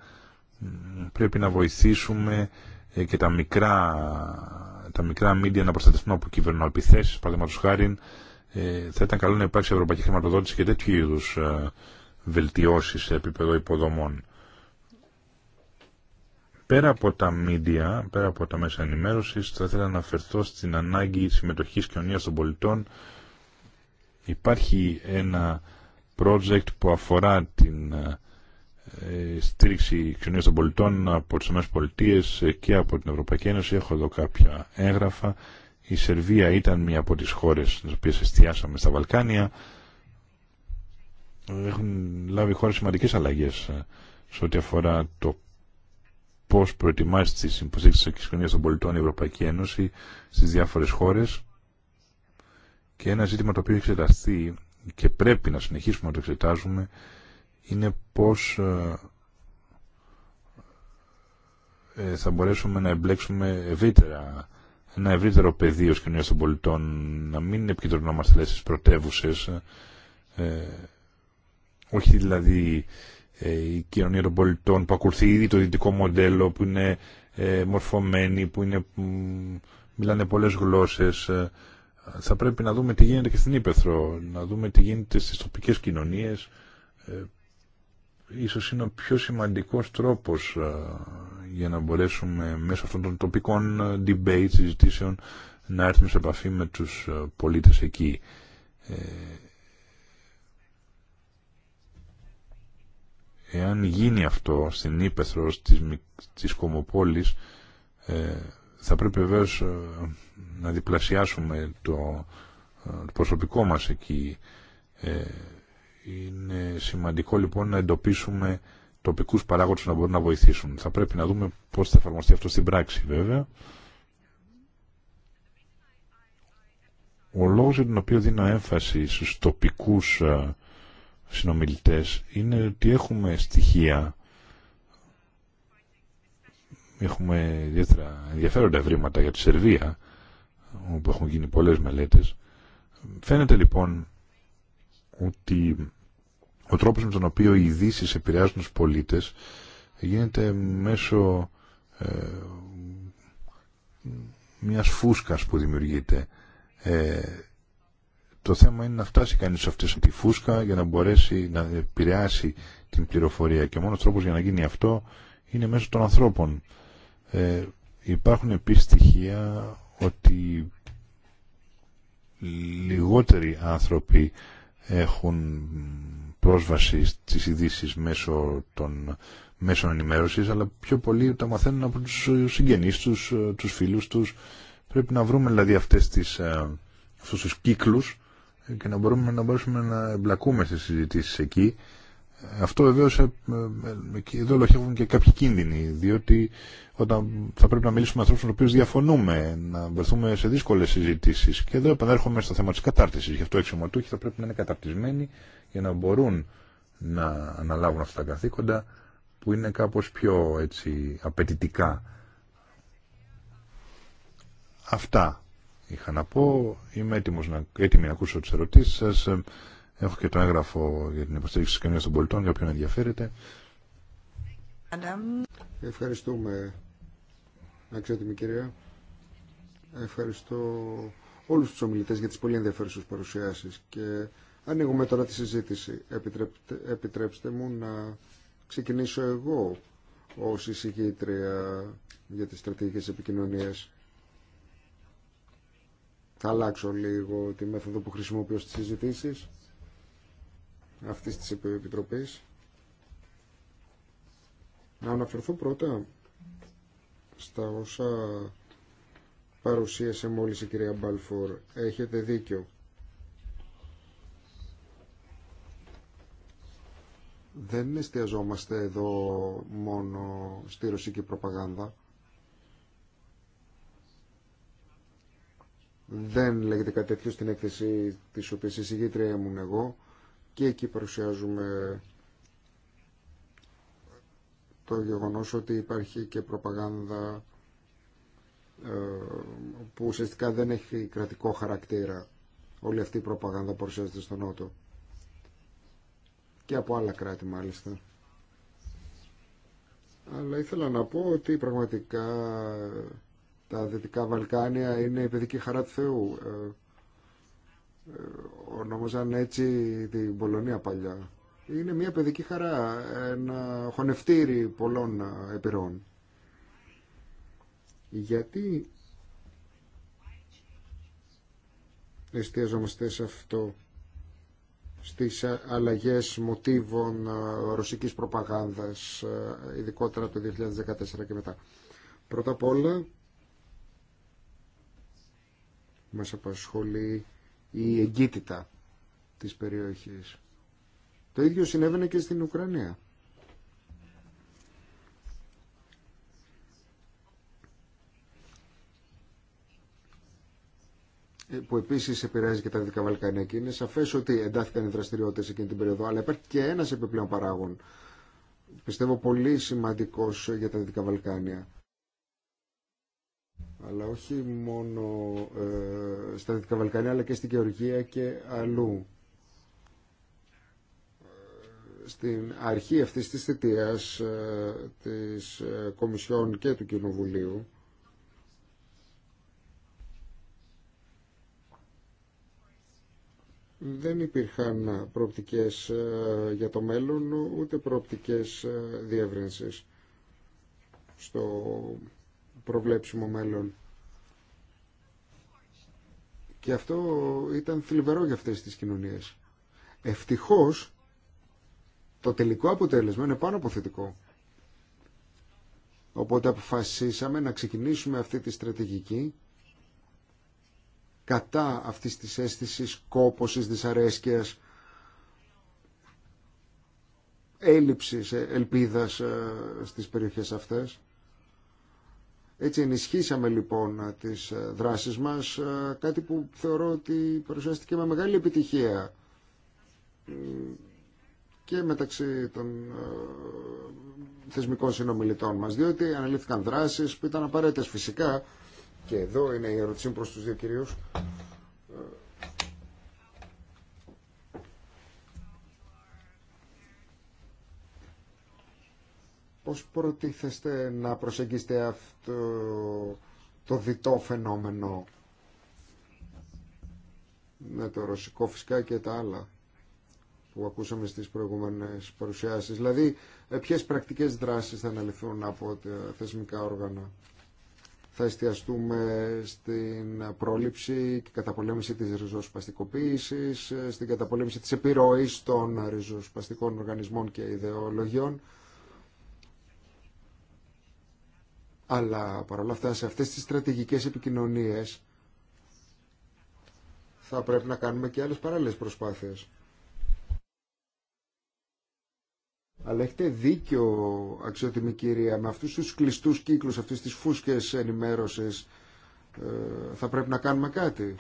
Πρέπει να βοηθήσουμε και τα μικρά τα μικρά μίντια να προστατευτούν από κυβερνοεπιθέσει, παραδείγματο χάρη, ε, θα ήταν καλό να υπάρξει ευρωπαϊκή χρηματοδότηση και τέτοιου είδου ε, βελτιώσει σε επίπεδο υποδομών. Πέρα από τα μίντια, πέρα από τα μέσα ενημέρωση, θα ήθελα να αναφερθώ στην ανάγκη συμμετοχή κοινωνία των πολιτών. Υπάρχει ένα project που αφορά την ε, ε, στήριξη κοινωνία των πολιτών από τι ΗΠΑ και από την Ευρωπαϊκή Ένωση. Έχω εδώ κάποια έγγραφα. Η Σερβία ήταν μία από τι χώρε τι οποίε εστιάσαμε στα Βαλκάνια. Έχουν λάβει χώρε σημαντικέ αλλαγέ ε, σε ό,τι αφορά το πώ προετοιμάζει τι υποστήριξει τη κοινωνία των πολιτών η Ευρωπαϊκή Ένωση στι διάφορε χώρε. Και ένα ζήτημα το οποίο έχει εξεταστεί και πρέπει να συνεχίσουμε να το εξετάζουμε είναι πώς ε, ε, θα μπορέσουμε να εμπλέξουμε ευρύτερα ένα ευρύτερο πεδίο κοινωνία των πολιτών, να μην επικεντρωνόμαστε λες στις πρωτεύουσες, ε, ε όχι δηλαδή η κοινωνία των πολιτών που ακολουθεί ήδη το δυτικό μοντέλο, που είναι ε, μορφωμένη, που είναι, μιλάνε πολλές γλώσσες. Θα πρέπει να δούμε τι γίνεται και στην Ήπεθρο, να δούμε τι γίνεται στις τοπικές κοινωνίες, ίσως είναι ο πιο σημαντικός τρόπος ε, για να μπορέσουμε μέσω αυτών των τοπικών ε, debate, συζητήσεων, να έρθουμε σε επαφή με τους ε, πολίτες εκεί. Εάν γίνει αυτό στην Ήπεθρο, της στις θα πρέπει βεβαίω να διπλασιάσουμε το, το προσωπικό μας εκεί. Είναι σημαντικό λοιπόν να εντοπίσουμε τοπικούς παράγοντες να μπορούν να βοηθήσουν. Θα πρέπει να δούμε πώς θα εφαρμοστεί αυτό στην πράξη βέβαια. Ο λόγος για τον οποίο δίνω έμφαση στους τοπικούς συνομιλητές είναι ότι έχουμε στοιχεία, έχουμε ιδιαίτερα ενδιαφέροντα ευρήματα για τη Σερβία, όπου έχουν γίνει πολλές μελέτες. Φαίνεται λοιπόν ότι ο τρόπος με τον οποίο οι ειδήσει επηρεάζουν τους πολίτες γίνεται μέσω ε, μιας φούσκας που δημιουργείται. Ε, το θέμα είναι να φτάσει κανείς σε αυτή τη φούσκα για να μπορέσει να επηρεάσει την πληροφορία και ο μόνος τρόπος για να γίνει αυτό είναι μέσω των ανθρώπων. Ε, υπάρχουν επίσης στοιχεία ότι λιγότεροι άνθρωποι έχουν πρόσβαση στις ειδήσει μέσω των μέσων ενημέρωσης, αλλά πιο πολύ τα μαθαίνουν από τους συγγενείς τους, τους φίλους τους. Πρέπει να βρούμε δηλαδή αυτές τις, ε, αυτούς τους κύκλους και να μπορούμε να μπορούμε να εμπλακούμε στις συζητήσεις εκεί. Αυτό βεβαίω ε, ε, εδώ λοχεύουν και κάποιοι κίνδυνοι, διότι όταν θα πρέπει να μιλήσουμε με ανθρώπου με του οποίου διαφωνούμε, να βρεθούμε σε δύσκολε συζητήσει. Και εδώ επανέρχομαι στο θέμα τη κατάρτιση. Γι' αυτό οι αξιωματούχοι θα πρέπει να είναι καταρτισμένοι για να μπορούν να αναλάβουν αυτά τα καθήκοντα που είναι κάπως πιο έτσι, απαιτητικά. Αυτά είχα να πω. Είμαι έτοιμος να, να ακούσω τι ερωτήσει σα. Έχω και το έγγραφο για την υποστήριξη τη κοινωνίας των πολιτών για όποιον ενδιαφέρεται. Ευχαριστούμε, αξιότιμη κυρία. Ευχαριστώ όλους τους ομιλητές για τις πολύ ενδιαφέρουσες παρουσιάσεις και ανοίγουμε τώρα τη συζήτηση. Επιτρέψτε, επιτρέψτε μου να ξεκινήσω εγώ ως εισηγήτρια για τις στρατηγικές επικοινωνίες. Θα αλλάξω λίγο τη μέθοδο που χρησιμοποιώ στις συζητήσεις αυτής της Επιτροπής. Να αναφερθώ πρώτα στα όσα παρουσίασε μόλις η κυρία Μπαλφόρ. Έχετε δίκιο. Δεν εστιαζόμαστε εδώ μόνο στη ρωσική προπαγάνδα. Δεν λέγεται κάτι τέτοιο στην έκθεση της οποίας εισηγήτρια ήμουν εγώ και εκεί παρουσιάζουμε το γεγονός ότι υπάρχει και προπαγάνδα ε, που ουσιαστικά δεν έχει κρατικό χαρακτήρα όλη αυτή η προπαγάνδα που παρουσιάζεται στον Νότο και από άλλα κράτη μάλιστα αλλά ήθελα να πω ότι πραγματικά τα Δυτικά Βαλκάνια είναι η παιδική χαρά του Θεού ε, ε, ονόμαζαν έτσι την Πολωνία παλιά. Είναι μια παιδική χαρά, ένα χωνευτήρι πολλών επιρροών. Γιατί εστιαζόμαστε σε αυτό, στις αλλαγές μοτίβων ε, ρωσικής προπαγάνδας, ε, ειδικότερα το 2014 και μετά. Πρώτα απ' όλα, μας απασχολεί η εγκύτητα της περιοχής. Το ίδιο συνέβαινε και στην Ουκρανία. Ε, που επίση επηρεάζει και τα Δυτικά Βαλκάνια και είναι σαφέ ότι εντάθηκαν οι δραστηριότητε εκείνη την περίοδο, αλλά υπάρχει και ένα επιπλέον παράγων. Πιστεύω πολύ σημαντικό για τα Δυτικά Βαλκάνια αλλά όχι μόνο ε, στα Δυτικά Βαλκάνια, αλλά και στην Γεωργία και αλλού. Στην αρχή αυτής της θητείας ε, της ε, Κομισιόν και του Κοινοβουλίου, δεν υπήρχαν προοπτικές για το μέλλον, ούτε προοπτικές διεύρυνσης στο προβλέψιμο μέλλον. Και αυτό ήταν θλιβερό για αυτές τις κοινωνίες. Ευτυχώς το τελικό αποτέλεσμα είναι πάνω από θετικό. Οπότε αποφασίσαμε να ξεκινήσουμε αυτή τη στρατηγική κατά αυτής της αίσθησης κόπωσης, δυσαρέσκειας, έλλειψης ε, ελπίδας ε, στις περιοχές αυτές. Έτσι ενισχύσαμε λοιπόν τις ε, δράσεις μας, ε, κάτι που θεωρώ ότι παρουσιάστηκε με μεγάλη επιτυχία ε, και μεταξύ των θεσμικών συνομιλητών μας, διότι αναλύθηκαν δράσεις που ήταν απαραίτητες φυσικά και εδώ είναι η ερώτησή προς τους δύο κυρίους Πώς προτίθεστε να προσεγγίσετε αυτό το διτό φαινόμενο με το ρωσικό φυσικά και τα άλλα που ακούσαμε στις προηγούμενες παρουσιάσεις. Δηλαδή, ε, ποιες πρακτικές δράσεις θα αναλυθούν από τα θεσμικά όργανα. Θα εστιαστούμε στην πρόληψη και καταπολέμηση της ριζοσπαστικοποίησης, ε, στην καταπολέμηση της επιρροής των ριζοσπαστικών οργανισμών και ιδεολογιών, Αλλά παρόλα αυτά σε αυτές τις στρατηγικές επικοινωνίες θα πρέπει να κάνουμε και άλλες παράλληλες προσπάθειες. Αλλά έχετε δίκιο, αξιότιμη κυρία, με αυτούς τους κλειστούς κύκλους, αυτές τις φούσκες ενημέρωσης, ε, θα πρέπει να κάνουμε κάτι.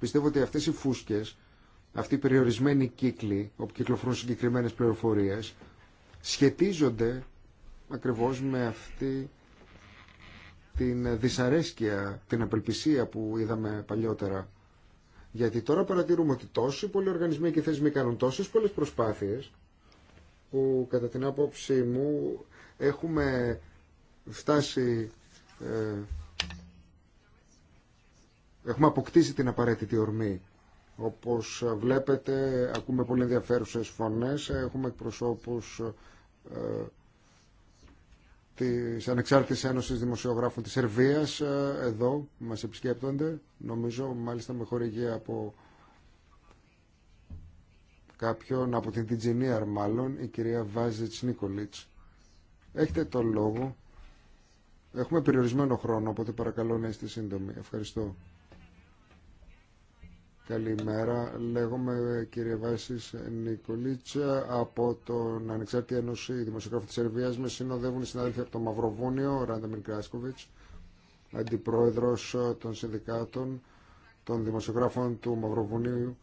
Πιστεύω ότι αυτές οι φούσκες, αυτοί οι περιορισμένοι κύκλοι, όπου κυκλοφορούν συγκεκριμένες πληροφορίες, σχετίζονται ακριβώς με αυτή την δυσαρέσκεια, την απελπισία που είδαμε παλιότερα. Γιατί τώρα παρατηρούμε ότι τόσοι πολλοί οργανισμοί και θεσμοί κάνουν τόσε πολλέ προσπάθειες που κατά την άποψή μου έχουμε φτάσει ε, έχουμε αποκτήσει την απαραίτητη ορμή. Όπως βλέπετε, ακούμε πολύ ενδιαφέρουσες φωνές, έχουμε εκπροσώπους ε, της Ανεξάρτητης Ένωσης Δημοσιογράφων της Σερβίας ε, εδώ μας επισκέπτονται νομίζω μάλιστα με χορηγία από κάποιον από την Τιτζινίαρ μάλλον η κυρία Βάζιτς Νίκολιτς έχετε το λόγο έχουμε περιορισμένο χρόνο οπότε παρακαλώ να είστε σύντομοι ευχαριστώ Καλημέρα. Λέγομαι κύριε Βάση Νικολίτσα από τον Ανεξάρτητη Ένωση Δημοσιογράφων τη Σερβίας. Με συνοδεύουν οι συνάδελφοι από το Μαυροβούνιο, ο Ράνταμιν Κράσκοβιτ, αντιπρόεδρο των συνδικάτων των δημοσιογράφων του Μαυροβουνίου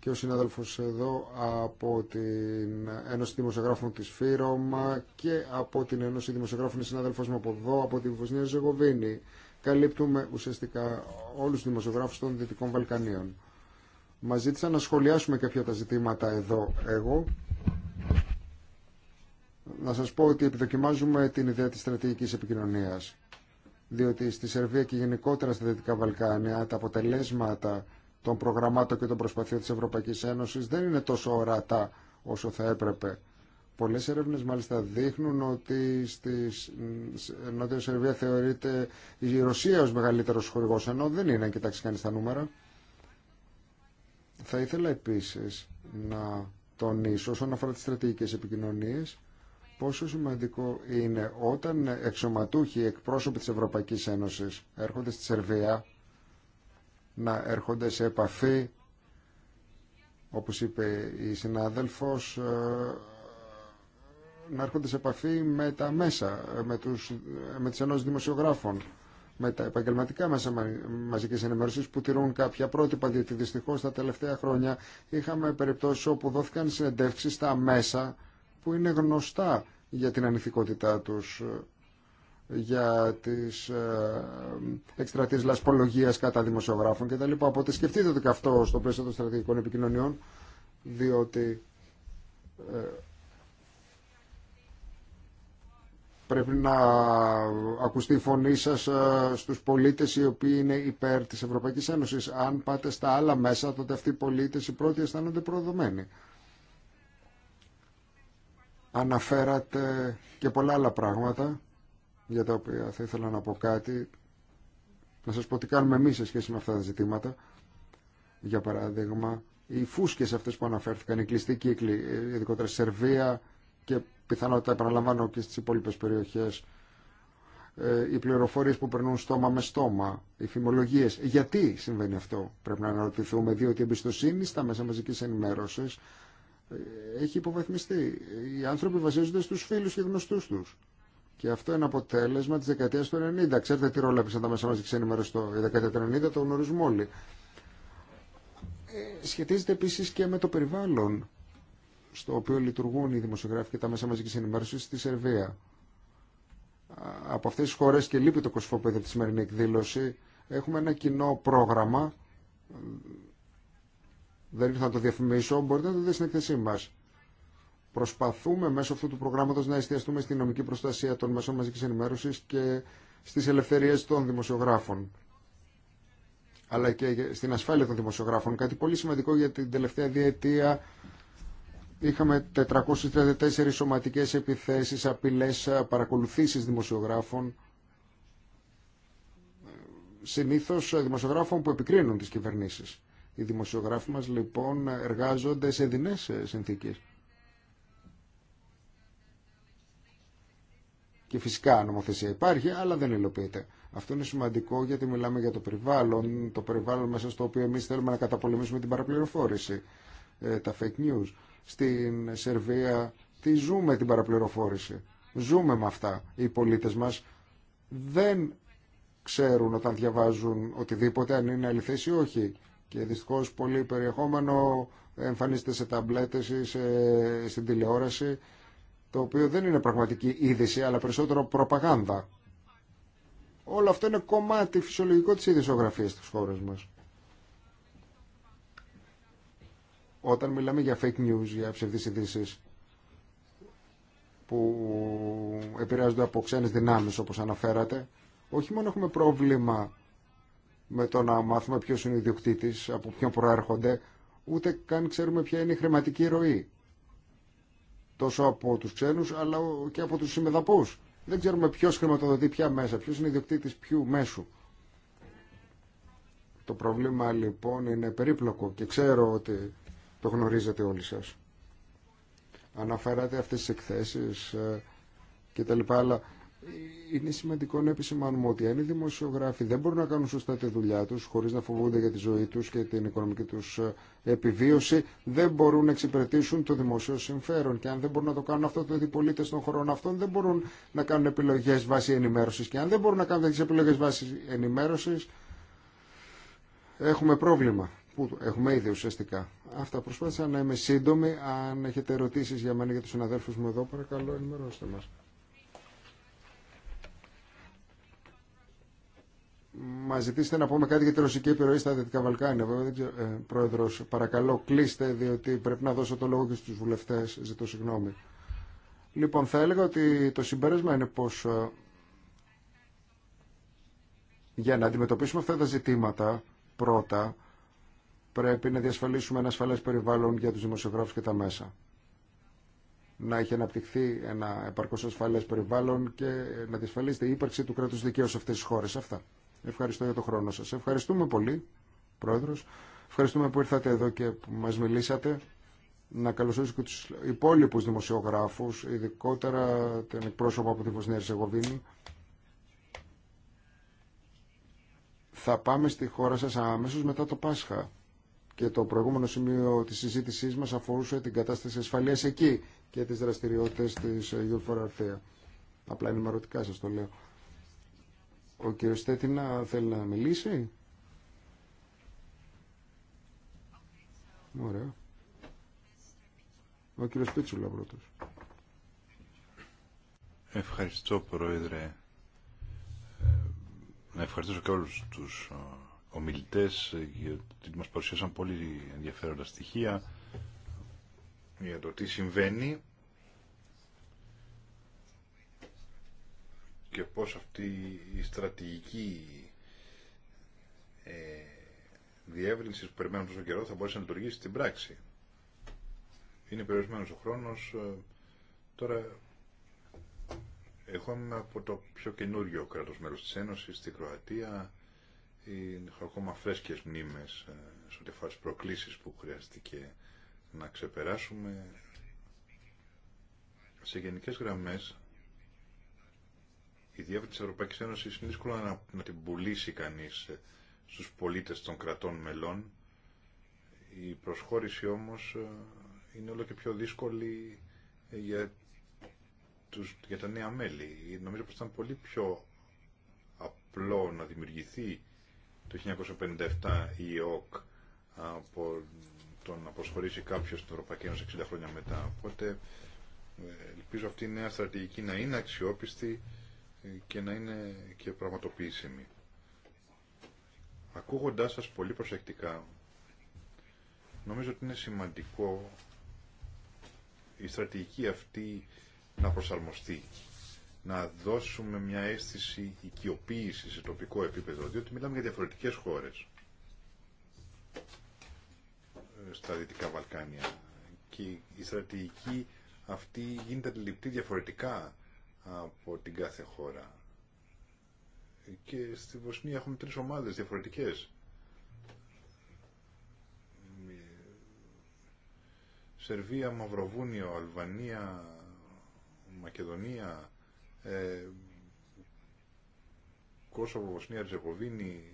και ο συνάδελφος εδώ από την Ένωση Δημοσιογράφων τη Φύρωμα και από την Ένωση Δημοσιογράφων η συνάδελφο μου από εδώ, από τη Βοσνία Ζεγοβίνη. Καλύπτουμε ουσιαστικά όλους τους δημοσιογράφου των Δυτικών Βαλκανίων. Μας ζήτησαν να σχολιάσουμε κάποια τα ζητήματα εδώ εγώ. Να σας πω ότι επιδοκιμάζουμε την ιδέα της στρατηγικής επικοινωνίας. Διότι στη Σερβία και γενικότερα στα Δυτικά Βαλκάνια τα αποτελέσματα των προγραμμάτων και των προσπαθειών της Ευρωπαϊκής Ένωσης δεν είναι τόσο ορατά όσο θα έπρεπε. Πολλές έρευνες μάλιστα δείχνουν ότι στη Νότια Σερβία θεωρείται η Ρωσία ως μεγαλύτερος χορηγός, ενώ δεν είναι, αν κοιτάξει κανείς τα νούμερα. Θα ήθελα επίσης να τονίσω όσον αφορά τις στρατηγικές επικοινωνίες πόσο σημαντικό είναι όταν εξωματούχοι εκπρόσωποι της Ευρωπαϊκής Ένωσης έρχονται στη Σερβία να έρχονται σε επαφή όπως είπε η συνάδελφος ε, να έρχονται σε επαφή με τα μέσα με, τους, ε, με τις δημοσιογράφων με τα επαγγελματικά μέσα μαζικής ενημέρωσης που τηρούν κάποια πρότυπα, διότι δυστυχώς τα τελευταία χρόνια είχαμε περιπτώσεις όπου δόθηκαν συνεντεύξεις στα μέσα που είναι γνωστά για την ανηθικότητά τους για τις ε, εκστρατείες λασπολογίας κατά δημοσιογράφων κτλ. Οπότε σκεφτείτε το και αυτό στο πλαίσιο των στρατηγικών επικοινωνιών, διότι ε, πρέπει να ακουστεί η φωνή σα ε, στους πολίτες οι οποίοι είναι υπέρ τη Ευρωπαϊκής Ένωση. Αν πάτε στα άλλα μέσα, τότε αυτοί οι πολίτες οι πρώτοι αισθάνονται προδομένοι. Αναφέρατε και πολλά άλλα πράγματα για τα οποία θα ήθελα να πω κάτι. Να σας πω τι κάνουμε εμείς σε σχέση με αυτά τα ζητήματα. Για παράδειγμα, οι φούσκες αυτές που αναφέρθηκαν, οι κλειστοί κύκλοι, ε, ειδικότερα Σερβία, και πιθανότητα επαναλαμβάνω και στις υπόλοιπες περιοχές ε, οι πληροφορίες που περνούν στόμα με στόμα, οι φημολογίες. Γιατί συμβαίνει αυτό, πρέπει να αναρωτηθούμε, διότι η εμπιστοσύνη στα μέσα μαζικής ενημέρωσης ε, έχει υποβαθμιστεί. Οι άνθρωποι βασίζονται στους φίλους και γνωστούς τους. Και αυτό είναι αποτέλεσμα της δεκαετίας του 90. Ξέρετε τι ρόλο έπαιξαν τα μέσα μαζικής ενημέρωσης το η δεκαετία του 90, το γνωρίζουμε όλοι. Ε, σχετίζεται επίσης και με το περιβάλλον στο οποίο λειτουργούν οι δημοσιογράφοι και τα μέσα μαζική ενημέρωση στη Σερβία. Από αυτέ τι χώρε και λείπει το κοσφόπεδο τη σημερινή εκδήλωση. Έχουμε ένα κοινό πρόγραμμα. Δεν ήρθα να το διαφημίσω, μπορείτε να το δείτε στην εκθεσή μα. Προσπαθούμε μέσω αυτού του προγράμματο να εστιαστούμε στην νομική προστασία των μέσων μαζική ενημέρωση και στι ελευθερίε των δημοσιογράφων αλλά και στην ασφάλεια των δημοσιογράφων. Κάτι πολύ σημαντικό για την τελευταία διετία Είχαμε 434 σωματικές επιθέσεις, απειλές, ε, παρακολουθήσεις δημοσιογράφων. Συνήθως ε, δημοσιογράφων που επικρίνουν τις κυβερνήσεις. Οι δημοσιογράφοι μας λοιπόν εργάζονται σε δεινές ε, συνθήκες. Και φυσικά νομοθεσία υπάρχει, αλλά δεν υλοποιείται. Αυτό είναι σημαντικό γιατί μιλάμε για το περιβάλλον, το περιβάλλον μέσα στο οποίο εμείς θέλουμε να καταπολεμήσουμε την παραπληροφόρηση, τα fake news στην Σερβία. Τι ζούμε την παραπληροφόρηση. Ζούμε με αυτά. Οι πολίτες μας δεν ξέρουν όταν διαβάζουν οτιδήποτε αν είναι αληθές ή όχι. Και δυστυχώς πολύ περιεχόμενο εμφανίζεται σε ταμπλέτες ή στην τηλεόραση το οποίο δεν είναι πραγματική είδηση αλλά περισσότερο προπαγάνδα. Όλο αυτό είναι κομμάτι φυσιολογικό της ειδησιογραφίας της χώρας μας. όταν μιλάμε για fake news, για ψευδείς ειδήσει που επηρεάζονται από ξένες δυνάμεις όπως αναφέρατε, όχι μόνο έχουμε πρόβλημα με το να μάθουμε ποιος είναι ο ιδιοκτήτης, από ποιον προέρχονται, ούτε καν ξέρουμε ποια είναι η χρηματική ροή. Τόσο από τους ξένους, αλλά και από τους συμμεδαπούς. Δεν ξέρουμε ποιος χρηματοδοτεί ποια μέσα, ποιος είναι ιδιοκτήτης ποιου μέσου. Το πρόβλημα λοιπόν είναι περίπλοκο και ξέρω ότι το γνωρίζετε όλοι σας. Αναφέρατε αυτές τις εκθέσεις ε, και τα λοιπά, αλλά είναι σημαντικό να επισημάνουμε ότι αν οι δημοσιογράφοι δεν μπορούν να κάνουν σωστά τη δουλειά τους χωρίς να φοβούνται για τη ζωή τους και την οικονομική τους ε, επιβίωση, δεν μπορούν να εξυπηρετήσουν το δημοσίο συμφέρον. Και αν δεν μπορούν να το κάνουν αυτό, τότε οι πολίτες των χωρών αυτών δεν μπορούν να κάνουν επιλογές βάσει ενημέρωσης. Και αν δεν μπορούν να κάνουν τέτοιες επιλογές βάσει ενημέρωσης, έχουμε πρόβλημα που έχουμε ήδη ουσιαστικά. Αυτά προσπάθησα να είμαι σύντομη. Αν έχετε ερωτήσεις για μένα για τους συναδέλφους μου εδώ, παρακαλώ ενημερώστε μας. Μα ζητήσετε να πούμε κάτι για τη ρωσική επιρροή στα Δυτικά Βαλκάνια. Ε, Πρόεδρο, παρακαλώ, κλείστε, διότι πρέπει να δώσω το λόγο και στου βουλευτέ. Ζητώ συγγνώμη. Λοιπόν, θα έλεγα ότι το συμπέρασμα είναι πω ε, για να αντιμετωπίσουμε αυτά τα ζητήματα, πρώτα Πρέπει να διασφαλίσουμε ένα ασφαλές περιβάλλον για τους δημοσιογράφους και τα μέσα. Να έχει αναπτυχθεί ένα επαρκώς ασφαλές περιβάλλον και να διασφαλίσετε η ύπαρξη του κράτους δικαίου σε αυτές τις χώρες. Αυτά. Ευχαριστώ για τον χρόνο σας. Ευχαριστούμε πολύ, Πρόεδρος. Ευχαριστούμε που ήρθατε εδώ και που μας μιλήσατε. Να καλωσορίσω και τους υπόλοιπους δημοσιογράφους, ειδικότερα τον εκπρόσωπο από τη Βοσνία Ερσεγοβίνη. Θα πάμε στη χώρα σας αμέσως μετά το Πάσχα και το προηγούμενο σημείο της συζήτησής μας αφορούσε την κατάσταση ασφαλείας εκεί και τις δραστηριότητες της Eurofor ε, Αρθέα. Απλά ενημερωτικά σας το λέω. Ο κύριος Στέτινα θέλει να μιλήσει. Ωραία. Ο κύριος Πίτσουλα πρώτος. Ευχαριστώ Πρόεδρε. Ε, να ευχαριστήσω και όλους τους ε, ομιλητές γιατί μας παρουσίασαν πολύ ενδιαφέροντα στοιχεία για το τι συμβαίνει και πώς αυτή η στρατηγική ε, διεύρυνση που περιμένουμε τόσο καιρό θα μπορέσει να λειτουργήσει στην πράξη. Είναι περιορισμένος ο χρόνος. Ε, τώρα εγώ είμαι από το πιο καινούριο κράτος μέλος της Ένωσης, στην Κροατία η ακόμα φρέσκες μνήμες ε, σε ό,τι αφορά προκλήσεις που χρειαστήκε να ξεπεράσουμε. Σε γενικές γραμμές, η διεύθυνση της Ευρωπαϊκής Ένωσης είναι δύσκολο να, την πουλήσει κανείς ε, στους πολίτες των κρατών μελών. Η προσχώρηση όμως ε, είναι όλο και πιο δύσκολη για, τους, για τα νέα μέλη. Νομίζω πως ήταν πολύ πιο απλό να δημιουργηθεί το 1957 η ΟΚ από το να προσχωρήσει κάποιος στην Ευρωπαϊκή Ένωση 60 χρόνια μετά. Οπότε ε, ελπίζω αυτή η νέα στρατηγική να είναι αξιόπιστη ε, και να είναι και πραγματοποιήσιμη. Ακούγοντάς σας πολύ προσεκτικά, νομίζω ότι είναι σημαντικό η στρατηγική αυτή να προσαρμοστεί να δώσουμε μια αίσθηση οικειοποίηση σε τοπικό επίπεδο, διότι μιλάμε για διαφορετικές χώρες ε, στα Δυτικά Βαλκάνια και η στρατηγική αυτή γίνεται αντιληπτή διαφορετικά από την κάθε χώρα. Και στη Βοσνία έχουμε τρεις ομάδες διαφορετικές. Σερβία, Μαυροβούνιο, Αλβανία, Μακεδονία ε, Κόσοβο, Βοσνία, Τζεχοβίνη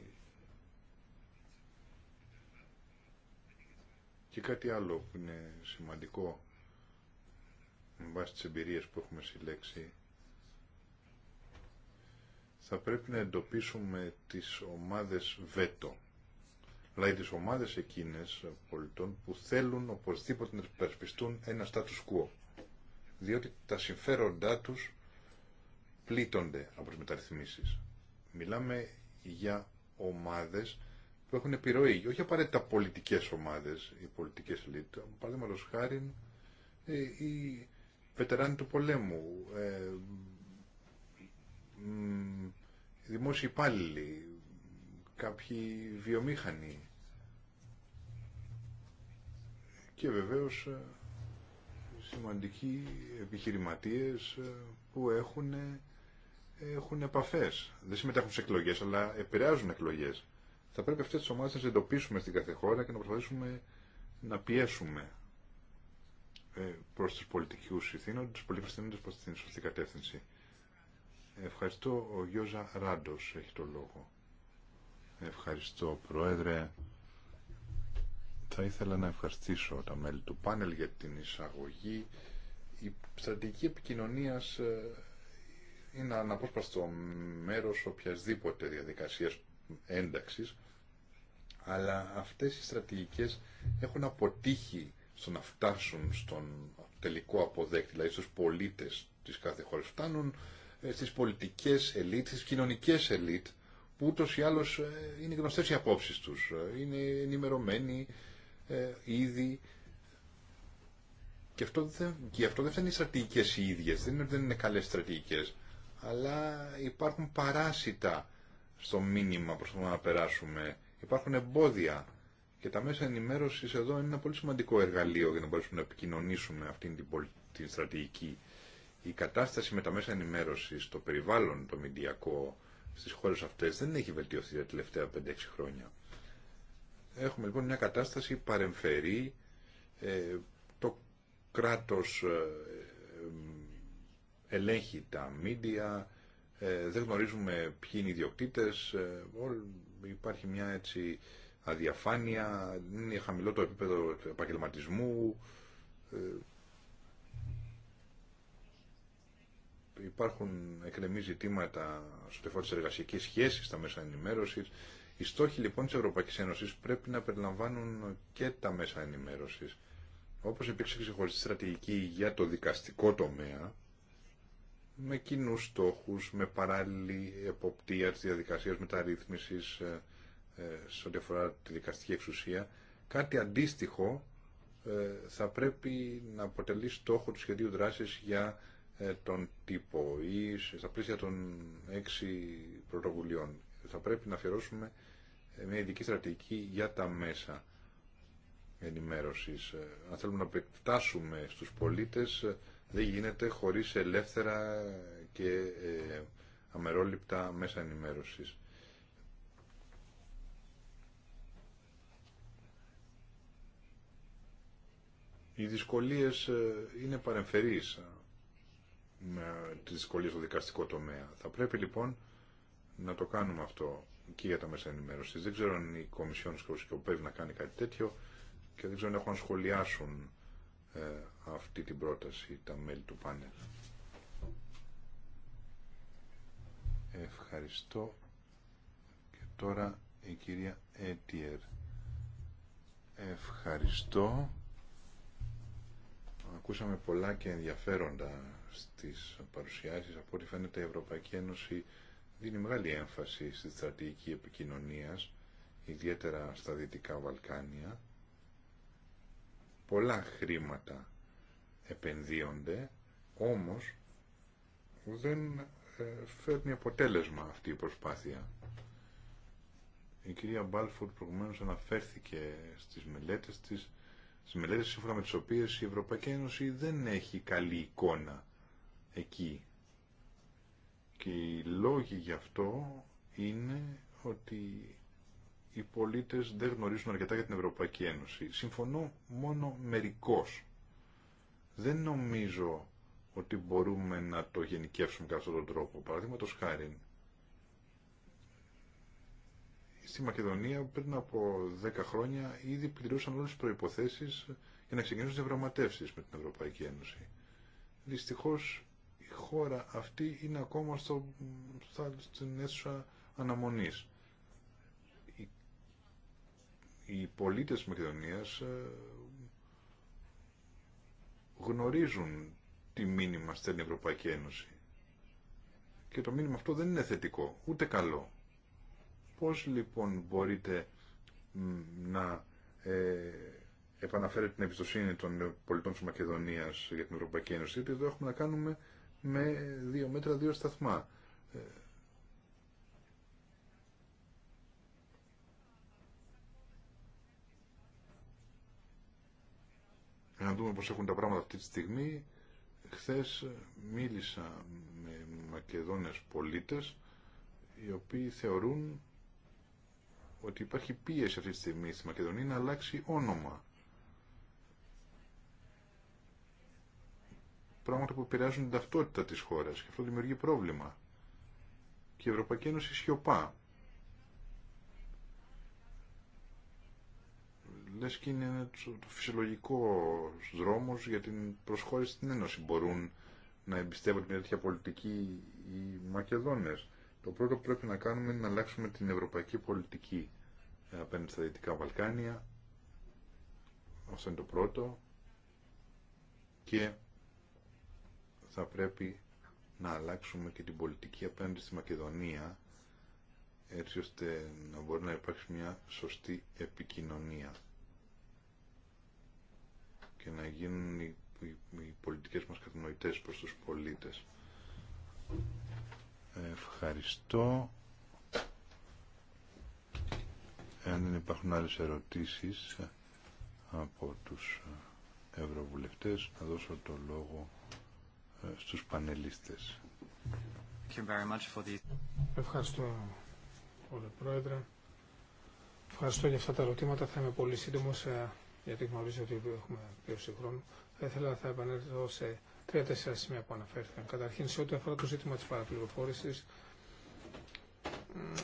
και κάτι άλλο που είναι σημαντικό με βάση τις εμπειρίες που έχουμε συλλέξει θα πρέπει να εντοπίσουμε τις ομάδες βέτο δηλαδή τις ομάδες εκείνες πολιτών που θέλουν οπωσδήποτε να περισπιστούν ένα status quo διότι τα συμφέροντά τους πλήττονται από τι μεταρρυθμίσει, Μιλάμε για ομάδε που έχουν επιρροή, όχι απαραίτητα πολιτικέ ομάδε ή πολιτικέ ελίτ. Παραδείγματο χάρη ε, οι βετεράνοι του πολέμου, ε, οι δημόσιοι υπάλληλοι, κάποιοι βιομήχανοι και βεβαίως ε, σημαντικοί επιχειρηματίες που έχουν έχουν επαφέ. Δεν συμμετέχουν σε εκλογές, αλλά επηρεάζουν εκλογέ. Θα πρέπει αυτέ τι ομάδες να τις εντοπίσουμε στην κάθε χώρα και να προσπαθήσουμε να πιέσουμε ε, προ του πολιτικού ηθήνοντε, του πολιτικού προ την σωστή κατεύθυνση. Ευχαριστώ. Ο Γιώζα Ράντο έχει το λόγο. Ευχαριστώ, Πρόεδρε. Θα ήθελα να ευχαριστήσω τα μέλη του πάνελ για την εισαγωγή. Η στρατηγική επικοινωνίας ε, είναι αναπόσπαστο μέρος οποιασδήποτε διαδικασίας ένταξης, αλλά αυτές οι στρατηγικές έχουν αποτύχει στο να φτάσουν στον τελικό αποδέκτη, δηλαδή στους πολίτες της κάθε χώρας. Φτάνουν ε, στις πολιτικές ελίτ, στις κοινωνικές ελίτ, που ούτως ή άλλως ε, είναι γνωστές οι απόψεις τους, ε, είναι ενημερωμένοι ήδη. Και αυτό, δεν, και αυτό οι στρατηγικές οι δεν είναι, δεν είναι στρατηγικές αλλά υπάρχουν παράσιτα στο μήνυμα που προσπαθούμε να περάσουμε. Υπάρχουν εμπόδια και τα μέσα ενημέρωσης εδώ είναι ένα πολύ σημαντικό εργαλείο για να μπορέσουμε να επικοινωνήσουμε αυτήν την, την στρατηγική. Η κατάσταση με τα μέσα ενημέρωσης, το περιβάλλον, το μηντιακό στις χώρες αυτές δεν έχει βελτιωθεί τα τελευταία 5-6 χρόνια. Έχουμε λοιπόν μια κατάσταση παρεμφερή, ε, το κράτος ε, ελέγχει τα μίντια, ε, δεν γνωρίζουμε ποιοι είναι οι ιδιοκτήτες, ε, υπάρχει μια έτσι αδιαφάνεια, είναι χαμηλό το επίπεδο επαγγελματισμού, ε, υπάρχουν εκκρεμή ζητήματα στο τεφό της εργασιακής σχέσης στα μέσα ενημέρωσης. Οι στόχοι λοιπόν της Ευρωπαϊκής Ένωσης πρέπει να περιλαμβάνουν και τα μέσα ενημέρωσης. Όπως υπήρξε ξεχωριστή στρατηγική για το δικαστικό τομέα, με κοινού στόχου, με παράλληλη εποπτεία της διαδικασίας μεταρρύθμισης ε, ε, σε ό,τι αφορά τη δικαστική εξουσία. Κάτι αντίστοιχο ε, θα πρέπει να αποτελεί στόχο του σχεδίου δράσης για τον τύπο ή στα πλαίσια των έξι πρωτοβουλειών. Θα πρέπει να αφιερώσουμε μια ειδική στρατηγική για τα μέσα ενημέρωσης. Αν θέλουμε να πετάσουμε στους πολίτες δεν γίνεται χωρίς ελεύθερα και ε, αμερόληπτα μέσα ενημέρωσης. Οι δυσκολίες ε, είναι παρεμφερείς ε, με τις δυσκολίες στο δικαστικό τομέα. Θα πρέπει λοιπόν να το κάνουμε αυτό και για τα μέσα ενημέρωση. Δεν ξέρω αν η Κομισιόν σκοπεύει να κάνει κάτι τέτοιο και δεν ξέρω αν έχουν σχολιάσουν αυτή την πρόταση τα μέλη του πάνελ. Ευχαριστώ. Και τώρα η κυρία Έτιερ. Ευχαριστώ. Ακούσαμε πολλά και ενδιαφέροντα στις παρουσιάσεις. Από ό,τι φαίνεται η Ευρωπαϊκή Ένωση δίνει μεγάλη έμφαση στη στρατηγική επικοινωνίας, ιδιαίτερα στα Δυτικά Βαλκάνια. Πολλά χρήματα επενδύονται, όμως δεν ε, φέρνει αποτέλεσμα αυτή η προσπάθεια. Η κυρία Μπάλφορτ προηγουμένως αναφέρθηκε στις μελέτες της, στις μελέτες σύμφωνα με τις οποίες η Ευρωπαϊκή Ένωση δεν έχει καλή εικόνα εκεί. Και οι λόγοι γι' αυτό είναι ότι οι πολίτες δεν γνωρίζουν αρκετά για την Ευρωπαϊκή Ένωση. Συμφωνώ μόνο μερικώς δεν νομίζω ότι μπορούμε να το γενικεύσουμε κατά αυτόν τον τρόπο. Παραδείγματο χάρη, στη Μακεδονία πριν από 10 χρόνια ήδη πληρούσαν όλε τι προϋποθέσεις για να ξεκινήσουν τι διαπραγματεύσει με την Ευρωπαϊκή Ένωση. Δυστυχώ η χώρα αυτή είναι ακόμα στο, στα, στην αίθουσα αναμονής. Οι, οι πολίτες της Μακεδονίας ε, γνωρίζουν τη μήνυμα στέλνει η Ευρωπαϊκή Ένωση. Και το μήνυμα αυτό δεν είναι θετικό, ούτε καλό. Πώς λοιπόν μπορείτε να ε, επαναφέρετε την εμπιστοσύνη των πολιτών της Μακεδονίας για την Ευρωπαϊκή Ένωση, γιατί εδώ έχουμε να κάνουμε με δύο μέτρα, δύο σταθμά. Ε, για να δούμε πώς έχουν τα πράγματα αυτή τη στιγμή. Χθες μίλησα με Μακεδόνες πολίτες οι οποίοι θεωρούν ότι υπάρχει πίεση αυτή τη στιγμή στη Μακεδονία να αλλάξει όνομα. Πράγματα που επηρεάζουν την ταυτότητα της χώρας και αυτό δημιουργεί πρόβλημα. Και η Ευρωπαϊκή Ένωση σιωπά. λες και είναι ένα φυσιολογικό δρόμο για την προσχώρηση στην Ένωση. Μπορούν να εμπιστεύονται μια τέτοια πολιτική οι Μακεδόνες. Το πρώτο που πρέπει να κάνουμε είναι να αλλάξουμε την ευρωπαϊκή πολιτική απέναντι στα Δυτικά Βαλκάνια. Αυτό είναι το πρώτο. Και θα πρέπει να αλλάξουμε και την πολιτική απέναντι στη Μακεδονία έτσι ώστε να μπορεί να υπάρξει μια σωστή επικοινωνία και να γίνουν οι, οι πολιτικές μας κατανοητές προς τους πολίτες. Ευχαριστώ. Εάν δεν υπάρχουν άλλες ερωτήσεις από τους ευρωβουλευτές, να δώσω το λόγο ε, στους πανελίστες. Ευχαριστώ Πρόεδρε. Ευχαριστώ για αυτά τα ερωτήματα. Θα είμαι πολύ σύντομο. Ε, γιατί γνωρίζω ότι έχουμε πλήρωση χρόνου. Θα ήθελα να επανέλθω σε τρία-τέσσερα σημεία που αναφέρθηκαν. Καταρχήν, σε ό,τι αφορά το ζήτημα τη παραπληροφόρηση,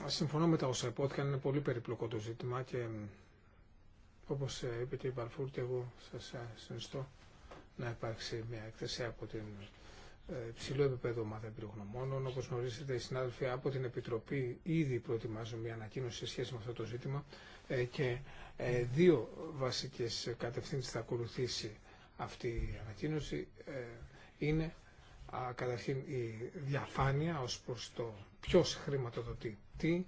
συμφωνώ με τα όσα υπόθηκαν. Είναι πολύ περιπλοκό το ζήτημα και όπω ε, είπε και η Μπαρφούρτη, εγώ σα ε, συνιστώ να υπάρξει μια έκθεση από την ε, ψηλό επίπεδο ομάδα εμπειρογνωμόνων. Όπω γνωρίζετε, οι συνάδελφοι από την Επιτροπή ήδη προετοιμάζουν μια ανακοίνωση σε σχέση με αυτό το ζήτημα ε, και ε, δύο βασικέ κατευθύνσει θα ακολουθήσει αυτή η ανακοίνωση. Είναι καταρχήν η διαφάνεια ως προς το ποιο χρηματοδοτεί τι,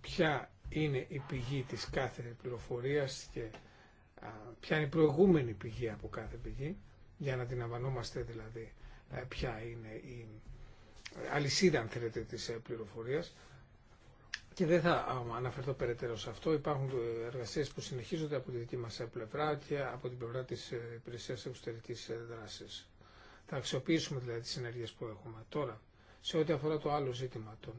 ποια είναι η πηγή της κάθε πληροφορίας και ποια είναι η προηγούμενη πηγή από κάθε πηγή, για να αντιλαμβανόμαστε δηλαδή ε, ποια είναι η αλυσίδα αν θέλετε της ε, πληροφορίας. Και δεν θα αναφερθώ περαιτέρω σε αυτό. Υπάρχουν ε, εργασίες που συνεχίζονται από τη δική μας πλευρά και από την πλευρά της υπηρεσία εξωτερικής δράσης. Θα αξιοποιήσουμε δηλαδή τις ενέργειε που έχουμε. Τώρα, σε ό,τι αφορά το άλλο ζήτημα των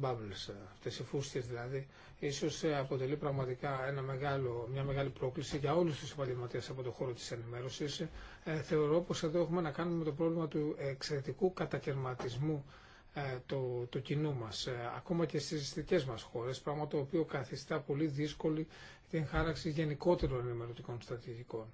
bubbles, ε, αυτές οι δηλαδή, ίσως ε, αποτελεί πραγματικά ένα μεγάλο, μια μεγάλη πρόκληση για όλους τους επαγγελματίες από το χώρο της ενημέρωσης. Ε, θεωρώ πως εδώ έχουμε να κάνουμε το πρόβλημα του εξαιρετικού κατακαιρματισμού του το κοινού μας, ακόμα και στις δικές μας χώρες, πράγμα το οποίο καθιστά πολύ δύσκολη την χάραξη γενικότερων ενημερωτικών στρατηγικών.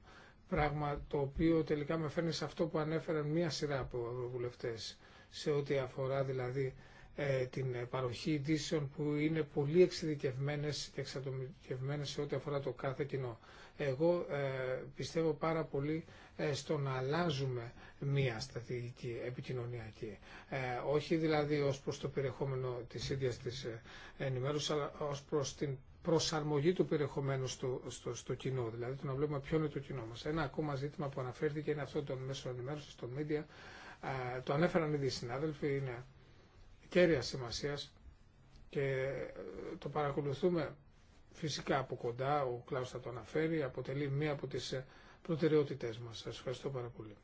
Πράγμα το οποίο τελικά με φέρνει σε αυτό που ανέφεραν μία σειρά από ευρωβουλευτές, σε ό,τι αφορά δηλαδή ε, την παροχή ειδήσεων που είναι πολύ εξειδικευμένες και εξατομικευμένες σε ό,τι αφορά το κάθε κοινό. Εγώ ε, πιστεύω πάρα πολύ ε, στο να αλλάζουμε μία στρατηγική επικοινωνιακή. όχι δηλαδή ως προς το περιεχόμενο της ίδιας της ενημέρωσης, αλλά ως προς την προσαρμογή του περιεχομένου στο, στο, κοινό, δηλαδή το να βλέπουμε ποιο είναι το κοινό μας. Ένα ακόμα ζήτημα που αναφέρθηκε είναι αυτό το μέσο ενημέρωσης, στο media. Ε, το ανέφεραν ήδη οι συνάδελφοι, είναι κέρια σημασίας και ε, το παρακολουθούμε φυσικά από κοντά, ο Κλάου θα το αναφέρει, αποτελεί μία από τις ε, προτεραιότητε μας. Σα ευχαριστώ πάρα πολύ.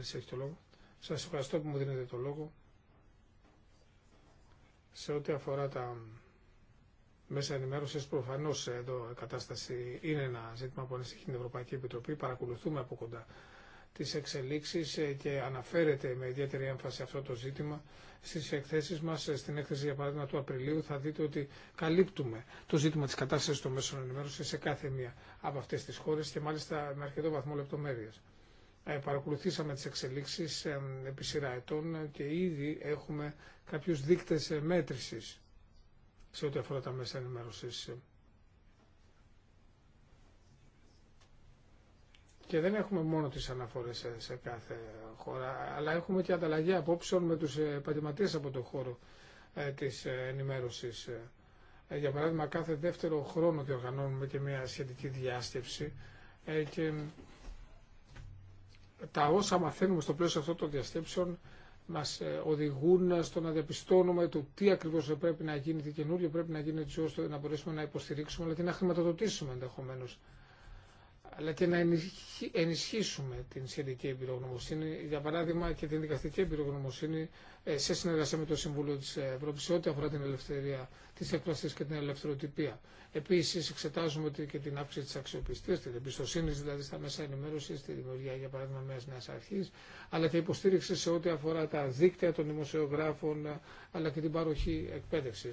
Σα το λόγο. Σας ευχαριστώ που μου δίνετε το λόγο. Σε ό,τι αφορά τα μέσα ενημέρωση, προφανώ εδώ η κατάσταση είναι ένα ζήτημα που ανησυχεί την Ευρωπαϊκή Επιτροπή. Παρακολουθούμε από κοντά τις εξελίξεις ε, και αναφέρεται με ιδιαίτερη έμφαση αυτό το ζήτημα στις εκθέσεις μας, ε, στην έκθεση για παράδειγμα του Απριλίου θα δείτε ότι καλύπτουμε το ζήτημα της κατάστασης των μέσων ενημέρωση σε κάθε μία από αυτές τις χώρες και μάλιστα με αρκετό βαθμό λεπτομέρειας. Ε, παρακολουθήσαμε τις εξελίξεις επί σειρά ετών και ήδη έχουμε κάποιους δείκτες μέτρησης σε ό,τι αφορά τα μέσα ενημέρωσης Και δεν έχουμε μόνο τις αναφορές σε κάθε χώρα, αλλά έχουμε και ανταλλαγή απόψεων με τους ε, επαγγελματίε από το χώρο ε, της ε, ενημέρωσης. Για παράδειγμα, κάθε δεύτερο χρόνο διοργανώνουμε και μια σχετική διάσκεψη και τα όσα μαθαίνουμε στο πλαίσιο αυτών των διασκέψεων μας οδηγούν στο να διαπιστώνουμε το τι ακριβώς πρέπει να γίνει, τι καινούριο πρέπει να γίνει, έτσι ώστε να μπορέσουμε να υποστηρίξουμε, αλλά και να χρηματοδοτήσουμε ενδεχομένως αλλά και να ενισχύσουμε την σχετική εμπειρογνωμοσύνη, για παράδειγμα και την δικαστική εμπειρογνωμοσύνη ε, σε συνεργασία με το Συμβούλιο της Ευρώπης σε ό,τι αφορά την ελευθερία της έκφρασης και την ελευθεροτυπία. Επίσης, εξετάζουμε και την αύξηση της αξιοπιστίας, την εμπιστοσύνη δηλαδή στα μέσα ενημέρωσης, τη δημιουργία για παράδειγμα μια νέα αρχής, αλλά και υποστήριξη σε ό,τι αφορά τα δίκτυα των δημοσιογράφων, αλλά και την παροχή εκπαίδευση.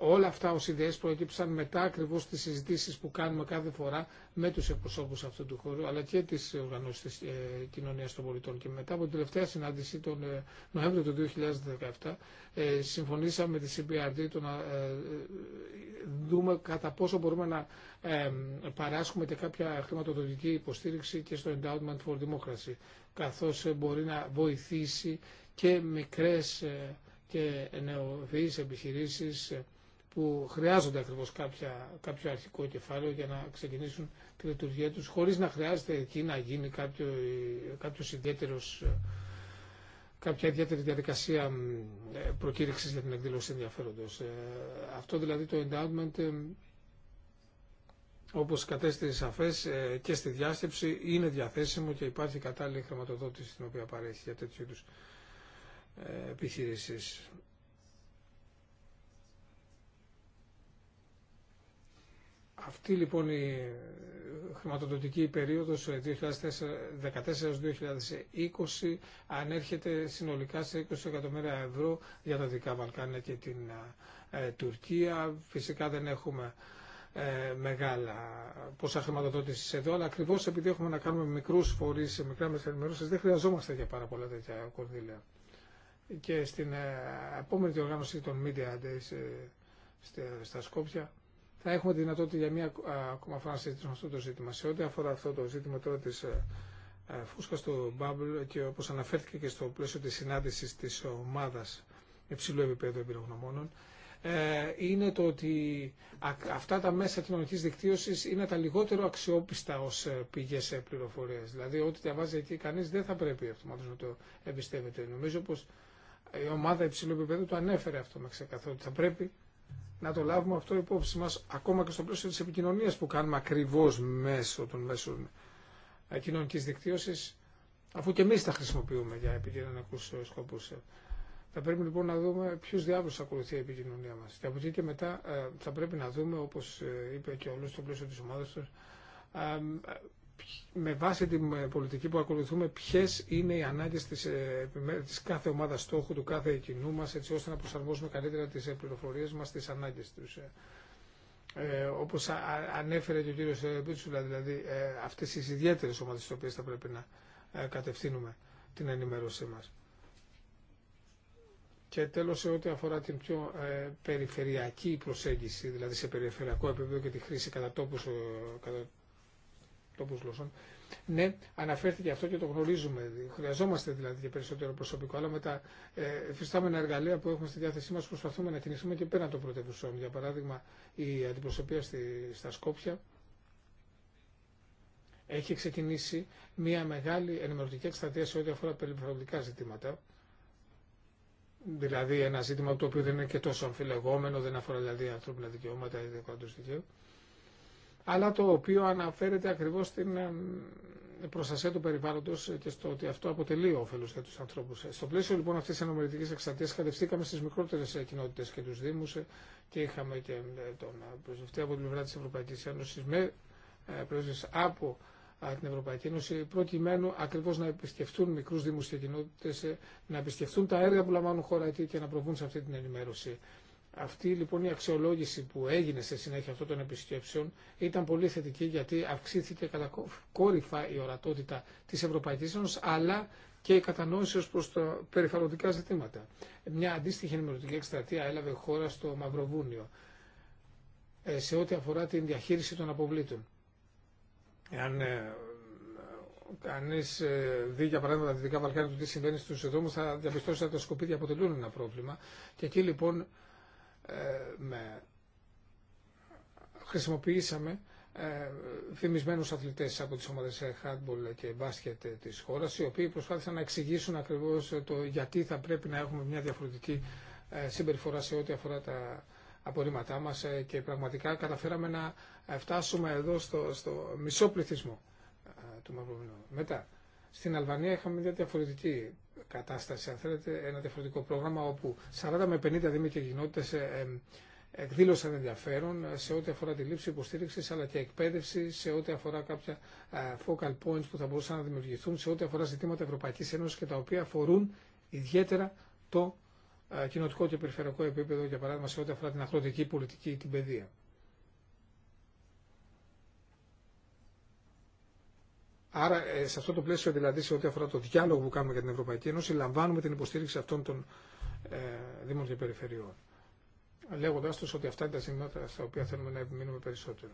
Όλα αυτά ως ιδέες προέκυψαν μετά ακριβώς τις συζητήσεις που κάνουμε κάθε φορά με τους εκπροσώπους αυτού του χώρου αλλά και τις οργανώσεις της ε, κοινωνίας των πολιτών. Και μετά από την τελευταία συνάντηση τον ε, Νοέμβριο του 2017 ε, συμφωνήσαμε με τη CBRD το να ε, δούμε κατά πόσο μπορούμε να ε, παράσχουμε και κάποια χρηματοδοτική υποστήριξη και στο Endowment for Democracy καθώς ε, μπορεί να βοηθήσει και μικρές και νεοφυείς επιχειρήσεις που χρειάζονται ακριβώ κάποιο αρχικό κεφάλαιο για να ξεκινήσουν τη λειτουργία του, χωρί να χρειάζεται εκεί να γίνει κάποιο, κάποιος κάποια ιδιαίτερη διαδικασία ε, προκήρυξη για την εκδήλωση ενδιαφέροντο. Ε, αυτό δηλαδή το endowment, ε, όπω κατέστησε σαφέ και στη διάσκεψη, είναι διαθέσιμο και υπάρχει κατάλληλη χρηματοδότηση την οποία παρέχει για τέτοιου είδου επιχειρήσει. Αυτή λοιπόν η χρηματοδοτική περίοδος 2014-2020 ε, ανέρχεται συνολικά σε 20 εκατομμύρια ευρώ για τα Δικά Βαλκάνια και την ε, ε, Τουρκία. Φυσικά δεν έχουμε μεγάλα ποσά χρηματοδότηση εδώ, αλλά ακριβώ επειδή έχουμε να κάνουμε μικρού φορεί, μικρά μεσανημερώσει, δεν χρειαζόμαστε για πάρα πολλά τέτοια κονδύλια. Και στην επόμενη διοργάνωση των Media Days στα Σκόπια, θα έχουμε τη δυνατότητα για μία ακόμα φορά να συζητήσουμε αυτό το ζήτημα. Σε ό,τι αφορά αυτό το ζήτημα τώρα τη ε, ε, φούσκα του Bubble και όπω αναφέρθηκε και στο πλαίσιο τη συνάντηση τη ομάδα υψηλού επίπεδου εμπειρογνωμόνων, ε, είναι το ότι αυτά τα μέσα κοινωνική δικτύωση είναι τα λιγότερο αξιόπιστα ω πηγέ πληροφορία. Δηλαδή, ό,τι διαβάζει εκεί κανεί δεν θα πρέπει αυτομάτω να το εμπιστεύεται. Νομίζω πω η ομάδα υψηλού επίπεδου το ανέφερε αυτό με ξεκαθαρό ότι θα πρέπει να το λάβουμε αυτό υπόψη μας ακόμα και στο πλαίσιο της επικοινωνίας που κάνουμε ακριβώς μέσω των μέσων ε, κοινωνικής δικτύωσης αφού και εμείς τα χρησιμοποιούμε για επικοινωνικούς σκοπούς. Ε, θα πρέπει λοιπόν να δούμε ποιου διάβολου ακολουθεί η επικοινωνία μας. Και από εκεί και μετά ε, θα πρέπει να δούμε, όπως είπε και ο Λούς στο πλαίσιο τη ομάδα του, με βάση την πολιτική που ακολουθούμε ποιε είναι οι ανάγκε της, ε, της κάθε ομάδα στόχου, του κάθε κοινού μα, έτσι ώστε να προσαρμόσουμε καλύτερα τι ε, πληροφορίε μα στι ανάγκε του. Ε. ε, όπως ανέφερε και ο κύριο Πίτσουλα, δηλαδή ε, αυτές τις ιδιαίτερες ομάδες στις οποίες θα πρέπει να κατευθύνουμε την ενημέρωσή μα. Και τέλο, σε ό,τι αφορά την πιο περιφερειακή προσέγγιση, δηλαδή σε περιφερειακό επίπεδο και τη χρήση κατά τόπους, κατά τόπους γλωσσών. Ναι, αναφέρθηκε αυτό και το γνωρίζουμε. Χρειαζόμαστε δηλαδή και περισσότερο προσωπικό, αλλά με τα ε, εφιστάμενα εργαλεία που έχουμε στη διάθεσή μα προσπαθούμε να κινηθούμε και πέραν των πρωτεύουσων. Για παράδειγμα, η αντιπροσωπεία στη, στα Σκόπια έχει ξεκινήσει μια μεγάλη ενημερωτική εκστρατεία σε ό,τι αφορά περιβαλλοντικά ζητήματα. Δηλαδή ένα ζήτημα το οποίο δεν είναι και τόσο αμφιλεγόμενο, δεν αφορά δηλαδή ανθρώπινα δικαιώματα ή του δικαίου αλλά το οποίο αναφέρεται ακριβώς στην προστασία του περιβάλλοντος και στο ότι αυτό αποτελεί όφελο για τους ανθρώπους. Στο πλαίσιο λοιπόν αυτής της ενομερητικής εξαρτίας κατευθύνθηκαμε στις μικρότερες κοινότητε και τους Δήμους και είχαμε και τον ε, προσδευτή από την πλευρά Ευρωπαϊκή Ένωση με ε, πρέσβε από ε, την Ευρωπαϊκή Ένωση, προκειμένου ακριβώς να επισκεφτούν μικρούς Δήμους και κοινότητε, να επισκεφτούν τα έργα που λαμβάνουν χώρα εκεί και να προβούν σε αυτή την ενημέρωση. Αυτή λοιπόν η αξιολόγηση που έγινε σε συνέχεια αυτών των επισκέψεων ήταν πολύ θετική γιατί αυξήθηκε κατακόρυφα η ορατότητα της Ευρωπαϊκής Ένωσης αλλά και η κατανόηση ως προς τα περιφαλωτικά ζητήματα. Μια αντίστοιχη ενημερωτική εκστρατεία έλαβε χώρα στο Μαυροβούνιο ε, σε ό,τι αφορά την διαχείριση των αποβλήτων. Εάν ε, κανεί ε, δει για παράδειγμα τα Δυτικά Βαλκάνια του τι συμβαίνει στου δρόμου, θα διαπιστώσει ότι τα σκοπίδια αποτελούν ένα πρόβλημα. Και εκεί λοιπόν ε, με, χρησιμοποιήσαμε φημισμένους ε, αθλητές από τις ομάδες handball και μπάσκετ της χώρας οι οποίοι προσπάθησαν να εξηγήσουν ακριβώς το γιατί θα πρέπει να έχουμε μια διαφορετική ε, συμπεριφορά σε ό,τι αφορά τα απορρίμματά μας και πραγματικά καταφέραμε να φτάσουμε εδώ στο, στο μισό πληθυσμό του Μαυροβουνού. Μετά, στην Αλβανία είχαμε μια διαφορετική κατάσταση, αν θέλετε, ένα διαφορετικό πρόγραμμα όπου 40 με 50 δήμοι και κοινότητες ε, ε, εκδήλωσαν ενδιαφέρον σε ό,τι αφορά τη λήψη υποστήριξη αλλά και εκπαίδευση, σε ό,τι αφορά κάποια ε, focal points που θα μπορούσαν να δημιουργηθούν, σε ό,τι αφορά ζητήματα Ευρωπαϊκή Ένωση και τα οποία αφορούν ιδιαίτερα το κοινοτικό και περιφερειακό επίπεδο, για παράδειγμα σε ό,τι αφορά την αγροτική πολιτική ή την παιδεία. Άρα ε, σε αυτό το πλαίσιο δηλαδή σε ό,τι αφορά το διάλογο που κάνουμε για την Ευρωπαϊκή Ένωση λαμβάνουμε την υποστήριξη αυτών των ε, Δήμων και Περιφερειών. Λέγοντάς τους ότι αυτά είναι τα σημεία στα οποία θέλουμε να επιμείνουμε περισσότερο.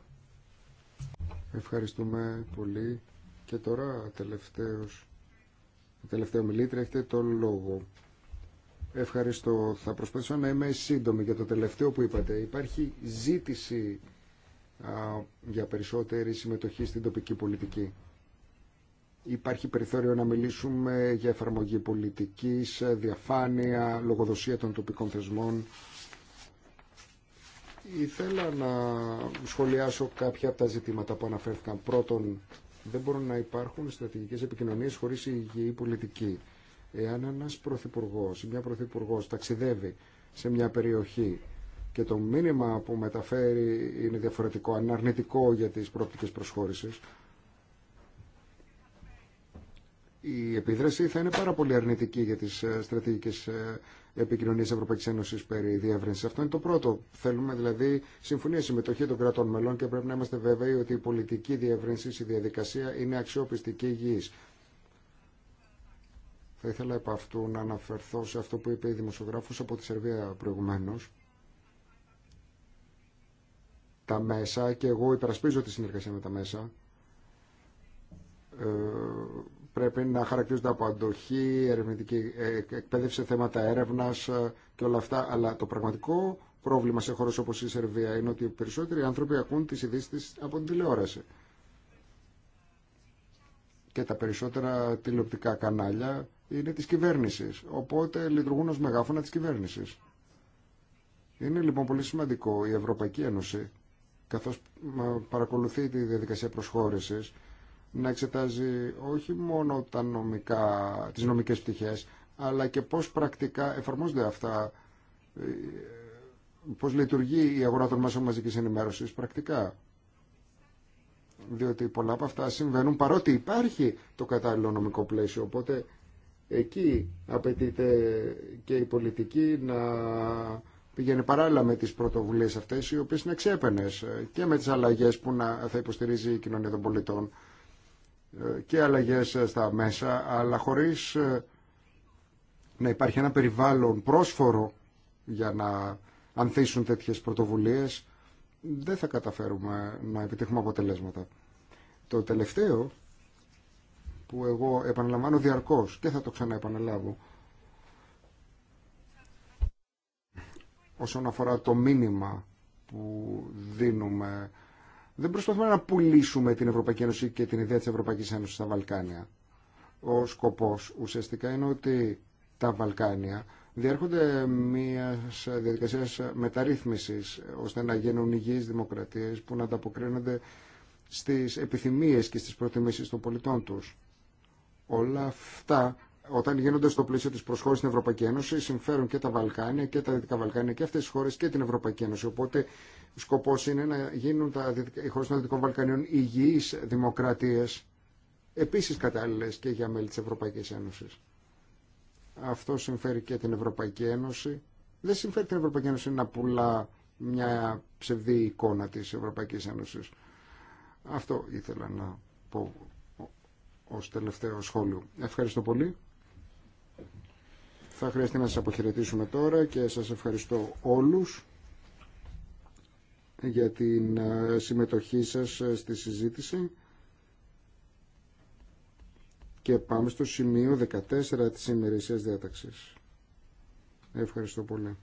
Ευχαριστούμε πολύ. Και τώρα τελευταίος, τελευταίο μιλήτρια έχετε το λόγο. Ευχαριστώ. Θα προσπαθήσω να είμαι σύντομη για το τελευταίο που είπατε. Υπάρχει ζήτηση για περισσότερη συμμετοχή στην τοπική πολιτική. Υπάρχει περιθώριο να μιλήσουμε για εφαρμογή πολιτικής, διαφάνεια, λογοδοσία των τοπικών θεσμών. Ήθελα να σχολιάσω κάποια από τα ζητήματα που αναφέρθηκαν. Πρώτον, δεν μπορούν να υπάρχουν στρατηγικές επικοινωνίες χωρίς υγιή πολιτική. Εάν ένας πρωθυπουργός ή μια πρωθυπουργός ταξιδεύει σε μια περιοχή και το μήνυμα που μεταφέρει είναι διαφορετικό, αναρνητικό για τις πρόπτικες προσχώρησης, η επίδραση θα είναι πάρα πολύ αρνητική για τις ε, στρατηγικές ε, επικοινωνίες Ευρωπαϊκής Ένωσης περί διεύρυνσης. Αυτό είναι το πρώτο. Θέλουμε δηλαδή συμφωνία συμμετοχή των κρατών μελών και πρέπει να είμαστε βέβαιοι ότι η πολιτική διεύρυνση, η διαδικασία είναι αξιόπιστη και υγιής. Θα ήθελα επ' αυτού να αναφερθώ σε αυτό που είπε η δημοσιογράφος από τη Σερβία προηγουμένως. Τα μέσα, και εγώ υπερασπίζω τη συνεργασία με τα μέσα, ε, πρέπει να χαρακτηρίζονται από αντοχή, ερευνητική ε, εκπαίδευση σε θέματα έρευνα ε, και όλα αυτά. Αλλά το πραγματικό πρόβλημα σε χώρε όπω η Σερβία είναι ότι οι περισσότεροι άνθρωποι ακούν τι ειδήσει από την τηλεόραση. Και τα περισσότερα τηλεοπτικά κανάλια είναι τη κυβέρνηση. Οπότε λειτουργούν ω μεγάφωνα τη κυβέρνηση. Είναι λοιπόν πολύ σημαντικό η Ευρωπαϊκή Ένωση, καθώ παρακολουθεί τη διαδικασία προσχώρηση, να εξετάζει όχι μόνο τα νομικά, τις νομικές πτυχές, αλλά και πώς πρακτικά εφαρμόζονται αυτά, ε, πώς λειτουργεί η αγορά των μέσων μαζικής ενημέρωσης πρακτικά. Διότι πολλά από αυτά συμβαίνουν παρότι υπάρχει το κατάλληλο νομικό πλαίσιο, οπότε εκεί απαιτείται και η πολιτική να πηγαίνει παράλληλα με τις πρωτοβουλίες αυτές, οι οποίες είναι ξέπαινες και με τις αλλαγές που να, θα υποστηρίζει η κοινωνία των πολιτών και αλλαγές στα μέσα, αλλά χωρίς ε, να υπάρχει ένα περιβάλλον πρόσφορο για να ανθίσουν τέτοιες πρωτοβουλίες, δεν θα καταφέρουμε να επιτύχουμε αποτελέσματα. Το τελευταίο που εγώ επαναλαμβάνω διαρκώς και θα το ξαναεπαναλάβω όσον αφορά το μήνυμα που δίνουμε δεν προσπαθούμε να πουλήσουμε την Ευρωπαϊκή Ένωση και την ιδέα της Ευρωπαϊκής Ένωσης στα Βαλκάνια. Ο σκοπός ουσιαστικά είναι ότι τα Βαλκάνια διέρχονται μια διαδικασία μεταρρύθμισης ώστε να γίνουν υγιείς δημοκρατίες που να ανταποκρίνονται στις επιθυμίες και στις προτιμήσεις των πολιτών τους. Όλα αυτά όταν γίνονται στο πλαίσιο τη προσχώρηση στην Ευρωπαϊκή Ένωση, συμφέρουν και τα Βαλκάνια και τα Δυτικά Βαλκάνια και αυτέ τι χώρε και την Ευρωπαϊκή Ένωση. Οπότε σκοπό είναι να γίνουν τα, οι χώρε των Δυτικών Βαλκανίων υγιεί δημοκρατίε, επίση κατάλληλε και για μέλη τη Ευρωπαϊκή Ένωση. Αυτό συμφέρει και την Ευρωπαϊκή Ένωση. Δεν συμφέρει την Ευρωπαϊκή Ένωση να πουλά μια ψευδή εικόνα τη Ευρωπαϊκή Ένωση. Αυτό ήθελα να πω ως τελευταίο σχόλιο. Ευχαριστώ πολύ. Θα χρειαστεί να σας αποχαιρετήσουμε τώρα και σας ευχαριστώ όλους για την ε, συμμετοχή σας ε, στη συζήτηση. Και πάμε στο σημείο 14 της ημερησίας διάταξης. Ευχαριστώ πολύ.